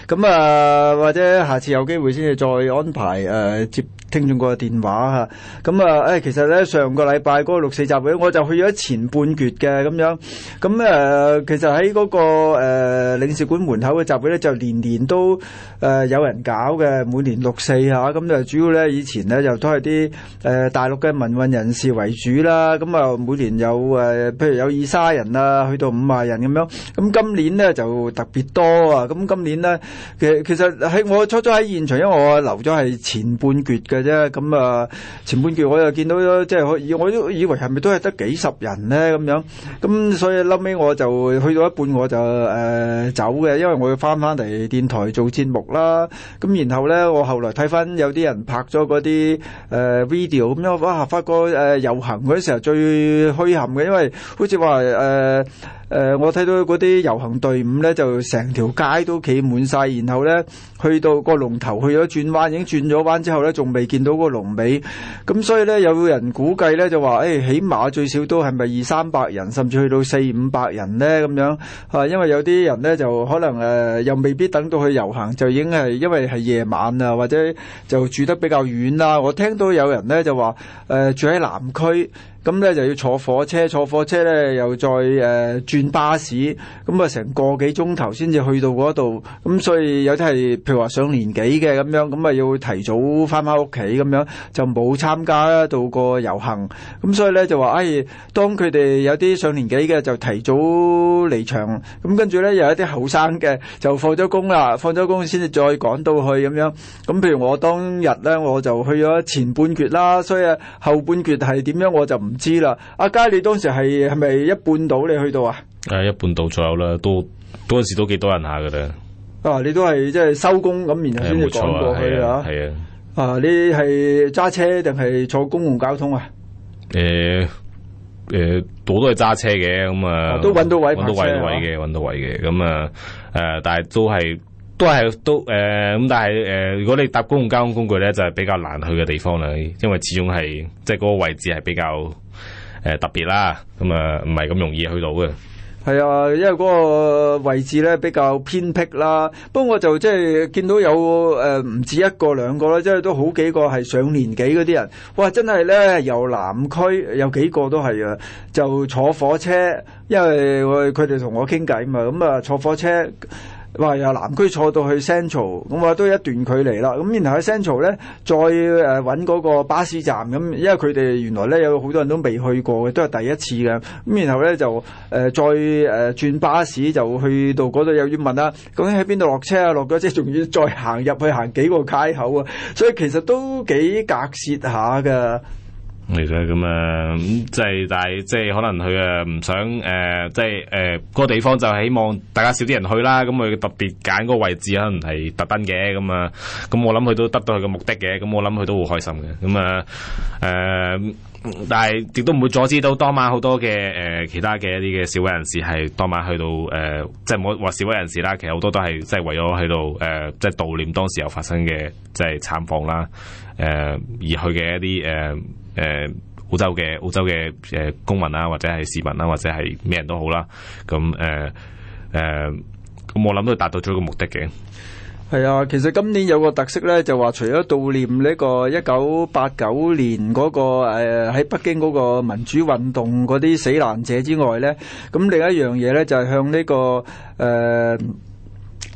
吓，咁啊或者下次有機會先至再安排誒、啊、接聽眾個電話吓。咁啊，誒、啊、其實咧上個禮拜個六四集會，我就去咗前半段嘅咁樣。咁、啊、誒，其實喺、嗰個誒、啊、領事館門口嘅集會咧，就年年都誒、啊、有人搞嘅，每年六四吓，咁、啊、就主要咧以前咧。又都係啲誒大陸嘅民運人士為主啦，咁啊每年有誒，譬如有二卅人啊，去到五十人咁樣。咁今年咧就特別多啊！咁今年咧，其實其實喺我初初喺現場，因為我留咗係前半橛嘅啫，咁啊前半橛我又見到即係我我都以為係咪都係得幾十人咧咁樣。咁所以後尾我就去到一半我就誒走嘅，因為我要翻翻嚟電台做節目啦。咁然後咧，我後來睇翻有啲人拍咗嗰啲。誒、呃、video 咁樣，哇、啊！發覺誒遊、呃、行嗰時候最虛憾嘅，因為好似話誒。呃誒、呃，我睇到嗰啲遊行隊伍咧，就成條街都企滿晒。然後咧去到個龍頭，去咗轉彎，已經轉咗彎之後咧，仲未見到個龍尾，咁所以咧有人估計咧就話，誒、哎，起碼最少都係咪二三百人，甚至去到四五百人咧咁樣，啊，因為有啲人咧就可能誒、呃、又未必等到去遊行，就已經係因為係夜晚啊，或者就住得比較遠啦。我聽到有人咧就話，誒、呃，住喺南區。咁咧、嗯、就要坐火車，坐火車咧又再誒、呃、轉巴士，咁啊成個幾鐘頭先至去到嗰度，咁、嗯、所以有啲係譬如話上年紀嘅咁樣，咁、嗯、啊要提早返返屋企咁樣，就冇參加到個遊行，咁、嗯、所以咧就話哎，當佢哋有啲上年紀嘅就提早離場，咁跟住咧有一啲後生嘅就放咗工啦，放咗工先至再趕到去咁樣，咁、嗯、譬如我當日咧我就去咗前半決啦，所以後半決係點樣我就唔～唔知啦，阿佳，你當時係係咪一半度你去到啊？誒、啊，一半度左右啦，都嗰陣時都幾多人下㗎喇。啊，你都係即係收工咁，就是、然後先至趕過去啊？係啊，啊，你係揸車定係坐公共交通啊？誒誒、欸欸，我都係揸車嘅，咁、嗯、啊，都揾到位，到位，位嘅、啊，揾到位嘅，咁、嗯嗯嗯嗯、啊誒，但係都係都係都誒，咁、呃、但係誒、呃，如果你搭公共交通工具咧，就係、是、比較難去嘅地方啦，因為始終係即係嗰個位置係比較。誒，特別啦，咁啊，唔係咁容易去到嘅。係啊，因為嗰個位置咧，比較偏僻啦。不過就即係見到有誒唔止一個兩個啦，即係都好幾個係上年紀嗰啲人。哇，真係咧，由南區有幾個都係啊，就坐火車，因為佢哋同我傾偈嘛，咁啊坐火車。話由南區坐到去 Central，咁啊都一段距離啦。咁然後喺 Central 咧，再誒搵嗰個巴士站咁，因為佢哋原來咧有好多人都未去過嘅，都係第一次嘅。咁然後咧就誒再誒轉巴士，就去到嗰度又要問啦。究竟喺邊度落車啊？落咗車仲要再行入去行幾個街口啊？所以其實都幾隔涉下噶。其實咁啊，即係，但係即係可能佢啊唔想誒、呃，即係誒嗰個地方就希望大家少啲人去啦。咁、嗯、佢特別揀嗰個位置，可能係特登嘅。咁、嗯、啊，咁我諗佢都得到佢嘅目的嘅。咁我諗佢都好開心嘅。咁啊誒，但係亦都唔會阻止到當晚好多嘅誒、呃、其他嘅一啲嘅示威人士係當晚去到誒、呃，即係唔好話示威人士啦。其實好多都係即係為咗去到誒、呃，即係悼念當時有發生嘅即係慘況啦，誒、呃、而去嘅一啲誒。呃誒澳洲嘅澳洲嘅誒公民啊，或者係市民啊，或者係咩人都好啦，咁誒誒，咁我諗都達到咗個目的嘅。係啊，其實今年有個特色咧，就話除咗悼念呢個一九八九年嗰個誒喺北京嗰個民主運動嗰啲死難者之外咧，咁另一樣嘢咧就係向呢個誒，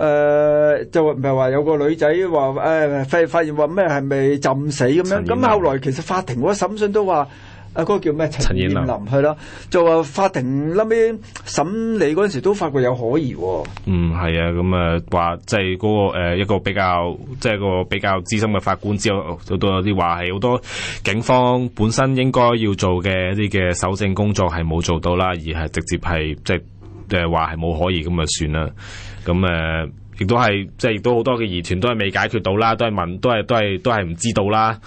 誒、呃，就唔係話有個女仔話誒，發發現話咩係咪浸死咁樣？咁後來其實法庭嗰審訊都話，啊、嗰個叫咩陳燕林係咯，就話法庭後尾審理嗰陣時都發覺有可疑、哦嗯。嗯，係啊，咁啊話即係嗰、嗰個誒、呃、一個比較即係個比較資深嘅法官之後都都有啲話係好多警方本身應該要做嘅一啲嘅搜證工作係冇做到啦，而係直接係即係誒話係冇可疑咁啊算啦。咁誒。亦都係，即係亦都好多嘅疑團都係未解決到啦，都係問，都係都係都係唔知道啦。誒、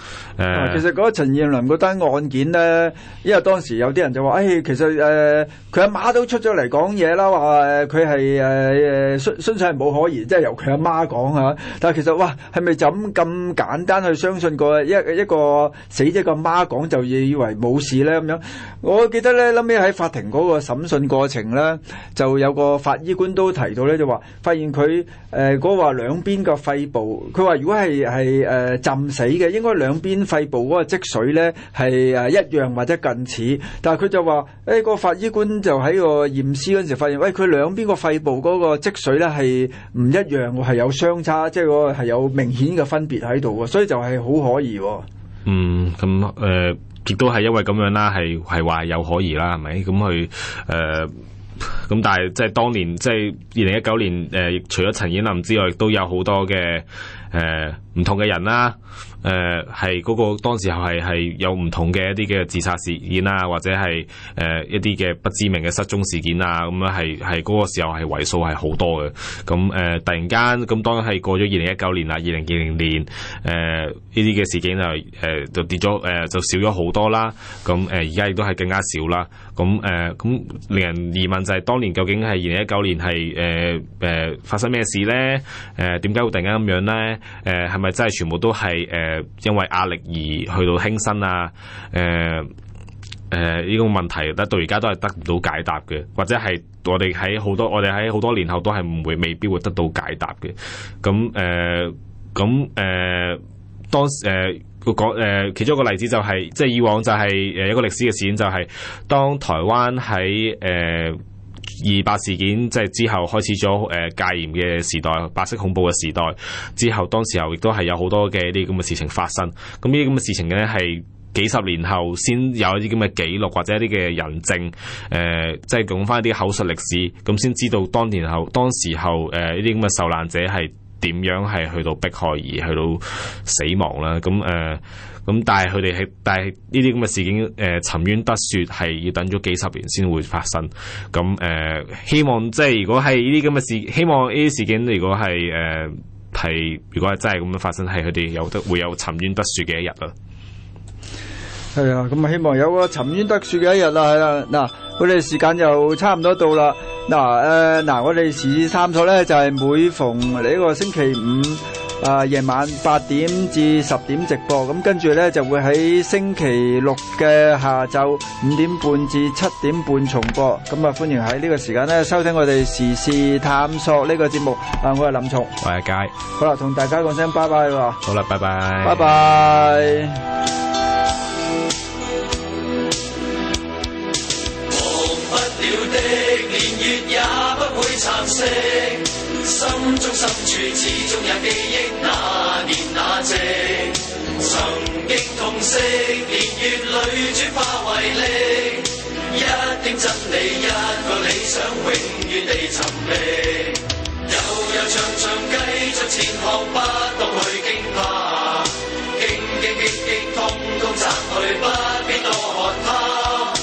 呃，其實嗰陳彥霖嗰單案件咧，因為當時有啲人就話，誒、哎，其實誒，佢阿媽都出咗嚟講嘢啦，話誒，佢係誒誒，相信係冇可疑，即係由佢阿媽講吓。但係其實哇，係咪就咁咁簡單去相信過一一個死者個媽講就以為冇事咧咁樣？我記得咧，後尾喺法庭嗰個審訊過程咧，就有個法醫官都提到咧，就話發現佢。誒，嗰話兩邊個兩邊肺部，佢話如果係係誒浸死嘅，應該兩邊肺部嗰個積水咧係誒一樣或者近似，但係佢就話，誒、欸嗰個法醫官就喺個驗屍嗰時發現，喂佢兩邊個肺部嗰個積水咧係唔一樣，我係有相差，即係我係有明顯嘅分別喺度嘅，所以就係好可疑嗯。嗯，咁、呃、誒，亦都係因為咁樣啦，係係話有可疑啦，係咪？咁佢。誒、呃。咁但係即係當年即係二零一九年誒、呃，除咗陳彥霖之外，亦都有好多嘅誒唔同嘅人啦、啊。誒係嗰個當時候係係有唔同嘅一啲嘅自殺事件啊，或者係誒一啲嘅不知名嘅失蹤事件啊，咁樣係係嗰個時候係為數係好多嘅。咁誒、呃、突然間咁當然係過咗二零一九年啦，二零二零年誒呢啲嘅事件就誒就跌咗誒就少咗好多啦。咁誒而家亦都係更加少啦。咁誒咁令人疑問就係當年究竟係二零一九年係誒誒發生咩事咧？誒點解會突然間咁樣咧？誒係咪真係全部都係誒？呃誒，因為壓力而去到輕生啊，誒誒，呢個問題，到得到而家都係得唔到解答嘅，或者係我哋喺好多，我哋喺好多年後都係唔會，未必會得到解答嘅。咁誒，咁、呃、誒、呃，當時誒，個、呃、誒、呃，其中一個例子就係、是，即係以往就係誒一個歷史嘅事件、就是，就係當台灣喺誒。呃二八事件，即係之後開始咗誒戒嚴嘅時代，白色恐怖嘅時代之後，當時候亦都係有好多嘅呢啲咁嘅事情發生。咁呢啲咁嘅事情咧，係幾十年後先有一啲咁嘅記錄或者一啲嘅人證誒、呃，即係講返啲口述歷史咁，先知道當年後當時候誒呢啲咁嘅受難者係點樣係去到逼害而去到死亡啦。咁誒。呃咁但係佢哋係，但係呢啲咁嘅事件，誒、呃、沉冤得雪係要等咗幾十年先會發生。咁誒、呃、希望即係如果係呢啲咁嘅事，希望呢啲事件如果係誒係，如果係、呃、真係咁樣發生，係佢哋有得會有沉冤得雪嘅一日咯。係啊，咁啊希望有個沉冤得雪嘅一日啊，係啦。嗱，我哋時間又差唔多到啦。嗱誒嗱，呃、我哋時事探索咧就係、是、每逢呢個星期五。啊，夜、呃、晚八點至十點直播，咁跟住呢就會喺星期六嘅下晝五點半至七點半重播。咁、嗯、啊，歡迎喺呢個時間呢收聽我哋時事探索呢、這個節目。啊，我係林松，我係阿佳。好啦，同大家講聲拜拜喎。好啦，拜拜。拜拜。拜拜。中心中深處始終有記憶，那年那夕。曾經痛惜，年月裏轉化為力。一點真理，一個理想，永遠地尋覓，悠悠長長繼續前行，不須去驚怕。驚驚激激，通通擲去，不必多看它。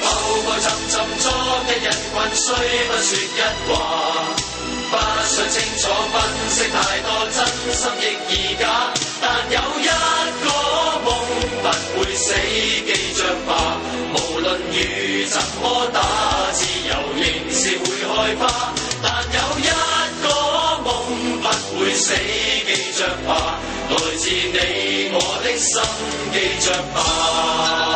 浮浮沉沉，昨日人群，雖不說一話。不想清楚分析太多，真心亦易假。但有一個夢不會死，記著吧。無論雨怎麼打，自由仍是會開花。但有一個夢不會死，記著吧。來自你我的心，記著吧。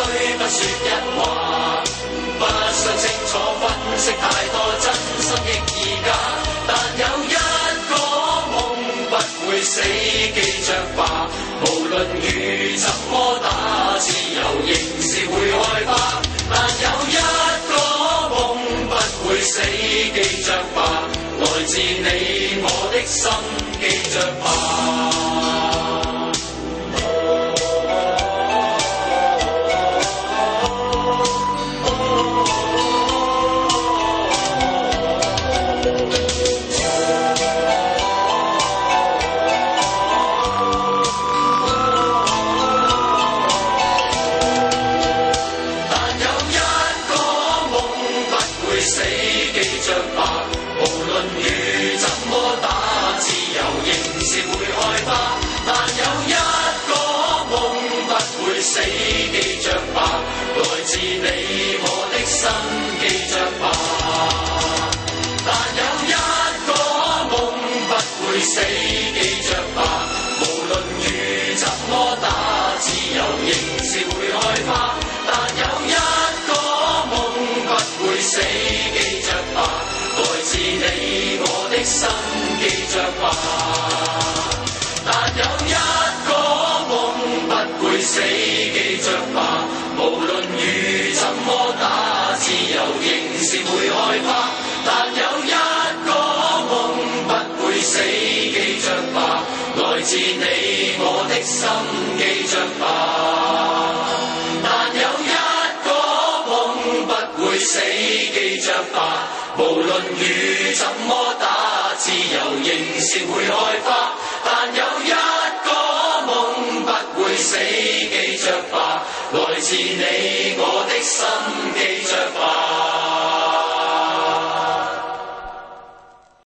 雖不説一話，不想清楚分析太多真心亦而假，但有一個夢不會死，記着吧。無論雨怎麼打，自由仍是會開花。但有心記着吧，但有一個夢不會死，記着吧。無論雨怎麼打，自由仍是會開花。